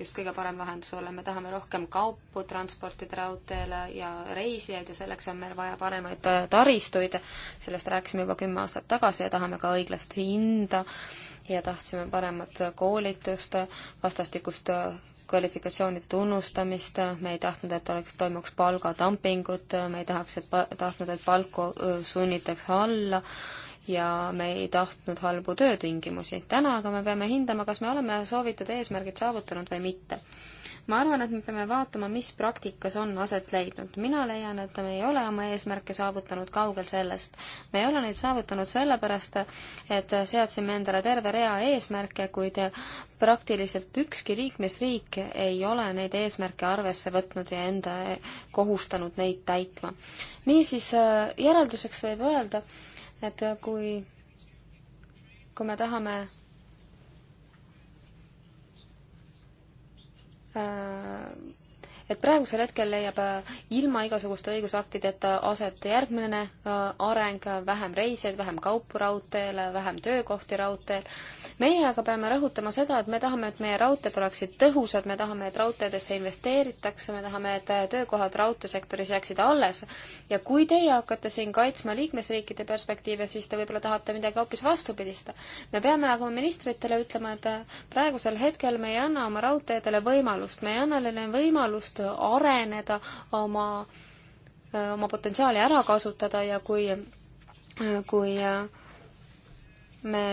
just kõige parem lahendus olla, me tahame rohkem kaupu transportida raudteele ja reisijaid ja selleks on meil vaja paremaid taristuid, sellest rääkisime juba kümme aastat tagasi ja tahame ka õiglast hinda ja tahtsime paremat koolitust, vastastikust kvalifikatsioonide tunnustamist, me ei tahtnud, et oleks, toimuks palgadumpingut, me ei tahaks, et tahtnud, et palku sunnitaks alla ja me ei tahtnud halbu töötingimusi. täna aga me peame hindama, kas me oleme soovitud eesmärgid saavutanud või mitte ma arvan, et me peame vaatama, mis praktikas on aset leidnud. mina leian, et me ei ole oma eesmärke saavutanud kaugel sellest. me ei ole neid saavutanud sellepärast, et seadsime endale terve rea eesmärke, kuid praktiliselt ükski liikmesriik ei ole neid eesmärke arvesse võtnud ja enda kohustanud neid täitma. niisiis järelduseks võib öelda, et kui, kui me tahame Äh, et praegusel hetkel leiab äh, ilma igasuguste õigusaktideta aset järgmine äh, areng, vähem reisijaid, vähem kaupu raudteele, vähem töökohti raudteel meie aga peame rõhutama seda, et me tahame, et meie raudteed oleksid tõhusad, me tahame, et raudteedesse investeeritakse, me tahame, et töökohad raudteesektoris jääksid alles. ja kui teie hakkate siin kaitsma liikmesriikide perspektiive, siis te võib-olla tahate midagi hoopis vastupidist. me peame aga ministritele ütlema, et praegusel hetkel me ei anna oma raudteedele võimalust, me ei anna neile võimalust areneda oma oma potentsiaali ära kasutada ja kui, kui me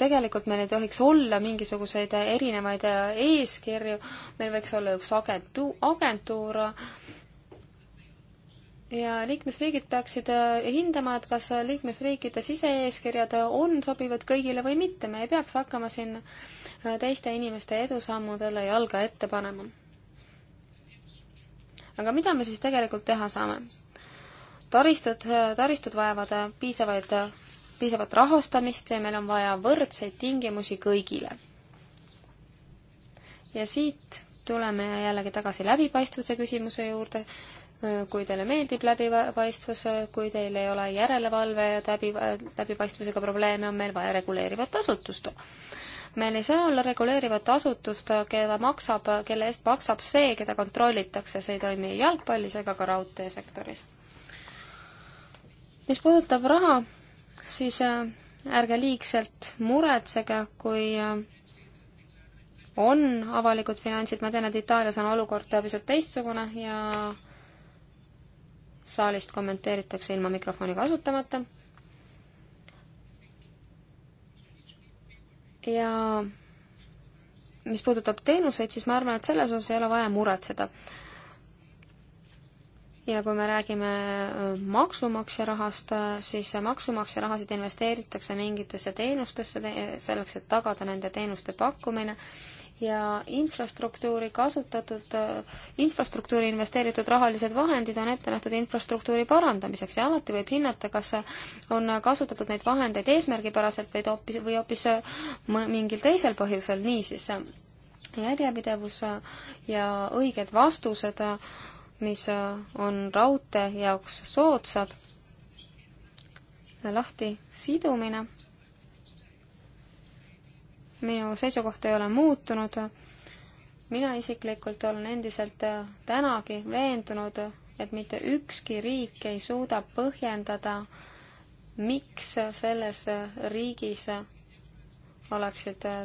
tegelikult meil ei tohiks olla mingisuguseid erinevaid eeskirju, meil võiks olla üks agentu-, agentuur ja liikmesriigid peaksid hindama, et kas liikmesriikide sise-eeskirjad on sobivad kõigile või mitte, me ei peaks hakkama siin teiste inimeste edusammudele jalga ette panema. aga mida me siis tegelikult teha saame? taristud, taristud vajavad piisavaid piisavat rahastamist ja meil on vaja võrdseid tingimusi kõigile. ja siit tuleme jällegi tagasi läbipaistvuse küsimuse juurde. kui teile meeldib läbipaistvus, kui teil ei ole järelevalve ja läbi, läbipaistvusega probleeme, on meil vaja reguleerivat asutust meil ei saa olla reguleerivat asutust, keda maksab, kelle eest maksab see, keda kontrollitakse, see ei toimi jalgpallis ega ka raudteesektoris. mis puudutab raha, siis äh, ärge liigselt muretsege, kui äh, on avalikud finantsid, ma tean, et Itaalias on olukord pisut teistsugune ja saalist kommenteeritakse ilma mikrofoni kasutamata. ja mis puudutab teenuseid, siis ma arvan, et selles osas ei ole vaja muretseda ja kui me räägime äh, maksumaksja rahast, äh, siis maksumaksja rahasid investeeritakse mingitesse teenustesse selleks, et tagada nende teenuste pakkumine ja infrastruktuuri kasutatud, äh, infrastruktuuri investeeritud rahalised vahendid on ette nähtud infrastruktuuri parandamiseks ja alati võib hinnata, kas on kasutatud neid vahendeid eesmärgipäraselt või hoopis, või hoopis mingil teisel põhjusel, niisiis järjepidevus ja õiged vastused mis äh, on raudtee jaoks soodsad. lahti sidumine. minu seisukoht ei ole muutunud. mina isiklikult olen endiselt äh, tänagi veendunud, et mitte ükski riik ei suuda põhjendada, miks selles riigis oleksid äh,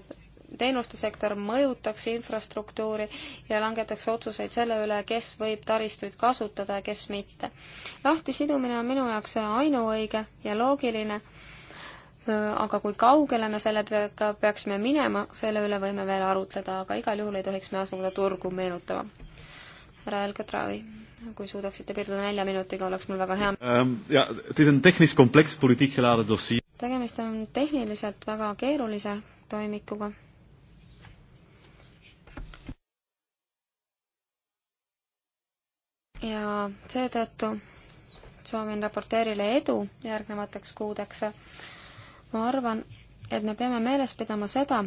teenustesektor mõjutaks infrastruktuuri ja langetaks otsuseid selle üle, kes võib taristuid kasutada ja kes mitte. lahtisidumine on minu jaoks ainuõige ja loogiline, aga kui kaugele me sellega peaksime minema, selle üle võime veel arutleda, aga igal juhul ei tohiks me asuda turgu meenutama. härra Elka Traavi kui suudaksite piirduda nelja minutiga, oleks mul väga hea um,. Ja, het is een technisch complex politiek geladen dossier. tegemist on tehniliselt väga keerulise toimikuga ja seetõttu soovin raporteerile edu järgnevateks kuudeks. ma arvan, et me peame meeles pidama seda,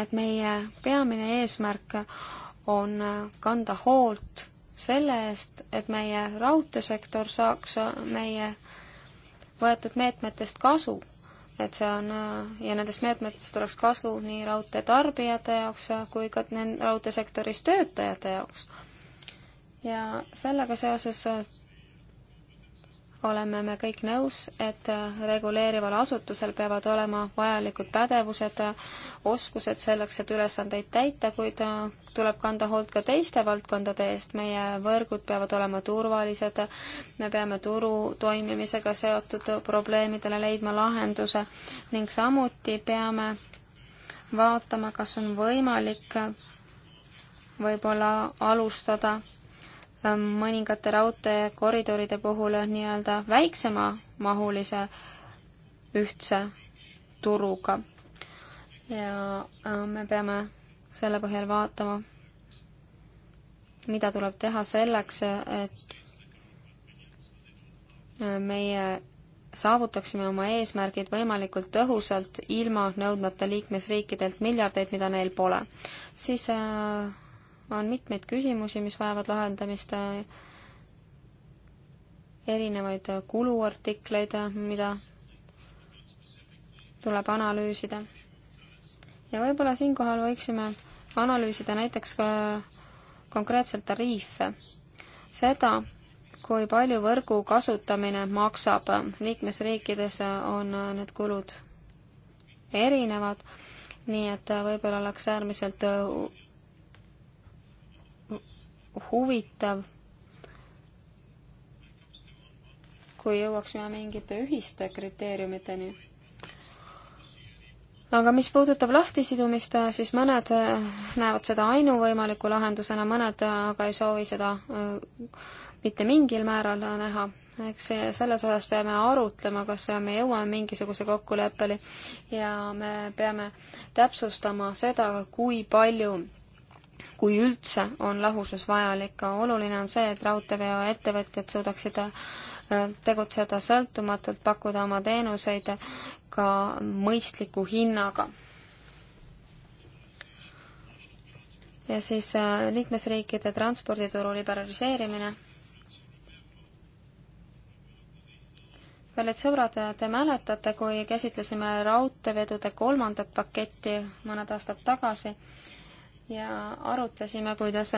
et meie peamine eesmärk on kanda hoolt selle eest, et meie raudteesektor saaks meie võetud meetmetest kasu. et see on ja nendest meetmetest oleks kasu nii raudteetarbijate jaoks kui ka raudteesektoris töötajate jaoks ja sellega seoses äh, oleme me kõik nõus, et äh, reguleerival asutusel peavad olema vajalikud pädevused, äh, oskused selleks, et ülesandeid täita, kuid tuleb kanda hoolt ka teiste valdkondade eest. meie võrgud peavad olema turvalised, me peame turu toimimisega seotud probleemidele leidma lahenduse ning samuti peame vaatama, kas on võimalik võib-olla alustada mõningate raudteekoridoride puhul nii-öelda väiksemamahulise ühtse turuga. ja äh, me peame selle põhjal vaatama, mida tuleb teha selleks, et äh, meie saavutaksime oma eesmärgid võimalikult tõhusalt, ilma nõudmata liikmesriikidelt miljardeid, mida neil pole. siis äh, on mitmeid küsimusi, mis vajavad lahendamist, erinevaid kuluartikleid, mida tuleb analüüsida. ja võib-olla siinkohal võiksime analüüsida näiteks ka konkreetselt tariife. seda, kui palju võrgu kasutamine maksab, liikmesriikides on need kulud erinevad, nii et võib-olla oleks äärmiselt huvitav, kui jõuaksime mingite ühiste kriteeriumiteni. aga mis puudutab lahtisidumist, siis mõned äh, näevad seda ainuvõimaliku lahendusena, mõned aga ei soovi seda äh, mitte mingil määral näha eks see, selles osas peame arutlema, kas me jõuame mingisuguse kokkuleppeni ja me peame täpsustama seda, kui palju kui üldse on lahusus vajalik. oluline on see, et raudteeveoettevõtjad suudaksid äh, tegutseda sõltumatult, pakkuda oma teenuseid ka mõistliku hinnaga. ja siis äh, liikmesriikide transpordituru liberaliseerimine. kallid sõbrad, te mäletate, kui käsitlesime raudteevedude kolmandat paketti mõned aastad tagasi ja arutlesime, kuidas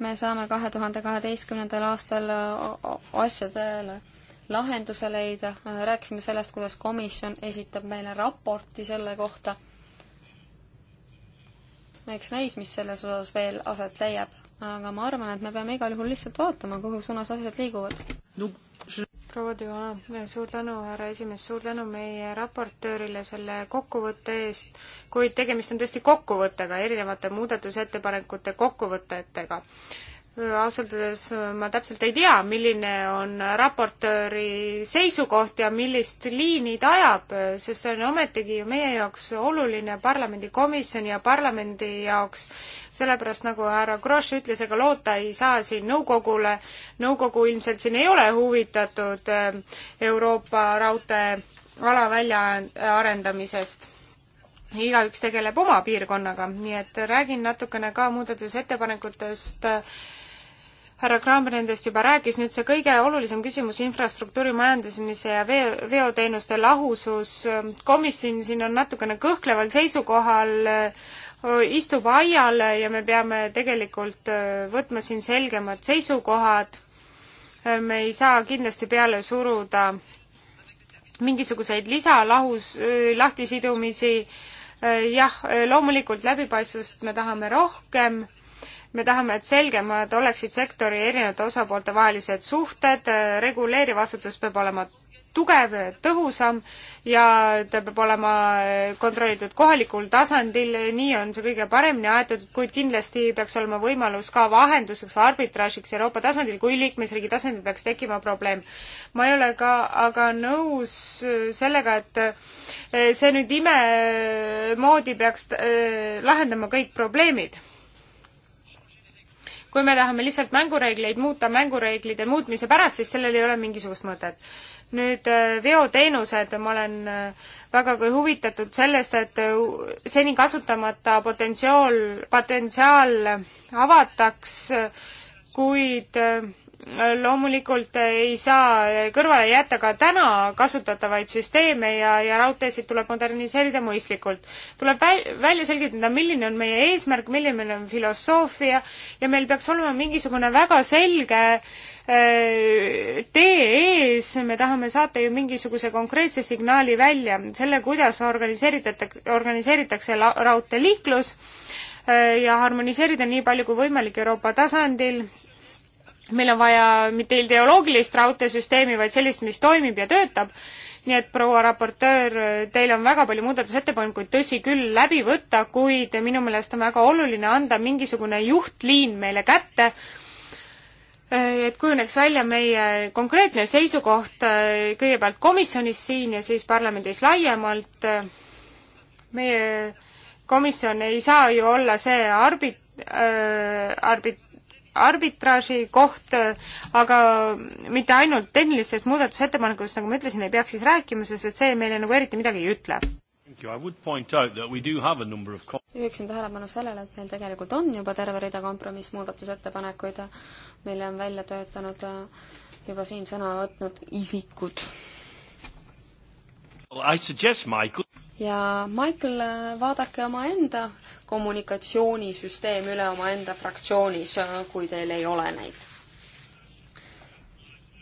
me saame kahe tuhande kaheteistkümnendal aastal asjadele lahenduse leida, rääkisime sellest, kuidas komisjon esitab meile raporti selle kohta. eks näis, mis selles osas veel aset leiab aga ma arvan, et me peame igal juhul lihtsalt vaatama, kuhu suunas asjad liiguvad no.. proua Düa, suur tänu, härra esimees, suur tänu meie raportöörile selle kokkuvõtte eest, kuid tegemist on tõesti kokkuvõttega, erinevate muudatusettepanekute kokkuvõtetega ausalt öeldes äh, ma täpselt ei tea, milline on raportööri seisukoht ja millist liini ta ajab, äh, sest see on ometigi ju meie jaoks oluline parlamendikomisjoni ja parlamendi jaoks, sellepärast nagu härra Grosch ütles, ega loota ei saa siin nõukogule, nõukogu ilmselt siin ei ole huvitatud äh, Euroopa raudtee ala väljaarendamisest igaüks tegeleb oma piirkonnaga, nii et räägin natukene ka muudatusettepanekutest äh, härra Kramer nendest juba rääkis, nüüd see kõige olulisem küsimus, infrastruktuuri majandamise ja vee, veoteenuste lahusus, komisjon siin on natukene kõhkleval seisukohal, istub aial ja me peame tegelikult äh, võtma siin selgemad seisukohad, äh, me ei saa kindlasti peale suruda mingisuguseid lisalahus, äh, lahtisidumisi, jah, loomulikult läbipaistvust me tahame rohkem me tahame, et selgemad oleksid sektori erinevate osapoolte vahelised suhted, reguleeriv asutus peab olema tugev, tõhusam ja ta peab olema kontrollitud kohalikul tasandil, nii on see kõige paremini aetud, kuid kindlasti peaks olema võimalus ka vahenduseks või arbitraažiks Euroopa tasandil, kui liikmesriigi tasandil peaks tekkima probleem. ma ei ole ka aga nõus sellega, et see nüüd imemoodi peaks äh, lahendama kõik probleemid kui me tahame lihtsalt mängureegleid muuta mängureeglide muutmise pärast, siis sellel ei ole mingisugust mõtet. nüüd äh, veoteenused, ma olen äh, vägagi huvitatud sellest, et äh, seni kasutamata potentsiaal, potentsiaal avataks, kuid loomulikult ei saa kõrvale jätta ka täna kasutatavaid süsteeme ja, ja raudteesid tuleb moderniseerida mõistlikult. tuleb väl, välja selgitada, milline on meie eesmärk, milline on filosoofia ja meil peaks olema mingisugune väga selge öö, äh, tee ees, me tahame saata ju mingisuguse konkreetse signaali välja selle, kuidas organiseeritakse, organiseeritakse raudteeliiklus äh, ja harmoniseerida nii palju kui võimalik Euroopa tasandil meil on vaja mitte ideoloogilist raudteesüsteemi, vaid sellist, mis toimib ja töötab. nii et proua raportöör, teil on väga palju muudatusettepanekuid, tõsi küll, läbi võtta, kuid minu meelest on väga oluline anda mingisugune juhtliin meile kätte, eh, et kujuneks välja meie konkreetne seisukoht eh, kõigepealt komisjonis siin ja siis parlamendis laiemalt. meie komisjon ei saa ju olla see arbit-, eh, arbit-, arbitraaži koht, aga mitte ainult tehnilistest muudatusettepanekutest, nagu ma ütlesin, ei peaks siis rääkima, sest et see meile nagu eriti midagi ei ütle. juhiksin tähelepanu sellele, et meil tegelikult on juba terve rida kompromissmuudatusettepanekuid, mille on välja töötanud äh, juba siin sõna võtnud isikud ja Michael, äh, vaadake omaenda kommunikatsioonisüsteem üle omaenda fraktsioonis, äh, kui teil ei ole neid.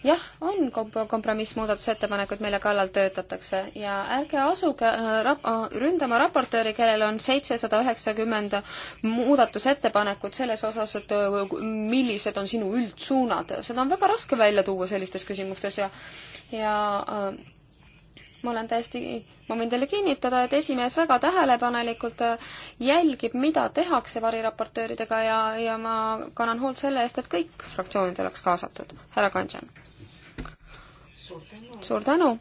jah, on kompromissmuudatusettepanekud, mille kallal töötatakse ja ärge asuge äh, rap-, ründama raportööri, kellel on seitsesada üheksakümmend muudatusettepanekut selles osas, et millised on sinu üldsuunad. seda on väga raske välja tuua sellistes küsimustes ja, ja äh, ma olen täiesti, ma võin teile kinnitada, et esimees väga tähelepanelikult äh, jälgib, mida tehakse variraportööridega ja, ja ma kannan hoolt selle eest, et kõik fraktsioonid oleks kaasatud. härra Kantšan. suur tänu.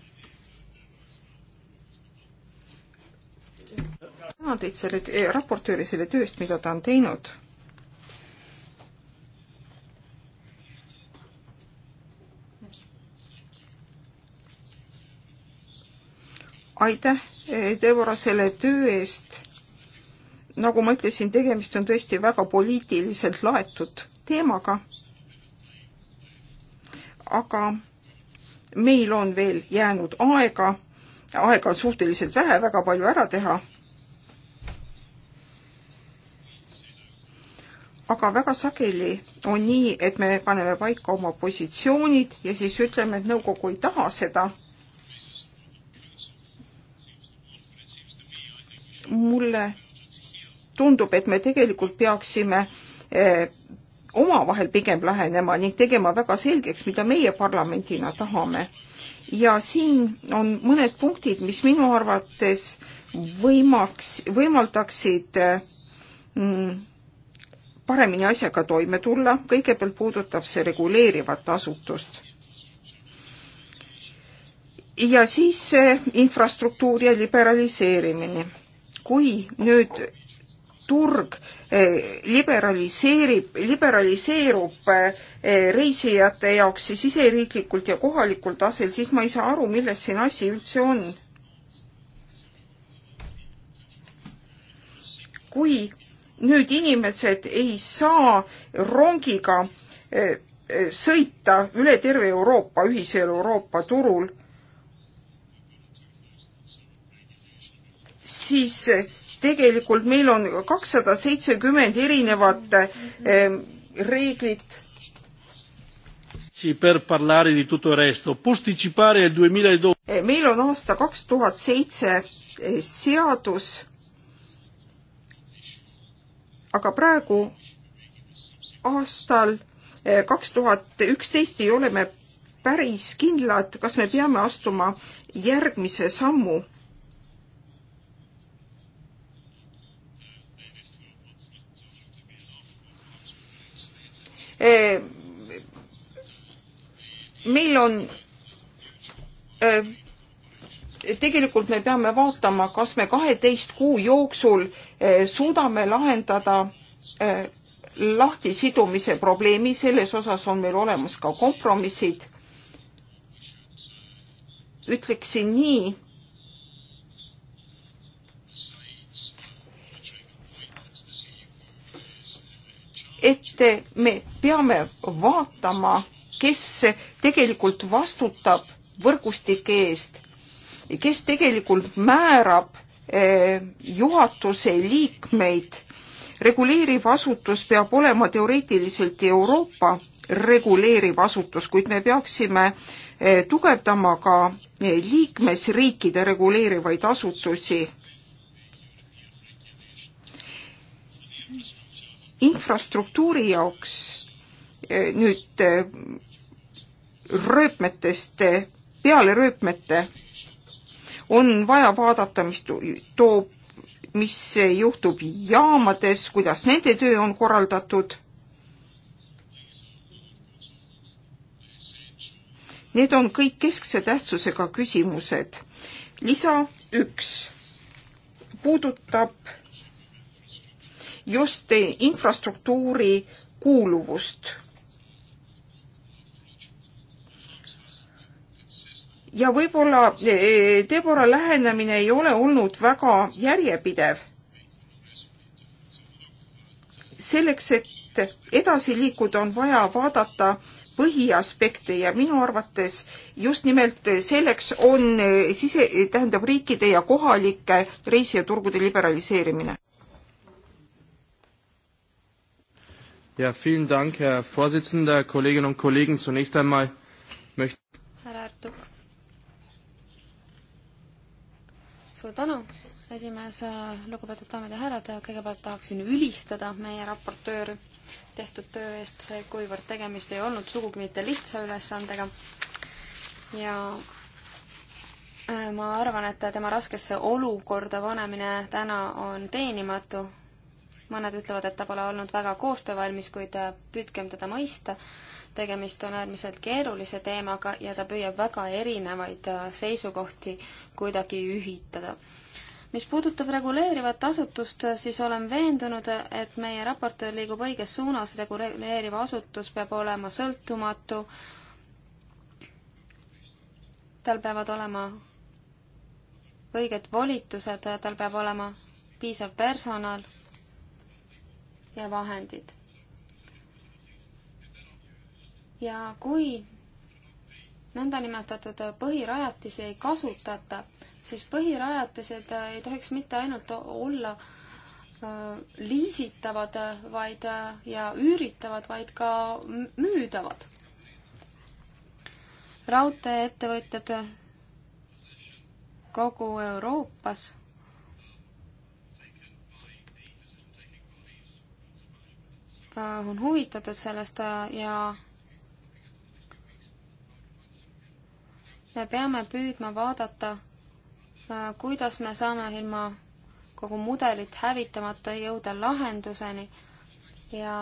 tänan teid selle eh, raportööri selle tööst, mida ta on teinud aitäh, eh, Deborah, selle töö eest. nagu ma ütlesin, tegemist on tõesti väga poliitiliselt laetud teemaga. aga meil on veel jäänud aega, aega on suhteliselt vähe, väga palju ära teha. aga väga sageli on nii, et me paneme paika oma positsioonid ja siis ütleme, et nõukogu ei taha seda mulle tundub, et me tegelikult peaksime eh, omavahel pigem lähenema ning tegema väga selgeks, mida meie parlamendina tahame. ja siin on mõned punktid, mis minu arvates võimaks, võimaldaksid eh, mm, paremini asjaga toime tulla, kõigepealt puudutab see reguleerivat asutust. ja siis infrastruktuuri liberaliseerimine kui nüüd turg eh, liberaliseerib, liberaliseerub eh, reisijate jaoks siis siseriiklikult ja kohalikul tasel, siis ma ei saa aru, milles siin asi üldse on. kui nüüd inimesed ei saa rongiga eh, sõita üle terve Euroopa, ühisel Euroopa turul siis eh, tegelikult meil on kakssada seitsekümmend erinevat eh, reeglit. Per parlare di tutto il resto, posticipare il 2012. Eh, meil on aasta kaks tuhat seitse seadus. aga praegu aastal kaks tuhat üksteist ei ole me päris kindlad, kas me peame astuma järgmise sammu Eh, meil on eh, tegelikult me peame vaatama, kas me kaheteist kuu jooksul eh, suudame lahendada lahtisidumise probleemi, selles osas on meil olemas ka kompromissid. ütleksin nii, et me peame vaatama, kes tegelikult vastutab võrgustike eest, kes tegelikult määrab eh, juhatuse liikmeid. reguleeriv asutus peab olema teoreetiliselt Euroopa reguleeriv asutus, kuid me peaksime eh, tugevdama ka eh, liikmesriikide reguleerivaid asutusi infrastruktuuri jaoks eh, nüüd eh, rööpmetest, eh, peale rööpmete on vaja vaadata, mis toob, mis juhtub jaamades, kuidas nende töö on korraldatud. Need on kõik keskse tähtsusega küsimused. lisa üks puudutab just infrastruktuuri kuuluvust. ja võib-olla e, e, Debora lähenemine ei ole olnud väga järjepidev. selleks, et edasi liikuda, on vaja vaadata põhiaspekte ja minu arvates just nimelt selleks on sise, tähendab riikide ja kohalike reisijaturgude liberaliseerimine. Ja, vielen Dank, Herr Vorsitzender, Kolleginnen und Kollegen. Zunächst einmal möchte härra Artuk. suur tänu, esimees, lugupeetud daamid ja härrad, kõigepealt tahaksin ülistada meie raportööri tehtud töö eest, kuivõrd tegemist ei olnud sugugi mitte lihtsa ülesandega. ja äh, ma arvan, et tema raskesse olukorda panemine täna on teenimatu mõned ütlevad, et ta pole olnud väga koostöövalmis, kuid äh, püüdkem teda mõista. tegemist on äärmiselt keerulise teemaga ja ta püüab väga erinevaid äh, seisukohti kuidagi ühitada. mis puudutab reguleerivat asutust, siis olen veendunud, et meie raportöör liigub õiges suunas, reguleeriv asutus peab olema sõltumatu, tal peavad olema õiged volitused, tal peab olema piisav personal ja vahendid. ja kui nõndanimetatud põhirajatisi ei kasutata, siis põhirajatised ei tohiks mitte ainult olla liisitavad, vaid ja üüritavad, vaid ka müüdavad. raudteeettevõtjad kogu Euroopas Äh, on huvitatud sellest äh, ja me peame püüdma vaadata, äh, kuidas me saame ilma kogu mudelit hävitamata jõuda lahenduseni ja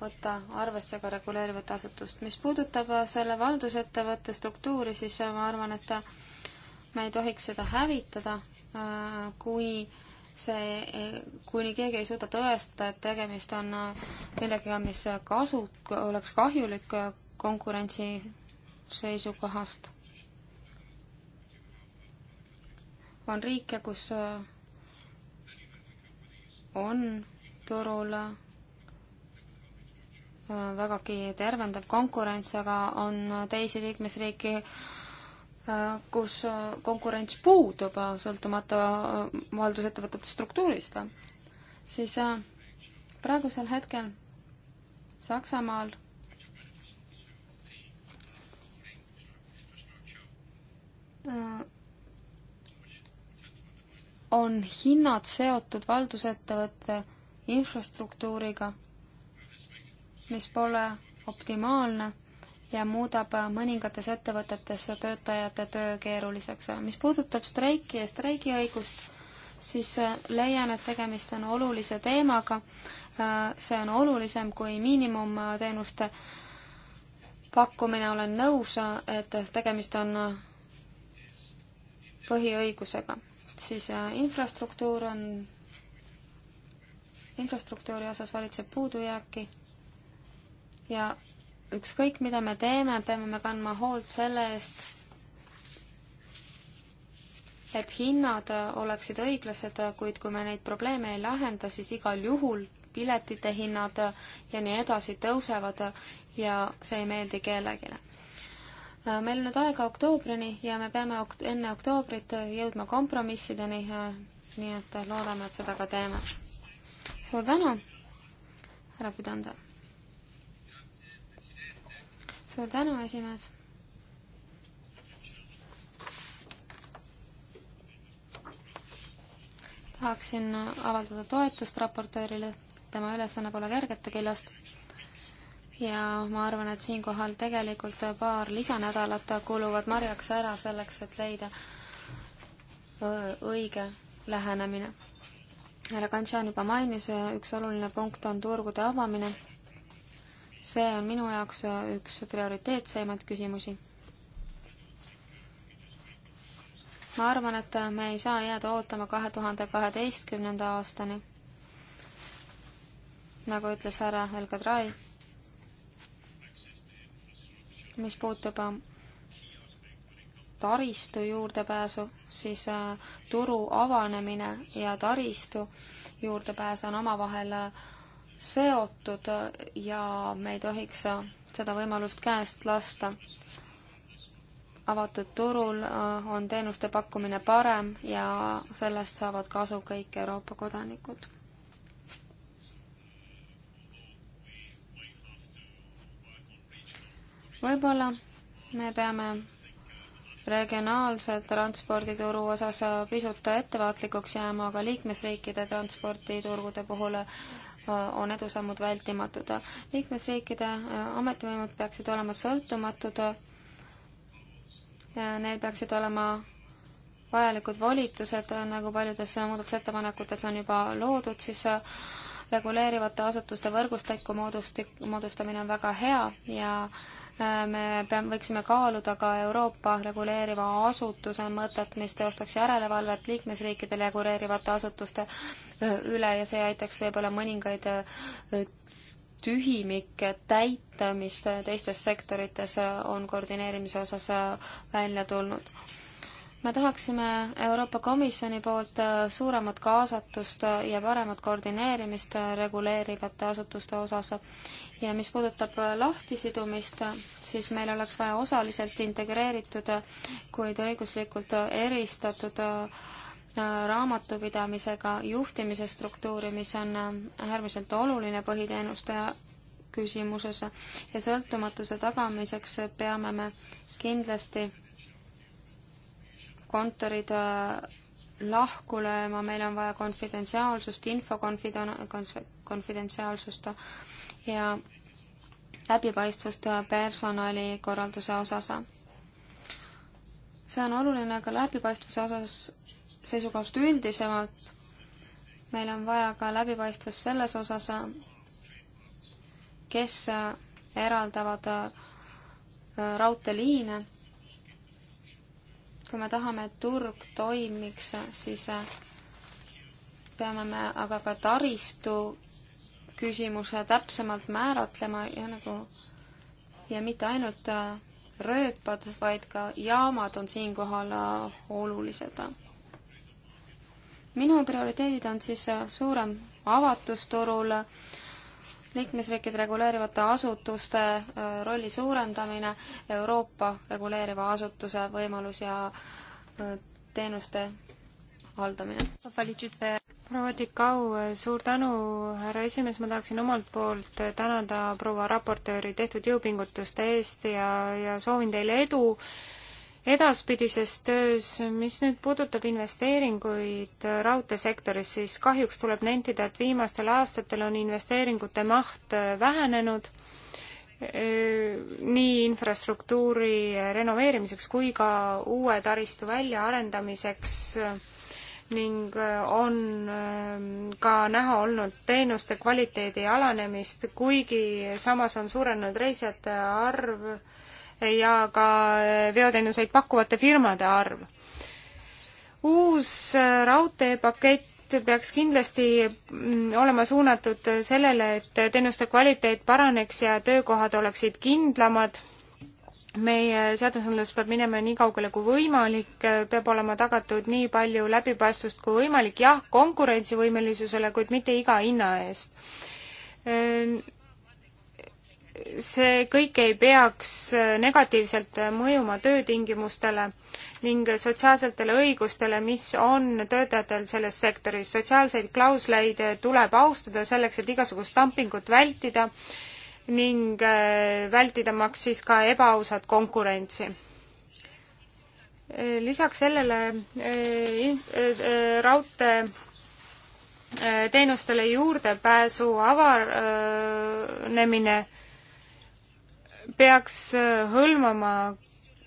võtta arvesse ka reguleerivat asutust. mis puudutab selle valdusettevõtte struktuuri, siis ma arvan, et me ei tohiks seda hävitada, kui äh, see, kuni keegi ei suuda tõestada, et tegemist on äh, millegagi, mis kasu, oleks kahjulik äh, konkurentsi seisukohast. on riike, kus äh, on turul vägagi tervendav konkurents, aga on teisi liikmesriike, Äh, kus äh, konkurents puudub, äh, sõltumata haldusettevõtete struktuurist, siis praegusel hetkel Saksamaal on hinnad seotud valdusettevõtte infrastruktuuriga, mis pole optimaalne ja muudab mõningates ettevõtetes töötajate töö keeruliseks. mis puudutab streiki ja streigiõigust, siis äh, leian, et tegemist on olulise teemaga. Äh, see on olulisem kui miinimumteenuste pakkumine, olen nõus, et tegemist on äh, põhiõigusega. siis infrastruktuur on, infrastruktuuri osas valitseb puudujääki ja ükskõik, mida me teeme, peame me kandma hoolt selle eest, et hinnad oleksid õiglased, kuid kui me neid probleeme ei lahenda, siis igal juhul piletite hinnad ja nii edasi tõusevad ja see ei meeldi kellelegi. meil on nüüd aega oktoobrini ja me peame okt enne oktoobrit jõudma kompromissideni, nii et loodame, et seda ka teeme. suur tänu, härra Fidanza! suur tänu, esimees. tahaksin avaldada toetust raportöörile, tema ülesanne pole kergete killast ja ma arvan, et siinkohal tegelikult paar lisanädalat kuluvad marjaks ära selleks, et leida õige lähenemine. härra Kantšan juba mainis, üks oluline punkt on turgude avamine see on minu jaoks üks prioriteetseimaid küsimusi. ma arvan, et me ei saa jääda ootama kahe tuhande kaheteistkümnenda aastani, nagu ütles härra El Kadrai, mis puutub äh, taristu juurdepääsu, siis äh, turu avanemine ja taristu juurdepääs on omavahel äh, seotud ja me ei tohiks seda võimalust käest lasta. avatud turul äh, on teenuste pakkumine parem ja sellest saavad kasu kõik Euroopa kodanikud. võib-olla me peame regionaalse transpordituru osas pisut ettevaatlikuks jääma, aga liikmesriikide transporditurgude puhul Äh, on edusammud vältimatud. liikmesriikide äh, ametivõimud peaksid olema sõltumatud, äh, neil peaksid olema vajalikud volitused, nagu paljudes muudatusettepanekutes on juba loodud, siis reguleerivate asutuste võrgustiku moodusti-, moodustamine on väga hea ja äh, me peame, võiksime kaaluda ka Euroopa reguleeriva asutuse mõtet, mis teostaks järelevalvet liikmesriikide reguleerivate asutuste äh, üle ja see aitaks võib-olla mõningaid äh, tühimikke täita, mis teistes sektorites on koordineerimise osas välja tulnud me tahaksime Euroopa Komisjoni poolt äh, suuremat kaasatust ja paremat koordineerimist äh, reguleerivate asutuste osas. ja mis puudutab äh, lahtisidumist, siis meil oleks vaja osaliselt integreeritud, kuid õiguslikult eristatud raamatupidamisega juhtimise struktuuri, mis on äärmiselt oluline põhiteenuste küsimuses ja sõltumatuse tagamiseks peame me kindlasti kontorid äh, lahku lööma, meil on vaja konfidentsiaalsust, info konfidentsiaalsust ja läbipaistvust personalikorralduse osas. see on oluline ka läbipaistvuse osas seisukohast üldisemalt. meil on vaja ka läbipaistvust selles osas, kes eraldavad äh, raudteeliine kui me tahame, et turg toimiks, siis äh, peame me aga ka taristu küsimuse täpsemalt määratlema ja nagu ja mitte ainult äh, rööpad, vaid ka jaamad on siinkohal äh, olulised. minu prioriteedid on siis suurem avatus turul, liikmesriikide reguleerivate asutuste äh, rolli suurendamine, Euroopa reguleeriva asutuse võimalus ja äh, teenuste haldamine. proua Tikau, suur tänu, härra esimees, ma tahaksin omalt poolt tänada proua raportööri tehtud jõupingutuste eest ja, ja soovin teile edu edaspidises töös, mis nüüd puudutab investeeringuid raudteesektoris, siis kahjuks tuleb nentida, et viimastel aastatel on investeeringute maht vähenenud nii infrastruktuuri renoveerimiseks kui ka uue taristu väljaarendamiseks ning on ähm, ka näha olnud teenuste kvaliteedi alanemist, kuigi samas on suurenenud reisijate arv ja ka veoteenuseid pakkuvate firmade arv. uus raudteepakett peaks kindlasti mm, olema suunatud sellele, et teenuste kvaliteet paraneks ja töökohad oleksid kindlamad meie seadusandlus peab minema nii kaugele kui võimalik, peab olema tagatud nii palju läbipaistvust kui võimalik, jah, konkurentsivõimelisusele, kuid mitte iga hinna eest see kõik ei peaks negatiivselt mõjuma töötingimustele ning sotsiaalsetele õigustele, mis on töötajatel selles sektoris. sotsiaalseid klausleid tuleb austada selleks, et igasugust dumpingut vältida ning äh, vältidamaks siis ka ebaausat konkurentsi. Äh, lisaks sellele äh, raudtee teenustele juurdepääsu avanemine äh, peaks äh, hõlmama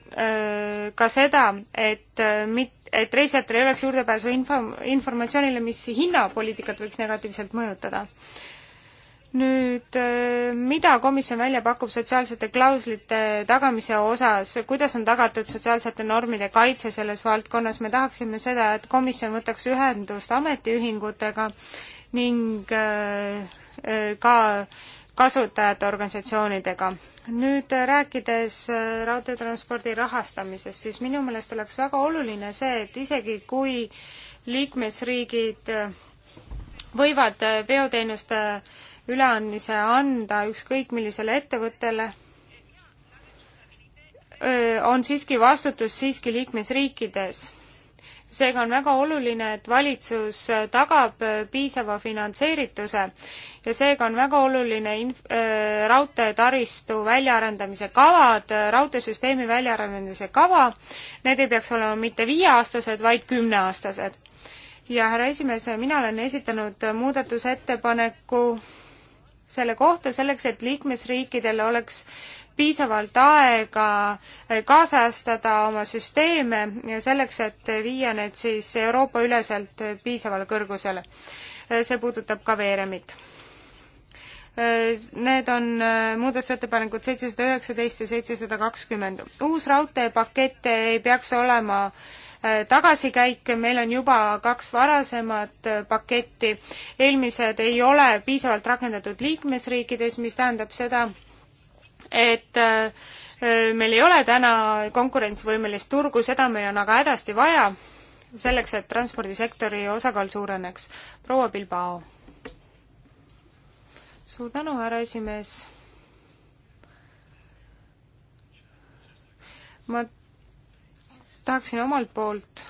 äh, ka seda, et äh, mit-, et reisijatel ei oleks juurdepääsu info, informatsioonile, mis hinnapoliitikat võiks negatiivselt mõjutada. nüüd mida komisjon välja pakub sotsiaalsete klauslite tagamise osas, kuidas on tagatud sotsiaalsete normide kaitse selles valdkonnas, me tahaksime seda, et komisjon võtaks ühendust ametiühingutega ning ka äh, kasutajate organisatsioonidega. nüüd äh, rääkides äh, raudteetranspordi rahastamisest, siis minu meelest oleks väga oluline see, et isegi kui liikmesriigid äh, võivad veoteenuste üleandmise anda ükskõik millisele ettevõttele, on siiski vastutus siiski liikmesriikides seega on väga oluline, et valitsus tagab äh, piisava finantseerituse ja seega on väga oluline inf-, äh, raudteetaristu väljaarendamise kavad, äh, raudteesüsteemi väljaarendamise kava, need ei peaks olema mitte viieaastased, vaid kümneaastased. ja härra esimees, mina olen esitanud muudatusettepaneku selle kohta selleks, et liikmesriikidel oleks äh, piisavalt aega eh, kaasajastada oma süsteeme selleks, et viia need siis Euroopa-üleselt piisavale kõrgusele. Eh, see puudutab ka veeremit. Eh, need on muudatusettepanekud seitsesada üheksateist ja seitsesada kakskümmend. uus raudteepakett ei peaks olema tagasikäike, meil on juba kaks varasemat paketti, eelmised ei ole piisavalt rakendatud liikmesriikides, mis tähendab seda, et äh, meil ei ole täna konkurentsivõimelist turgu, seda meil on aga hädasti vaja, selleks et transpordisektori osakaal suureneks. proua Bilbao. suur tänu, härra esimees. ma tahaksin omalt poolt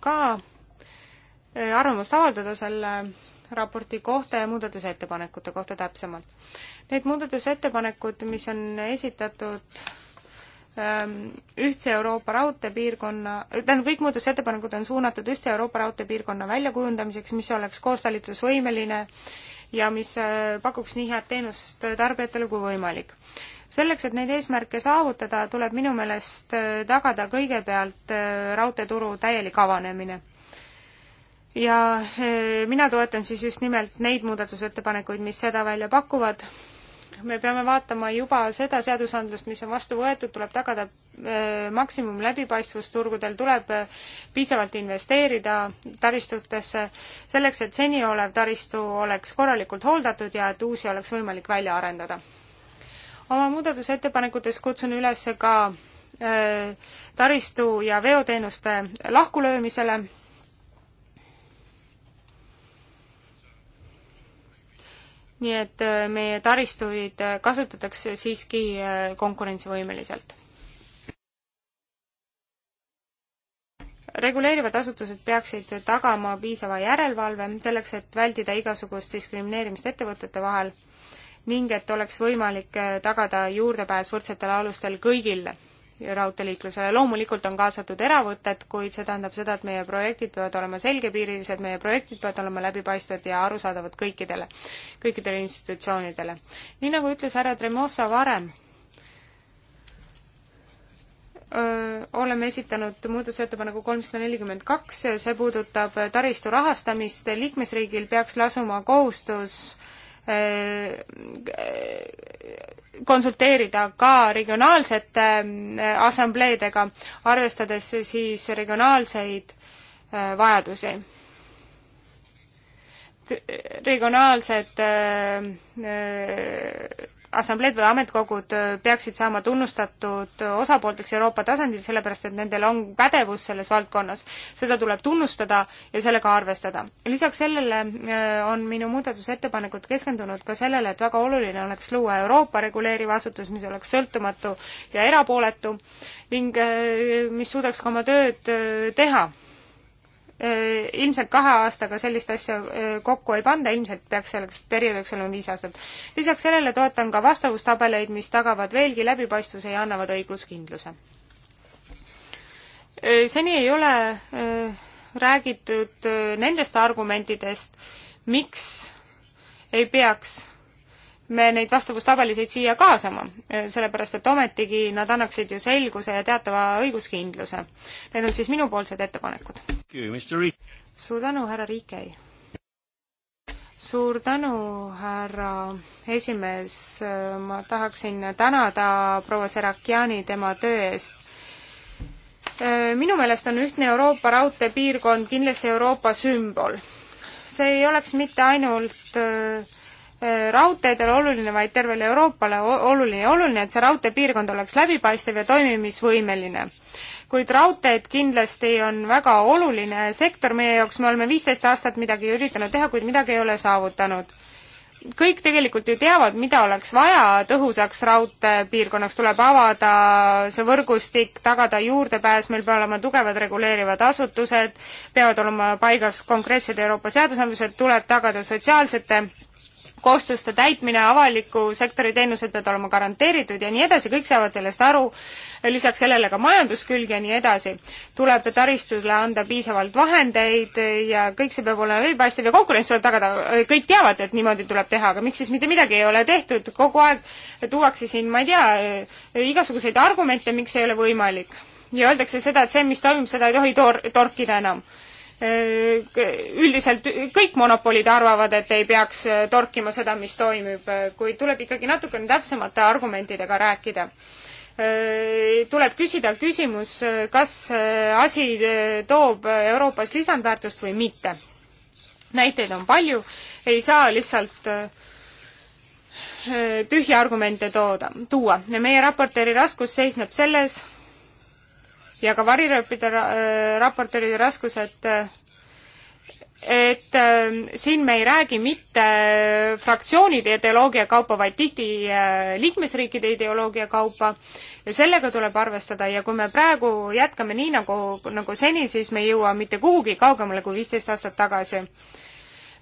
ka äh, arvamust avaldada selle raporti kohta ja muudatusettepanekute kohta täpsemalt. Need muudatusettepanekud, mis on esitatud ähm, ühtse Euroopa raudteepiirkonna, tähendab, kõik muudatusettepanekud on suunatud ühtse Euroopa raudteepiirkonna väljakujundamiseks, mis oleks koostalitlusvõimeline ja mis äh, pakuks nii head teenust tarbijatele kui võimalik. selleks, et neid eesmärke saavutada, tuleb minu meelest äh, tagada kõigepealt äh, raudteeturu täielik avanemine ja eh, mina toetan siis just nimelt neid muudatusettepanekuid, mis seda välja pakuvad. me peame vaatama juba seda seadusandlust, mis on vastu võetud, tuleb tagada eh, maksimum läbipaistvus turgudel, tuleb eh, piisavalt investeerida taristutesse, selleks et seni olev taristu oleks korralikult hooldatud ja et uusi oleks võimalik välja arendada. oma muudatusettepanekutes kutsun üles ka taristu ja veoteenuste lahkulöömisele nii et äh, meie taristuid äh, kasutatakse siiski äh, konkurentsivõimeliselt. reguleerivad asutused peaksid tagama piisava järelevalve selleks, et vältida igasugust diskrimineerimist ettevõtete vahel ning et oleks võimalik tagada juurdepääs võrdsetel alustel kõigile raudteeliiklusele. loomulikult on kaasatud eravõtted, kuid see tähendab seda, et meie projektid peavad olema selgepiirilised, meie projektid peavad olema läbipaistvad ja arusaadavad kõikidele, kõikidele institutsioonidele. nii nagu ütles härra Tremosa varem, oleme esitanud muudatusettepaneku kolmsada nelikümmend kaks, see puudutab taristu rahastamist, liikmesriigil peaks lasuma kohustus öö, öö, konsulteerida ka regionaalsete ähm, assambleedega, arvestades siis regionaalseid äh, vajadusi. regionaalsed äh, äh, assambleed või ametkogud äh, peaksid saama tunnustatud äh, osapoolteks Euroopa tasandil, sellepärast et nendel on pädevus selles valdkonnas. seda tuleb tunnustada ja sellega arvestada. lisaks sellele äh, on minu muudatusettepanekud keskendunud ka sellele, et väga oluline oleks luua Euroopa reguleeriv asutus, mis oleks sõltumatu ja erapooletu ning mis suudaks ka oma tööd teha Äh, ilmselt kahe aastaga sellist asja äh, kokku ei panda, ilmselt peaks selleks perioodiks olema viis aastat. lisaks sellele toetan ka vastavustabeleid, mis tagavad veelgi läbipaistvuse ja annavad õigluskindluse. Äh, seni ei ole räägitud nendest argumentidest, miks ei peaks me neid vastavustabeliseid siia kaasama, eh, sellepärast et ometigi nad annaksid ju selguse ja teatava õiguskindluse. Need on siis minupoolsed ettepanekud. suur tänu, härra Riikei! suur tänu, härra esimees, ma tahaksin tänada proua Serakiani tema töö eest eh, minu meelest on ühtne Euroopa raudteepiirkond kindlasti Euroopa sümbol. see ei oleks mitte ainult äh, raudteedele oluline, vaid tervele Euroopale oluline ja oluline, et see raudteepiirkond oleks läbipaistev ja toimimisvõimeline. kuid raudteed kindlasti on väga oluline sektor meie jaoks, me oleme viisteist aastat midagi üritanud teha, kuid midagi ei ole saavutanud. kõik tegelikult ju teavad, mida oleks vaja tõhusaks raudteepiirkonnaks, tuleb avada see võrgustik, tagada juurdepääs, meil peavad olema tugevad reguleerivad asutused, peavad olema paigas konkreetsed Euroopa seadusandlused, tuleb tagada sotsiaalsete kohustuste täitmine, avaliku sektori teenused peavad olema garanteeritud ja nii edasi, kõik saavad sellest aru, lisaks sellele ka majanduskülg ja nii edasi. tuleb taristule anda piisavalt vahendeid ja kõik see peab olema läbipaistev ja konkurents tuleb tagada, kõik teavad, et niimoodi tuleb teha, aga miks siis mitte midagi ei ole tehtud, kogu aeg tuuakse siin, ma ei tea, igasuguseid argumente, miks ei ole võimalik. ja öeldakse seda, et see, mis toimub, seda ei tohi tor-, torkida enam Äh, üldiselt kõik monopolid arvavad, et ei peaks äh, torkima seda, mis toimib, äh, kuid tuleb ikkagi natukene täpsemate argumentidega rääkida. Tuleb küsida küsimus, kas asi toob Euroopas lisandväärtust või mitte. näiteid on palju, ei saa lihtsalt tühja argumente tooda, tuua ja meie raportööri raskus seisneb selles, ja ka variraportööri äh, raportööride raskused äh, et äh, siin me ei räägi mitte fraktsioonide ideoloogia kaupa, vaid tihti äh, liikmesriikide ideoloogia kaupa ja sellega tuleb arvestada ja kui me praegu jätkame nii nagu, nagu seni, siis me ei jõua mitte kuhugi kaugemale kui viisteist aastat tagasi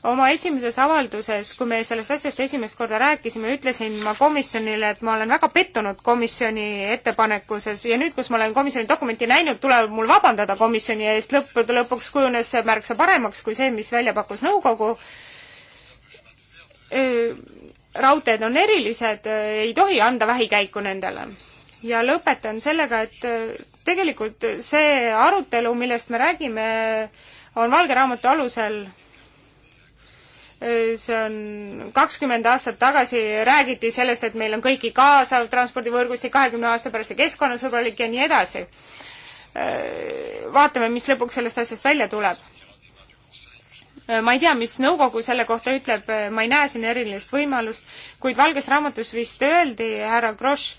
oma esimeses avalduses, kui me sellest asjast esimest korda rääkisime, ütlesin ma komisjonile, et ma olen väga pettunud komisjoni ettepanekuses ja nüüd, kus ma olen komisjoni dokumenti näinud, tuleb mul vabandada komisjoni eest, lõppude lõpuks kujunes see märksa paremaks kui see, mis välja pakkus nõukogu. raudteed on erilised, ei tohi anda vähikäiku nendele ja lõpetan sellega, et tegelikult see arutelu, millest me räägime, on valge raamatu alusel see on kakskümmend aastat tagasi räägiti sellest, et meil on kõiki kaasav transpordivõrgustik, kahekümne aasta pärast see keskkonnasõbralik ja nii edasi. vaatame, mis lõpuks sellest asjast välja tuleb. ma ei tea, mis nõukogu selle kohta ütleb, ma ei näe siin erilist võimalust, kuid Valges Raamatus vist öeldi, härra Grosch,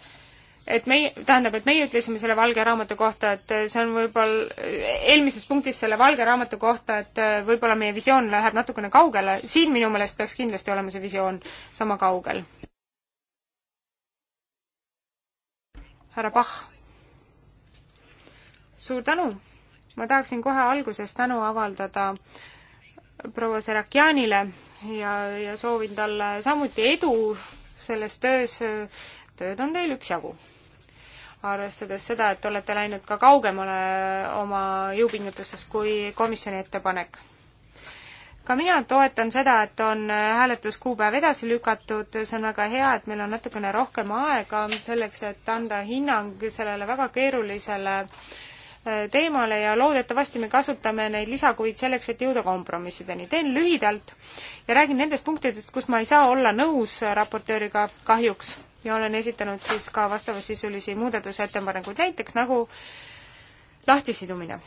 et meie, tähendab, et meie ütlesime selle valge raamatu kohta, et see on võib-olla, eelmises punktis selle valge raamatu kohta, et võib-olla meie visioon läheb natukene kaugele, siin minu meelest peaks kindlasti olema see visioon sama kaugel. härra Pahh. suur tänu! ma tahaksin kohe alguses tänu avaldada proua Serakjanile ja, ja soovin talle samuti edu selles töös tööd on teil üksjagu arvestades seda, et olete läinud ka kaugemale oma jõupingutustest kui komisjoni ettepanek. ka mina toetan seda, et on hääletuskuupäev edasi lükatud, see on väga hea, et meil on natukene rohkem aega selleks, et anda hinnang sellele väga keerulisele äh, teemale ja loodetavasti me kasutame neid lisakuid selleks, et jõuda kompromissideni. teen lühidalt ja räägin nendest punktidest, kus ma ei saa olla nõus raportööriga kahjuks ja olen esitanud siis ka vastavasisulisi muudatusettepanekuid, näiteks nagu lahtisidumine.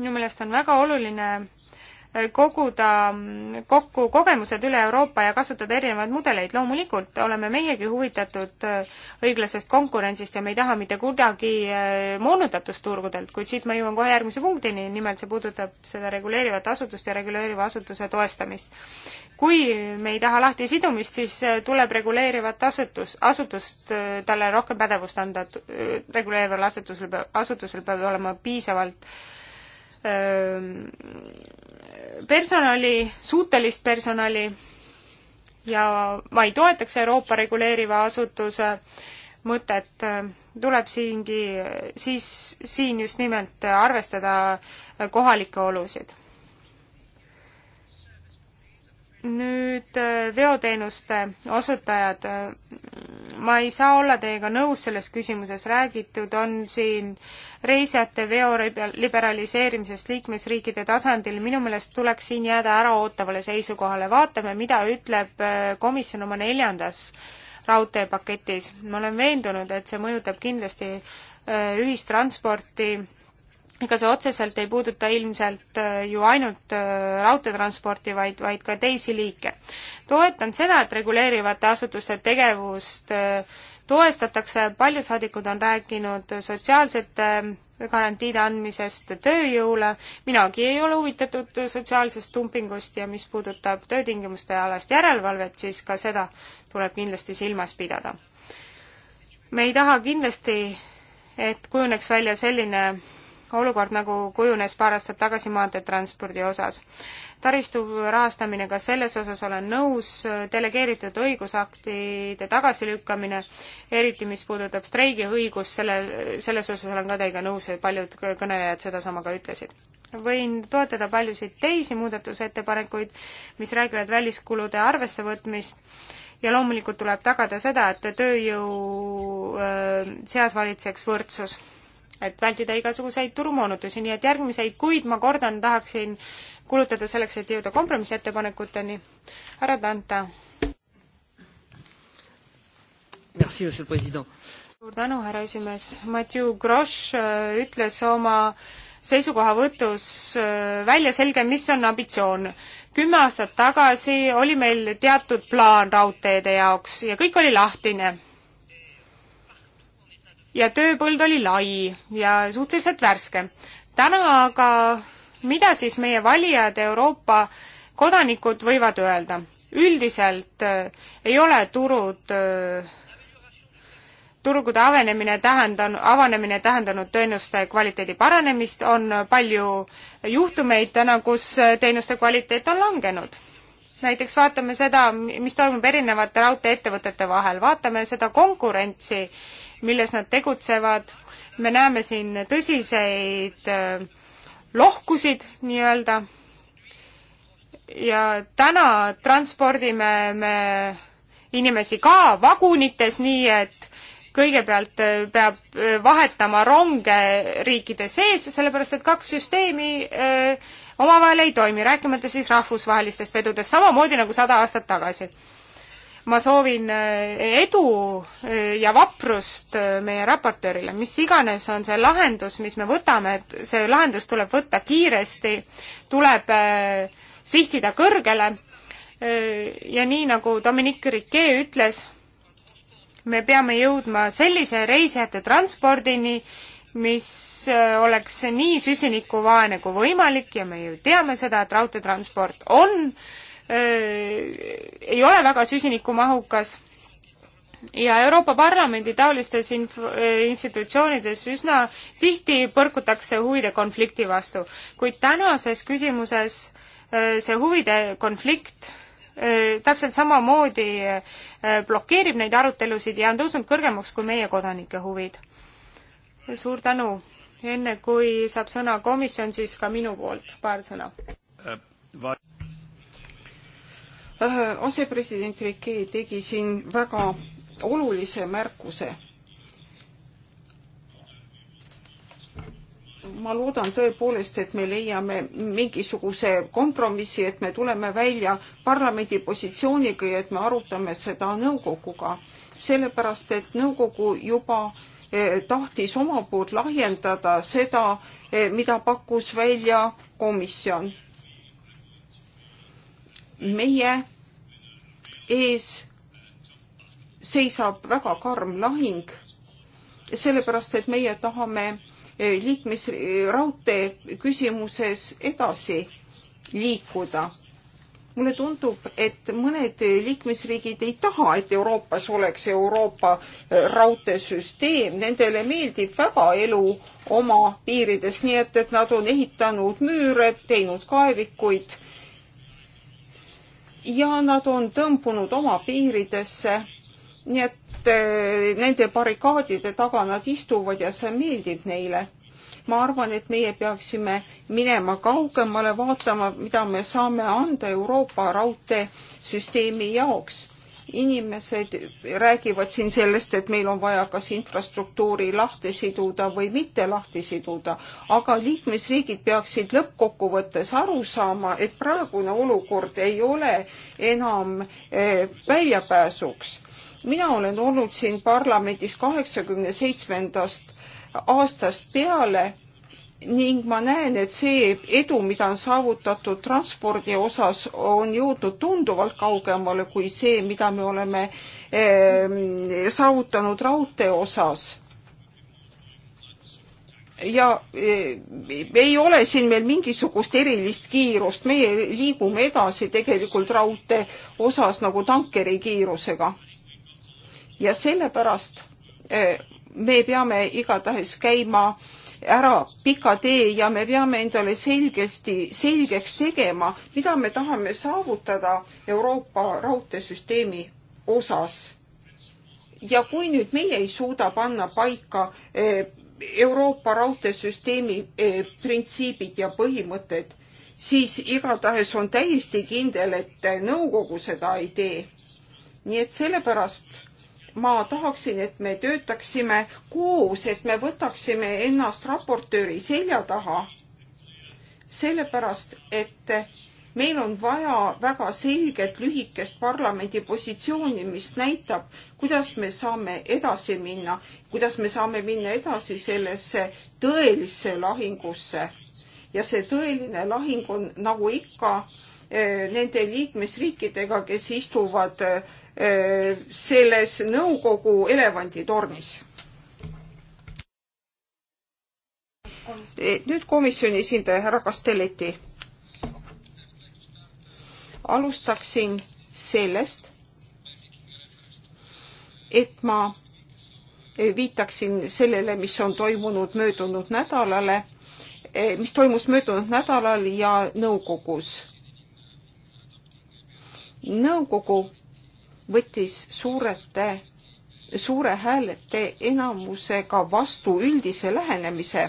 minu meelest on väga oluline koguda kokku kogemused üle Euroopa ja kasutada erinevaid mudeleid. loomulikult oleme meiegi huvitatud äh, õiglasest konkurentsist ja me ei taha mitte kuidagi äh, moonutatust turgudelt, kuid siit ma jõuan kohe järgmise punktini, nimelt see puudutab seda reguleerivat asutust ja reguleeriva asutuse toestamist. kui me ei taha lahti sidumist, siis äh, tuleb reguleerivat asutus, asutust talle rohkem pädevust anda, reguleerival asutusel, asutusel peab olema piisavalt äh, personali, suutelist personali ja ma ei toetaks Euroopa reguleeriva asutuse mõtet, tuleb siingi, siis siin just nimelt arvestada kohalikke olusid. nüüd veoteenuste osutajad, ma ei saa olla teiega nõus selles küsimuses, räägitud on siin reisijate veo liberaliseerimisest liikmesriikide tasandil, minu meelest tuleks siin jääda äraootavale seisukohale, vaatame, mida ütleb äh, komisjon oma neljandas raudteepaketis. ma olen veendunud, et see mõjutab kindlasti äh, ühistransporti ega see otseselt ei puuduta ilmselt äh, ju ainult äh, raudteetransporti, vaid, vaid ka teisi liike. toetan seda, et reguleerivate asutuste tegevust äh, toestatakse, paljud saadikud on rääkinud sotsiaalsete garantiide andmisest tööjõule, minagi ei ole huvitatud sotsiaalsest dumpingust ja mis puudutab töötingimuste alast järelevalvet, siis ka seda tuleb kindlasti silmas pidada. me ei taha kindlasti, et kujuneks välja selline olukord, nagu kujunes paar aastat tagasi maanteetranspordi osas. taristu rahastamine, ka selles osas olen nõus, delegeeritud õigusaktide tagasilükkamine, eriti mis puudutab streigiõigust, selle, selles osas olen ka teiega nõus ja paljud kõnelejad sedasama ka ütlesid võin toetada paljusid teisi muudatusettepanekuid, mis räägivad väliskulude arvessevõtmist ja loomulikult tuleb tagada seda, et tööjõu seas valitseks võrdsus et vältida igasuguseid turumoonutusi, nii et järgmiseid kuid, ma kordan, tahaksin kulutada selleks, et jõuda kompromissettepanekuteni. härra Tanta. suur tänu, härra esimees. Mathieu Grosch äh, ütles oma seisukohavõtus äh, välja selge, mis on ambitsioon. kümme aastat tagasi oli meil teatud plaan raudteede jaoks ja kõik oli lahtine ja tööpõld oli lai ja suhteliselt värske. täna aga mida siis meie valijad, Euroopa kodanikud võivad öelda? üldiselt äh, ei ole turud äh, turgude avenemine tähendanud, avanemine tähendanud teenuste kvaliteedi paranemist, on palju juhtumeid täna, kus äh, teenuste kvaliteet on langenud. näiteks vaatame seda, mis toimub erinevate raudtee-ettevõtete vahel, vaatame seda konkurentsi milles nad tegutsevad. me näeme siin tõsiseid äh, lohkusid nii-öelda. ja täna transpordime me inimesi ka vagunites, nii et kõigepealt äh, peab äh, vahetama ronge riikide sees, sellepärast et kaks süsteemi öö, omavahel ei toimi, rääkimata siis rahvusvahelistest vedudest, samamoodi nagu sada aastat tagasi ma soovin eh, edu eh, ja vaprust eh, meie raportöörile, mis iganes on see lahendus, mis me võtame, et see lahendus tuleb võtta kiiresti, tuleb sihtida kõrgele ja nii, nagu Dominique Riquet ütles, me peame jõudma sellise reisijate transpordini, mis oleks nii süsinikuvaene kui võimalik ja me ju teame seda, et raudteetransport on äh, Äh, ei ole väga süsinikumahukas ja Euroopa Parlamendi taolistes inf-, äh, institutsioonides üsna tihti põrkutakse huvide konflikti vastu, kuid tänases küsimuses äh, see huvide konflikt täpselt samamoodi blokeerib neid arutelusid ja on tõusnud kõrgemaks kui meie kodanike huvid. suur tänu! enne kui saab sõna komisjon, siis ka minu poolt paar sõna uh,. Äh, asepresident Rike tegi siin väga olulise märkuse. ma loodan tõepoolest, et me leiame mingisuguse kompromissi, et me tuleme välja parlamendi positsiooniga ja et me arutame seda nõukoguga, sellepärast et nõukogu juba eh, tahtis oma poolt lahjendada seda, eh, mida pakkus välja komisjon meie ees seisab väga karm lahing, sellepärast et meie tahame eh, liikmes, raudtee küsimuses edasi liikuda. mulle tundub, et mõned liikmesriigid ei taha, et Euroopas oleks Euroopa eh, raudteesüsteem, nendele meeldib väga elu oma piirides, nii et, et nad on ehitanud müüre, teinud kaevikuid ja nad on tõmbunud oma piiridesse. nii et eh, nende barrikaadide taga nad istuvad ja see meeldib neile. ma arvan, et meie peaksime minema kaugemale, vaatama, mida me saame anda Euroopa raudteesüsteemi jaoks inimesed räägivad siin sellest, et meil on vaja kas infrastruktuuri lahti siduda või mitte lahti siduda, aga liikmesriigid peaksid lõppkokkuvõttes aru saama, et praegune olukord ei ole enam eh, väljapääsuks. mina olen olnud siin parlamendis kaheksakümne seitsmendast aastast peale ning ma näen, et see edu, mida on saavutatud transpordi osas, on jõudnud tunduvalt kaugemale kui see, mida me oleme ehm, saavutanud raudtee osas. ja ehm, ei ole siin meil mingisugust erilist kiirust, meie liigume edasi tegelikult raudtee osas nagu tankeri kiirusega. ja sellepärast ehm, me peame igatahes käima äh, ära pika tee ja me peame endale selgesti, selgeks tegema, mida me tahame saavutada Euroopa raudteesüsteemi osas. ja kui nüüd meie ei suuda panna paika eh, Euroopa raudteesüsteemi eh, printsiibid ja põhimõtted, siis igatahes on täiesti kindel, et nõukogu seda ei tee. nii et sellepärast ma tahaksin, et me töötaksime koos, et me võtaksime ennast raportööri selja taha. sellepärast, et meil on vaja väga selget lühikest parlamendi positsiooni, mis näitab, kuidas me saame edasi minna, kuidas me saame minna edasi sellesse tõelisse lahingusse. ja see tõeline lahing on nagu ikka eh, nende liikmesriikidega, kes istuvad äh, Äh, selles nõukogu elevanditornis. Eh, nüüd komisjoni esindaja härra Castelletti. alustaksin sellest, et ma eh, viitaksin sellele, mis on toimunud möödunud nädalale, eh, mis toimus möödunud nädalal ja nõukogus. nõukogu võttis suurete, suure häälete enamusega vastu üldise lähenemise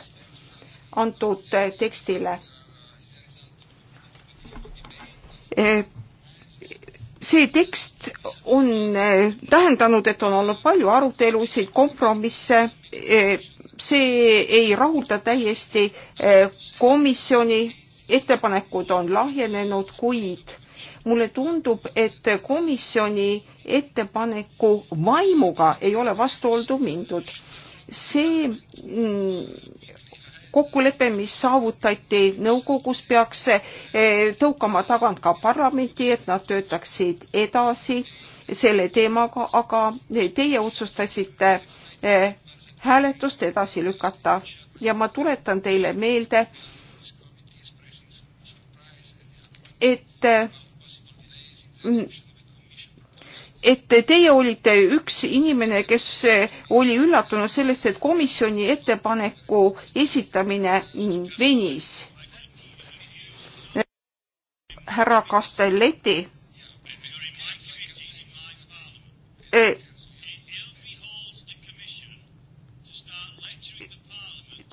antud tekstile eh, see tekst on eh, tähendanud, et on olnud palju arutelusid, kompromisse, eh, see ei rahulda täiesti komisjoni, ettepanekud on lahjenenud, kuid mulle tundub, et komisjoni ettepaneku vaimuga ei ole vastuoldu mindud. see mm, kokkulepe, mis saavutati nõukogus, peaks eh, tõukama tagant ka parlamenti, et nad töötaksid edasi selle teemaga, aga teie otsustasite eh, hääletust edasi lükata ja ma tuletan teile meelde, et eh, et teie olite üks inimene, kes oli üllatunud sellest, et komisjoni ettepaneku esitamine venis. härra Castelletti. Eh,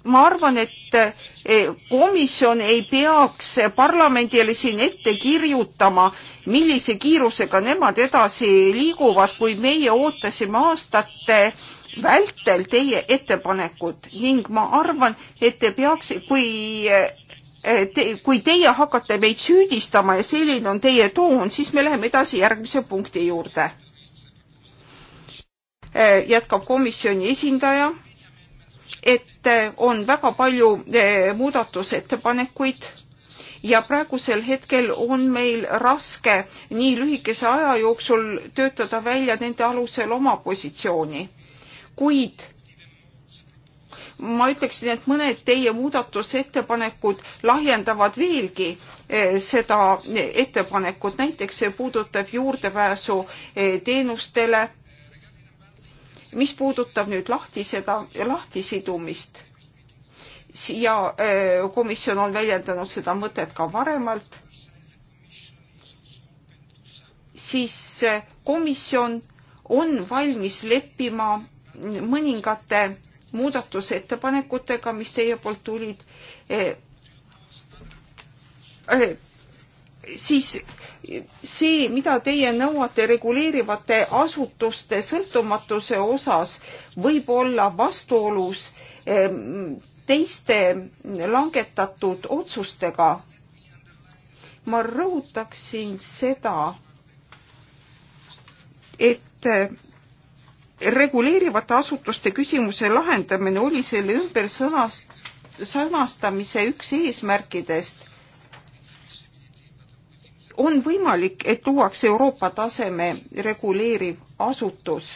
ma arvan, et Eh, komisjon ei peaks parlamendile siin ette kirjutama, millise kiirusega nemad edasi liiguvad, kuid meie ootasime aastate vältel teie ettepanekut ning ma arvan, et te peaks, kui eh, te, kui teie hakkate meid süüdistama ja selline on teie toon, siis me läheme edasi järgmise punkti juurde. Eh, jätkab komisjoni esindaja, et et eh, on väga palju eh, muudatusettepanekuid ja praegusel hetkel on meil raske nii lühikese aja jooksul töötada välja nende alusel oma positsiooni. kuid ma ütleksin, et mõned teie muudatusettepanekud lahjendavad veelgi eh, seda ettepanekut, näiteks see puudutab juurdepääsu teenustele mis puudutab nüüd lahti seda, lahtisidumist ja komisjon on väljendanud seda mõtet ka varemalt, siis komisjon on valmis leppima mõningate muudatusettepanekutega, mis teie poolt tulid, siis see, mida teie nõuate reguleerivate asutuste sõltumatuse osas, võib olla vastuolus ehm, teiste langetatud otsustega. ma rõhutaksin seda, et eh, reguleerivate asutuste küsimuse lahendamine oli selle ümber sõnast, sõnastamise üks eesmärkidest on võimalik, et luuakse Euroopa taseme reguleeriv asutus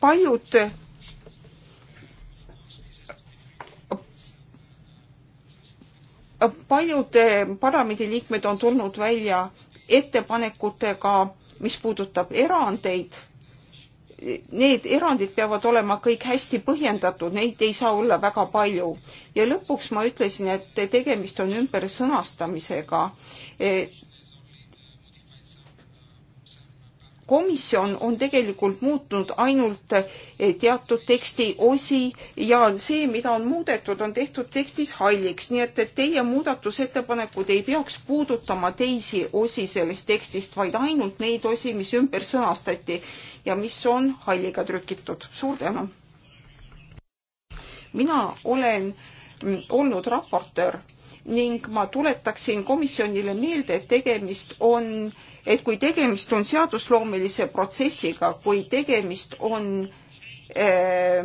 paljud paljud parlamendiliikmed on tulnud välja ettepanekutega, mis puudutab erandeid need erandid peavad olema kõik hästi põhjendatud, neid ei saa olla väga palju. ja lõpuks ma ütlesin, et tegemist on ümbersõnastamisega. komisjon on tegelikult muutnud ainult eh, teatud teksti osi ja see, mida on muudetud, on tehtud tekstis halliks, nii et, et teie muudatusettepanekud ei peaks puudutama teisi osi sellest tekstist, vaid ainult neid osi, mis ümber sõnastati ja mis on halliga trükitud. suur tänu! mina olen mm, olnud raportöör ning ma tuletaksin komisjonile meelde, et tegemist on, et kui tegemist on seadusloomelise protsessiga, kui tegemist on äh,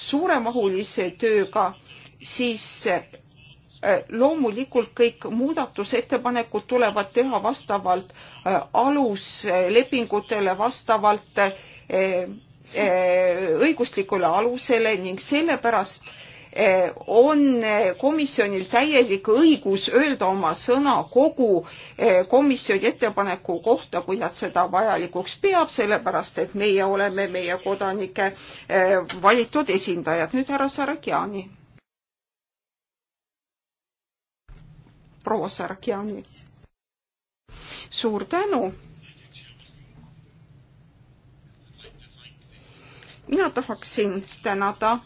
suuremahulise tööga, siis äh, loomulikult kõik muudatusettepanekud tulevad teha vastavalt äh, aluslepingutele, vastavalt äh, äh, õiguslikule alusele ning sellepärast Eh, on eh, komisjonil täielik õigus öelda oma sõna kogu eh, komisjoni ettepaneku kohta, kui nad seda vajalikuks peab, sellepärast et meie oleme meie kodanike valitud esindajad. nüüd härra Sarakiani. proua Sarakiani. suur tänu mina tahaksin tänada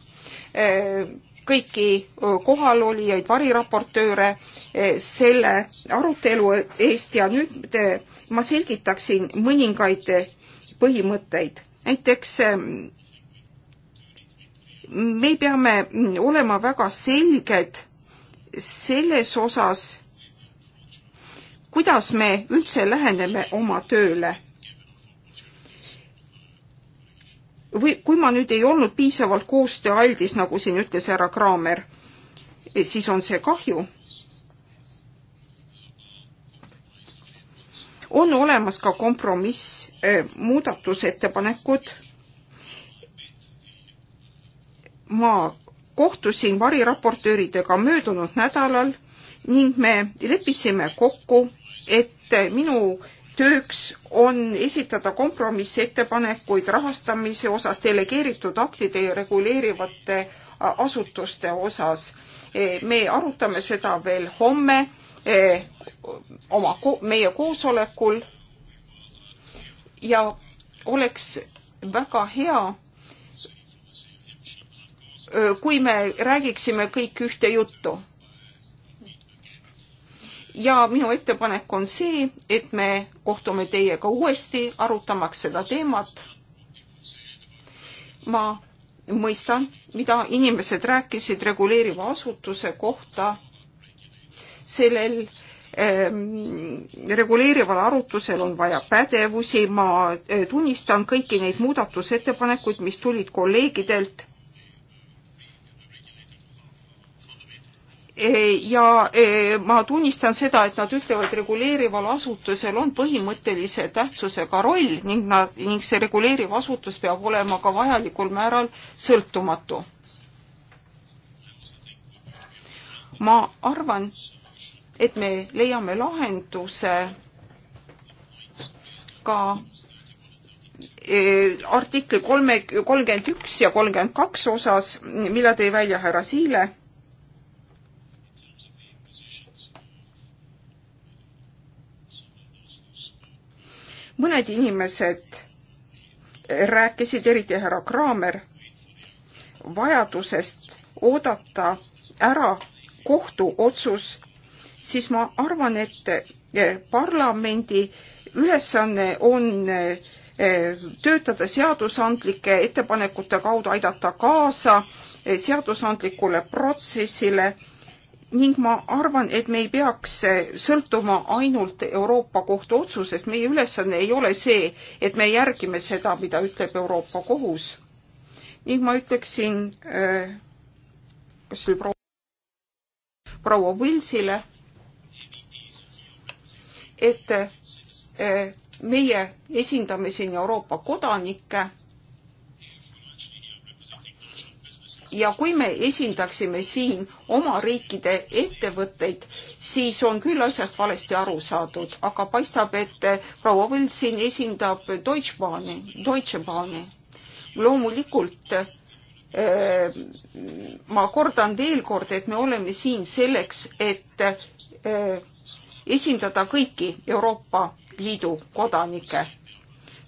kõiki kohalolijaid, variraportööre selle arutelu eest ja nüüd ma selgitaksin mõningaid põhimõtteid. näiteks me peame olema väga selged selles osas, kuidas me üldse läheneme oma tööle või kui ma nüüd ei olnud piisavalt koostööaldis, nagu siin ütles härra Kraamer, eh, siis on see kahju. on olemas ka kompromiss eh,, muudatusettepanekud. ma kohtusin variraportööridega möödunud nädalal ning me leppisime kokku, et minu eh, tööks on esitada kompromissettepanekuid rahastamise osas, delegeeritud aktide ja reguleerivate asutuste osas. E, me arutame seda veel homme e, oma, meie koosolekul. ja oleks väga hea, e, kui me räägiksime kõik ühte juttu ja minu ettepanek on see, et me kohtume teiega uuesti, arutamaks seda teemat. ma mõistan, mida inimesed rääkisid reguleeriva asutuse kohta sellel ähm, reguleerival arutusel on vaja pädevusi, ma äh, tunnistan kõiki neid muudatusettepanekuid, mis tulid kolleegidelt. Eh, ja eh, ma tunnistan seda, et nad ütlevad, reguleerival asutusel on põhimõttelise tähtsusega roll ning nad, ning see reguleeriv asutus peab olema ka vajalikul määral sõltumatu. ma arvan, et me leiame lahenduse ka eh, artikli kolme, kolmkümmend üks ja kolmkümmend kaks osas, mille tõi välja härra Siile mõned inimesed rääkisid, eriti härra Kraamer, vajadusest oodata ära kohtuotsus, siis ma arvan, et eh, parlamendi ülesanne on eh, töötada seadusandlike ettepanekute kaudu, aidata kaasa eh, seadusandlikule protsessile ning ma arvan, et me ei peaks sõltuma ainult Euroopa Kohtu otsusest, meie ülesanne ei ole see, et me järgime seda, mida ütleb Euroopa Kohus. ning ma ütleksin äh, kas oli proua, proua Vilsile, et äh, meie esindame siin Euroopa kodanikke ja kui me esindaksime siin oma riikide ettevõtteid, siis on küll asjast valesti aru saadud, aga paistab, et proua Võltsin esindab Deutsche Bahni, Deutsche Bahni. loomulikult eh, ma kordan veel kord, et me oleme siin selleks, et eh, esindada kõiki Euroopa Liidu kodanikke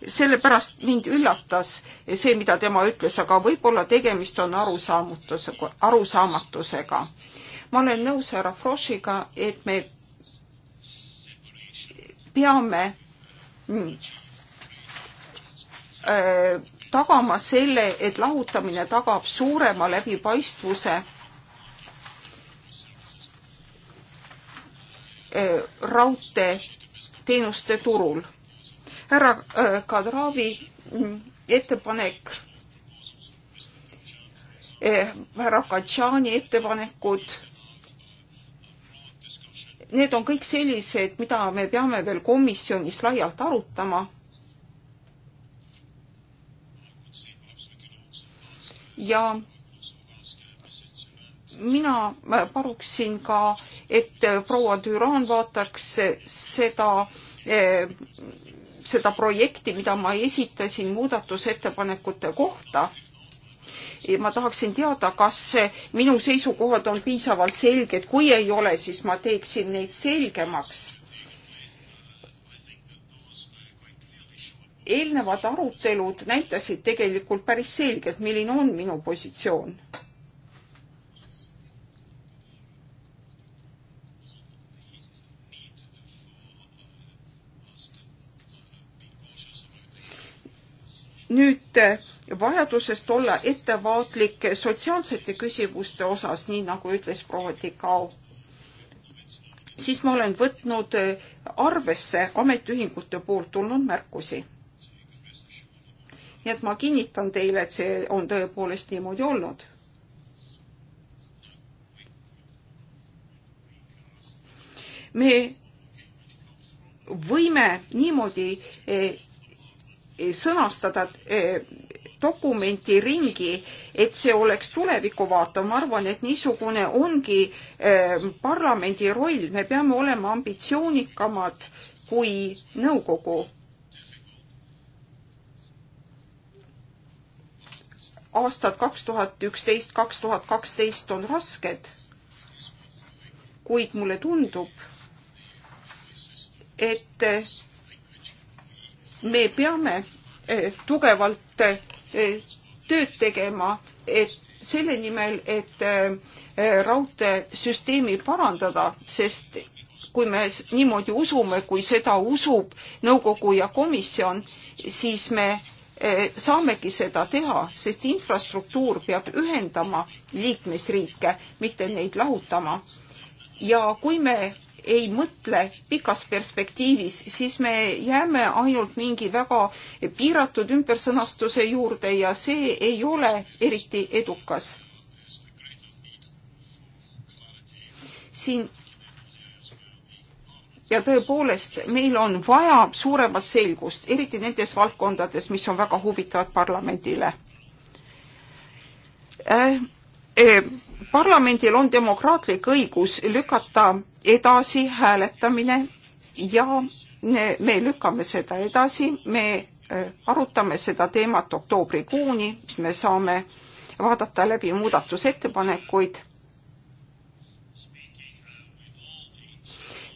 sellepärast mind üllatas see, mida tema ütles, aga võib-olla tegemist on arusaamutuse, arusaamatusega. ma olen nõus härra Froschiga, et me peame mm, äh, tagama selle, et lahutamine tagab suurema läbipaistvuse äh, raudteeteenuste turul härra äh, Kadravi mm, ettepanek, äh, härra Katšani ettepanekud. Need on kõik sellised, mida me peame veel komisjonis laialt arutama. ja mina paluksin ka, et proua Düran vaataks seda äh, seda projekti, mida ma esitasin muudatusettepanekute kohta. Ja ma tahaksin teada, kas minu seisukohad on piisavalt selged, kui ei ole, siis ma teeksin neid selgemaks eelnevad arutelud näitasid tegelikult päris selgelt, milline on minu positsioon. nüüd eh, vajadusest olla ettevaatlik sotsiaalsete küsimuste osas, nii nagu ütles proua Tikao, siis ma olen võtnud eh, arvesse ametiühingute poolt tulnud märkusi. nii et ma kinnitan teile, et see on tõepoolest niimoodi olnud me võime niimoodi eh, Eh, sõnastada eh, dokumenti ringi, et see oleks tulevikku vaatav, ma arvan, et niisugune ongi eh, parlamendi roll, me peame olema ambitsioonikamad kui nõukogu. aastad kaks tuhat üksteist, kaks tuhat kaksteist on rasked, kuid mulle tundub, et me peame eh, tugevalt eh, tööd tegema, et selle nimel, et eh, raudteesüsteemi parandada, sest kui me niimoodi usume, kui seda usub nõukogu ja komisjon, siis me saamegi seda teha, sest infrastruktuur peab ühendama liikmesriike, mitte neid lahutama. ja kui me ei mõtle pikas perspektiivis, siis me jääme ainult mingi väga piiratud ümbersõnastuse juurde ja see ei ole eriti edukas. siin ja tõepoolest, meil on vaja suuremat selgust, eriti nendes valdkondades, mis on väga huvitavad parlamendile äh,. Äh, parlamendil on demokraatlik õigus lükata edasi hääletamine ja me lükkame seda edasi, me äh, arutame seda teemat oktoobrikuuni, siis me saame vaadata läbi muudatusettepanekuid.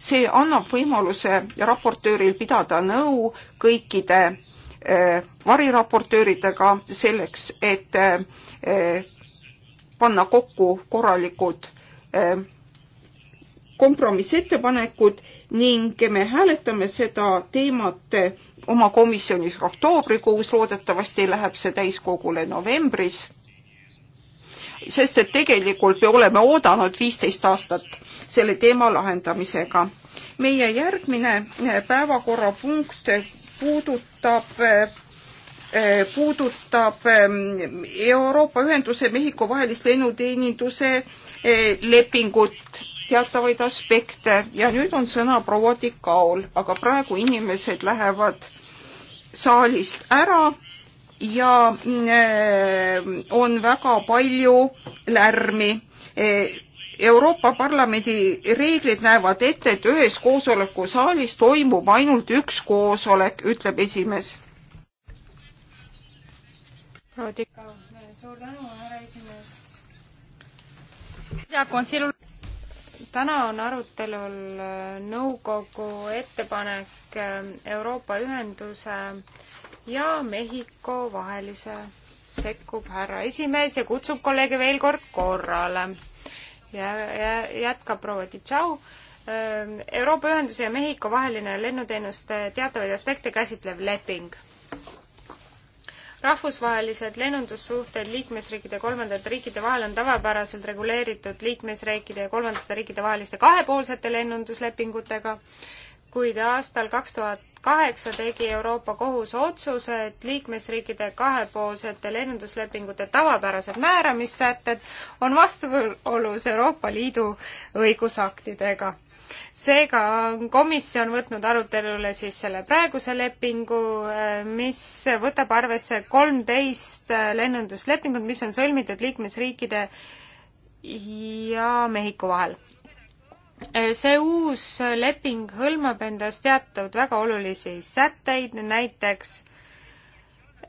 see annab võimaluse raportööril pidada nõu kõikide äh, variraportööridega selleks, et äh, panna kokku korralikud äh, kompromissettepanekud ning me hääletame seda teemat oma komisjonis oktoobrikuus, loodetavasti läheb see täiskogule novembris. sest et tegelikult me oleme oodanud viisteist aastat selle teema lahendamisega. meie järgmine äh, päevakorrapunkt puudutab äh, Eh, puudutab ehm, Euroopa Ühenduse Mehhiko vahelist lennuteeninduse eh, lepingut, teatavaid aspekte ja nüüd on sõna proua Tikaol, aga praegu inimesed lähevad saalist ära ja ehm, on väga palju lärmi eh, Euroopa Parlamendi reeglid näevad ette, et ühes koosolekusaalis toimub ainult üks koosolek, ütleb esimees proua Tikau. suur tänu, härra esimees. ja konsil- täna on arutelul äh, nõukogu ettepanek äh, Euroopa Ühenduse ja Mehhiko vahelise sekkub härra esimees ja kutsub kolleege veel kord korrale. ja, ja jätkab proua Tšau. Äh, Euroopa Ühenduse ja Mehhiko vaheline lennuteenuste teatavaid aspekte käsitlev leping rahvusvahelised lennundussuhted liikmesriikide ja kolmandate riikide vahel on tavapäraselt reguleeritud liikmesriikide ja kolmandate riikide vaheliste kahepoolsete lennunduslepingutega, kuid aastal kaks tuhat kaheksa tegi Euroopa Kohus otsuse, et liikmesriikide kahepoolsete lennunduslepingute tavapärased määramissätted on vastuolus Euroopa Liidu õigusaktidega seega on komisjon võtnud arutelule siis selle praeguse lepingu, äh, mis võtab arvesse kolmteist äh, lennunduslepingut, mis on sõlmitud liikmesriikide ja Mehhiko vahel. Äh, see uus leping hõlmab endas teatud väga olulisi sätteid, näiteks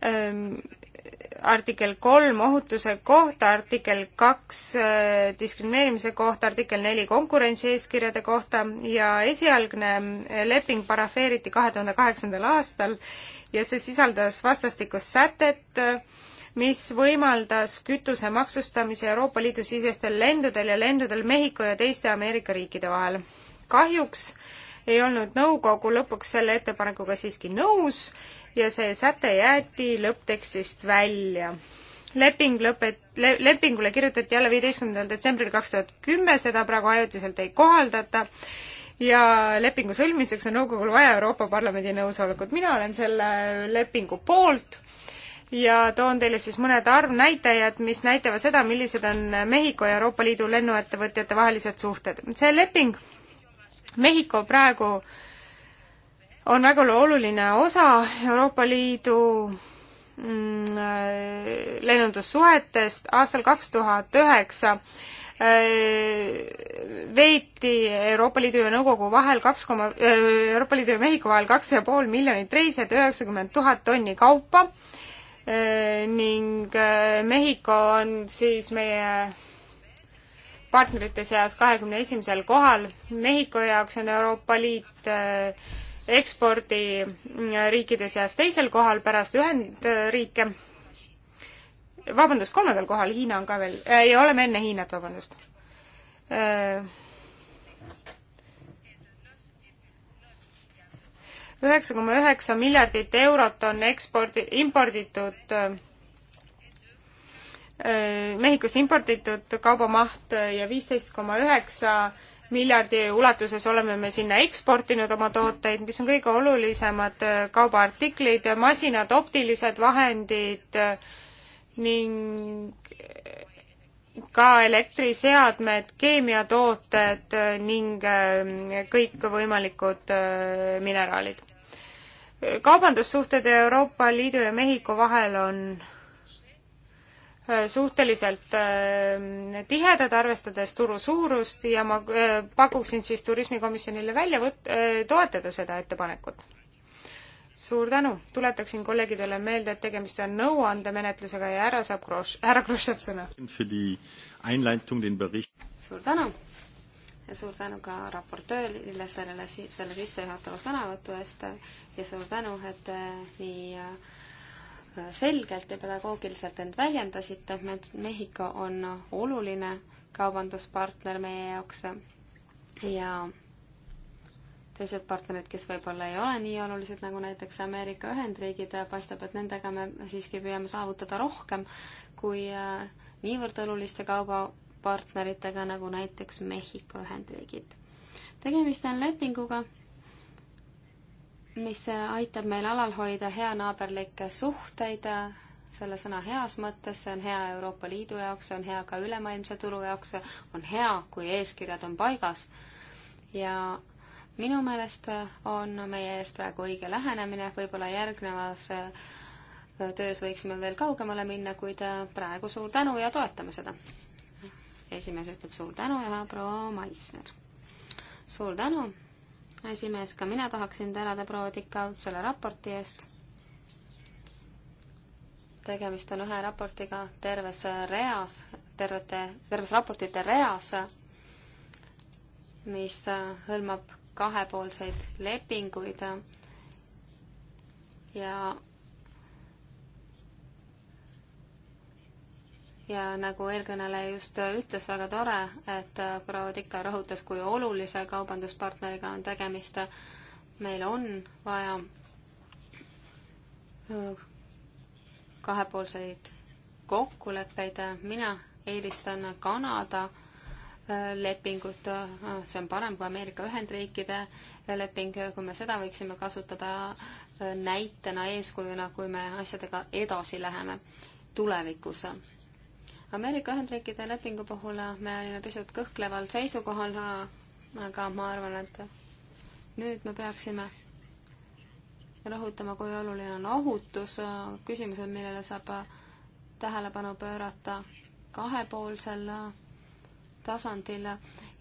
ähm, artikkel kolm ohutuse kohta, artikkel kaks äh, diskrimineerimise kohta, artikkel neli konkurentsieeskirjade kohta ja esialgne äh, leping parafeeriti kahe tuhande kaheksandal aastal ja see sisaldas vastastikust sätet, äh, mis võimaldas kütuse maksustamise Euroopa Liidu sisestel lendudel ja lendudel Mehhiko ja teiste Ameerika riikide vahel. kahjuks ei olnud nõukogu lõpuks selle ettepanekuga siiski nõus ja see säte jäeti lõpptekstist välja. leping lõpet- le,, lepingule kirjutati alla viieteistkümnendal detsembril kaks tuhat kümme, seda praegu ajutiselt ei kohaldata ja lepingu sõlmiseks on nõukogul vaja Euroopa Parlamendi nõusolekut. mina olen selle lepingu poolt ja toon teile siis mõned arvnäitajad, mis näitavad seda, millised on Mehhiko ja Euroopa Liidu lennuettevõtjate vahelised suhted. see leping Mehhiko praegu äh, on väga oluline osa Euroopa Liidu mm, äh, lennundussuhetest aastal kaks tuhat üheksa äh, veeti Euroopa Liidu ja Nõukogu vahel kaks koma, äh, Euroopa Liidu ja Mehhiko vahel kaks ja pool miljonit reisijat, üheksakümmend tuhat tonni kaupa ning Mehhiko on siis meie partnerite seas kahekümne esimesel kohal. Mehhiko jaoks on Euroopa Liit ekspordiriikide seas teisel kohal pärast Ühendriike. vabandust, kolmandal kohal Hiina on ka veel äh,, oleme enne Hiinat, vabandust äh,. üheksa koma üheksa miljardit eurot on ekspordi, imporditud äh, Mehhikost imporditud kaubamaht ja viisteist koma üheksa miljardi ulatuses oleme me sinna eksportinud oma tooteid, mis on kõige olulisemad äh, kaubaartiklid, masinad, optilised vahendid äh, ning äh, ka elektriseadmed, keemiatooted ning kõikvõimalikud mineraalid. kaubandussuhted Euroopa Liidu ja Mehhiko vahel on Äh, suhteliselt äh, tihedad, arvestades turu suurust ja ma äh, pakuksin siis Turismikomisjonile välja võt-, toetada seda ettepanekut. suur tänu, tuletaksin kolleegidele meelde, et tegemist on nõuandemenetlusega ja härra saab Grosch, härra Grosch saab sõna. suur tänu ja suur tänu ka raportöörile sellele, selle sissejuhatava sõnavõtu eest ja suur tänu, et nii selgelt ja pedagoogiliselt end väljendasite, et Mehhiko on oluline kaubanduspartner meie jaoks ja teised partnerid, kes võib-olla ei ole nii olulised nagu näiteks Ameerika Ühendriigid, paistab, et nendega me siiski püüame saavutada rohkem kui äh, niivõrd oluliste kaubapartneritega nagu näiteks Mehhiko Ühendriigid. tegemist on lepinguga, mis aitab meil alal hoida heanaaberlikke suhteid, selle sõna heas mõttes, see on hea Euroopa Liidu jaoks, see on hea ka ülemaailmse turu jaoks, on hea, kui eeskirjad on paigas. ja minu meelest on meie ees praegu õige lähenemine, võib-olla järgnevas äh, töös võiksime veel kaugemale minna, kuid äh, praegu suur tänu ja toetame seda. esimees ütleb suur tänu ja proua Maisner. suur tänu esimees, ka mina tahaksin tänada proua Tikaud selle raporti eest. tegemist on ühe raportiga terves reas, tervete, terves raportite reas, mis hõlmab kahepoolseid lepinguid ja ja nagu eelkõneleja just ütles, väga tore, et äh, proua Tikka rõhutas, kui olulise kaubanduspartneriga on tegemist. meil on vaja äh, kahepoolseid kokkuleppeid, mina eelistan Kanada äh, lepingut, see on parem kui Ameerika Ühendriikide leping, kui me seda võiksime kasutada näitena, eeskujuna, kui me asjadega edasi läheme tulevikus Ameerika Ühendriikide lepingu puhul äh, me olime pisut kõhkleval seisukohal, äh, aga ma arvan, et nüüd me peaksime rõhutama, kui oluline on ohutus, äh, küsimused, millele saab tähelepanu pöörata kahepoolsel tasandil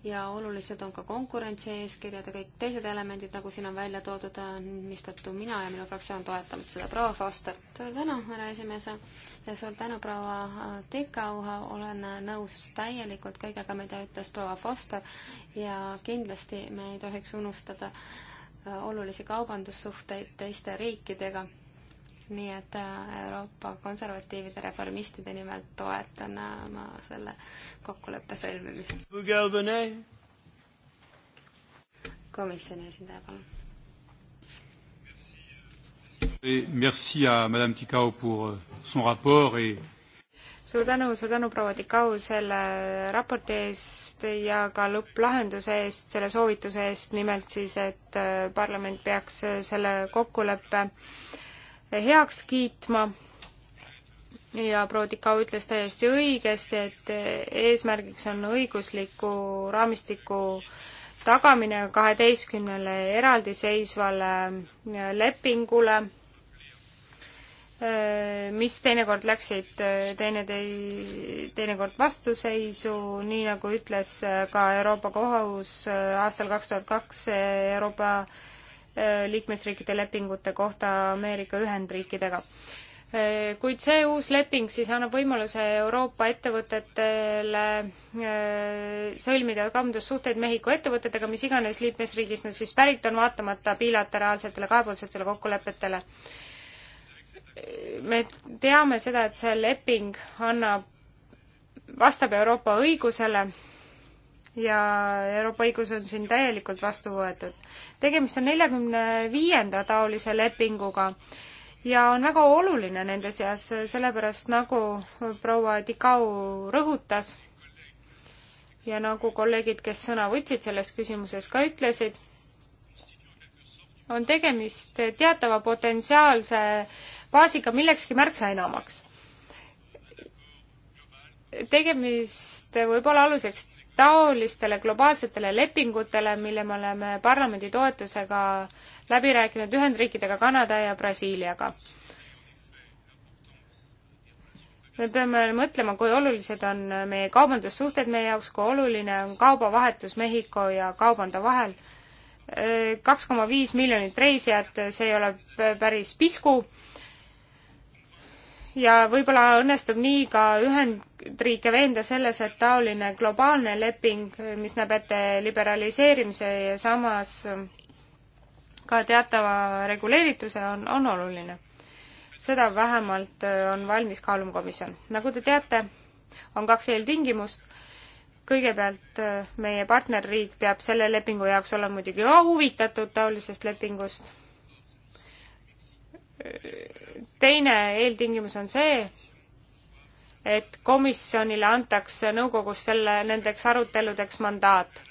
ja olulised on ka konkurentsieeskirjad ja kõik teised elemendid, nagu siin on välja toodud, äh, mistõttu mina ja minu fraktsioon toetame seda. proua Foster, suur tänu, härra esimees, ja suur tänu, proua äh, Tikau, olen äh, nõus täielikult kõigega, mida ütles proua Foster ja kindlasti me ei tohiks unustada olulisi kaubandussuhteid teiste riikidega nii et äh, Euroopa konservatiivide reformistide nimel toetan äh, ma selle kokkuleppe sõlmimist. komisjoni esindaja, palun. Merci à Madame Ticao pour euh, son rapport et suur tänu, suur tänu, proua Tikau, selle raporti eest ja ka lõpplahenduse eest, selle soovituse eest, nimelt siis, et äh, parlament peaks selle kokkuleppe äh, heaks kiitma ja Prodikau ütles täiesti õigesti, et eesmärgiks on õigusliku raamistiku tagamine kaheteistkümnele eraldiseisvale lepingule, mis teinekord läksid teinetei-, teinekord vastuseisu, nii nagu ütles ka Euroopa Kohus aastal kaks tuhat kaks Euroopa Äh, liikmesriikide lepingute kohta Ameerika Ühendriikidega. Äh, kuid see uus leping siis annab võimaluse Euroopa ettevõtetele äh, sõlmida kaubandussuhteid Mehhiko ettevõtetega, mis iganes liikmesriigist nad siis pärit on, vaatamata bilateraalsetele kahepoolsetele kokkulepetele. me teame seda, et see leping annab, vastab Euroopa õigusele ja Euroopa õigus on siin täielikult vastu võetud. tegemist on neljakümne viienda taolise lepinguga ja on väga oluline nende seas, sellepärast nagu proua Tikau rõhutas ja nagu kolleegid, kes sõna võtsid selles küsimuses, ka ütlesid, on tegemist teatava potentsiaalse baasiga millekski märksa enamaks tegemist võib olla aluseks taolistele globaalsetele lepingutele, mille me oleme parlamendi toetusega läbi rääkinud Ühendriikidega, Kanada ja Brasiiliaga. me peame mõtlema, kui olulised on meie kaubandussuhted meie jaoks, kui oluline on kaubavahetus Mehhiko ja kaubanda vahel. kaks koma viis miljonit reisijat, see ei ole päris pisku ja võib-olla õnnestub nii ka Ühendriike veenda selles, et taoline globaalne leping, mis näeb ette liberaliseerimise ja samas ka teatava reguleerituse, on, on oluline. seda vähemalt äh, on valmis kaaluma komisjon. nagu te teate, on kaks eeltingimust. kõigepealt äh, meie partnerriik peab selle lepingu jaoks olema muidugi huvitatud taolisest lepingust teine eeltingimus on see, et komisjonile antakse nõukogus selle, nendeks aruteludeks mandaat.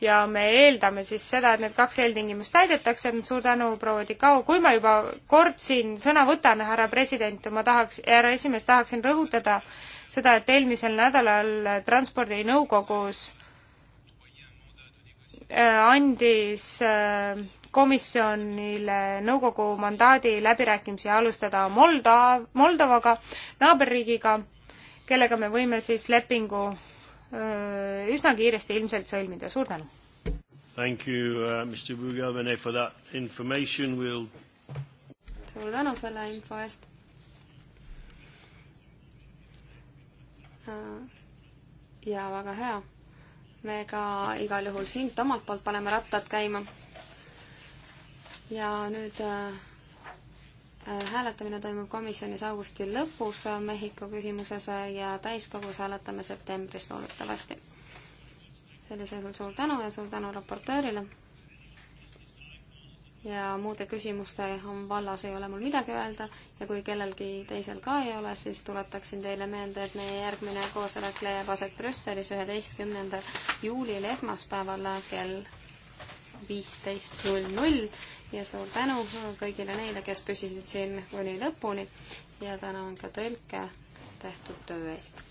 ja me eeldame siis seda, et need kaks eeltingimust täidetakse, suur tänu, proua Tikau, kui ma juba kord siin sõna võtan, härra president, ma tahaks, härra esimees, tahaksin rõhutada seda, et eelmisel nädalal Transpordinõukogus äh, andis äh, komisjonile nõukogu mandaadi läbirääkimisi alustada Molda-, Moldovaga, naaberriigiga, kellega me võime siis lepingu öö, üsna kiiresti ilmselt sõlmida, suur tänu! Thank you uh,, Mr Bugavene for that information, we'll suur tänu selle info eest uh äh, ja väga hea. me ka igal juhul sind omalt poolt paneme rattad käima ja nüüd äh, äh, hääletamine toimub komisjonis augusti lõpus äh, Mehhiko küsimuses ja täiskogus hääletame septembris loodetavasti. sellisel juhul suur tänu ja suur tänu raportöörile. ja muude küsimuste on vallas, ei ole mul midagi öelda ja kui kellelgi teisel ka ei ole, siis tuletaksin teile meelde, et meie järgmine koosolek leiab aset Brüsselis üheteistkümnendal juulil esmaspäeval kell viisteist null null ja suur tänu kõigile neile, kes püsisid siin kuni lõpuni ja tänan ka tõlke tehtud töö eest.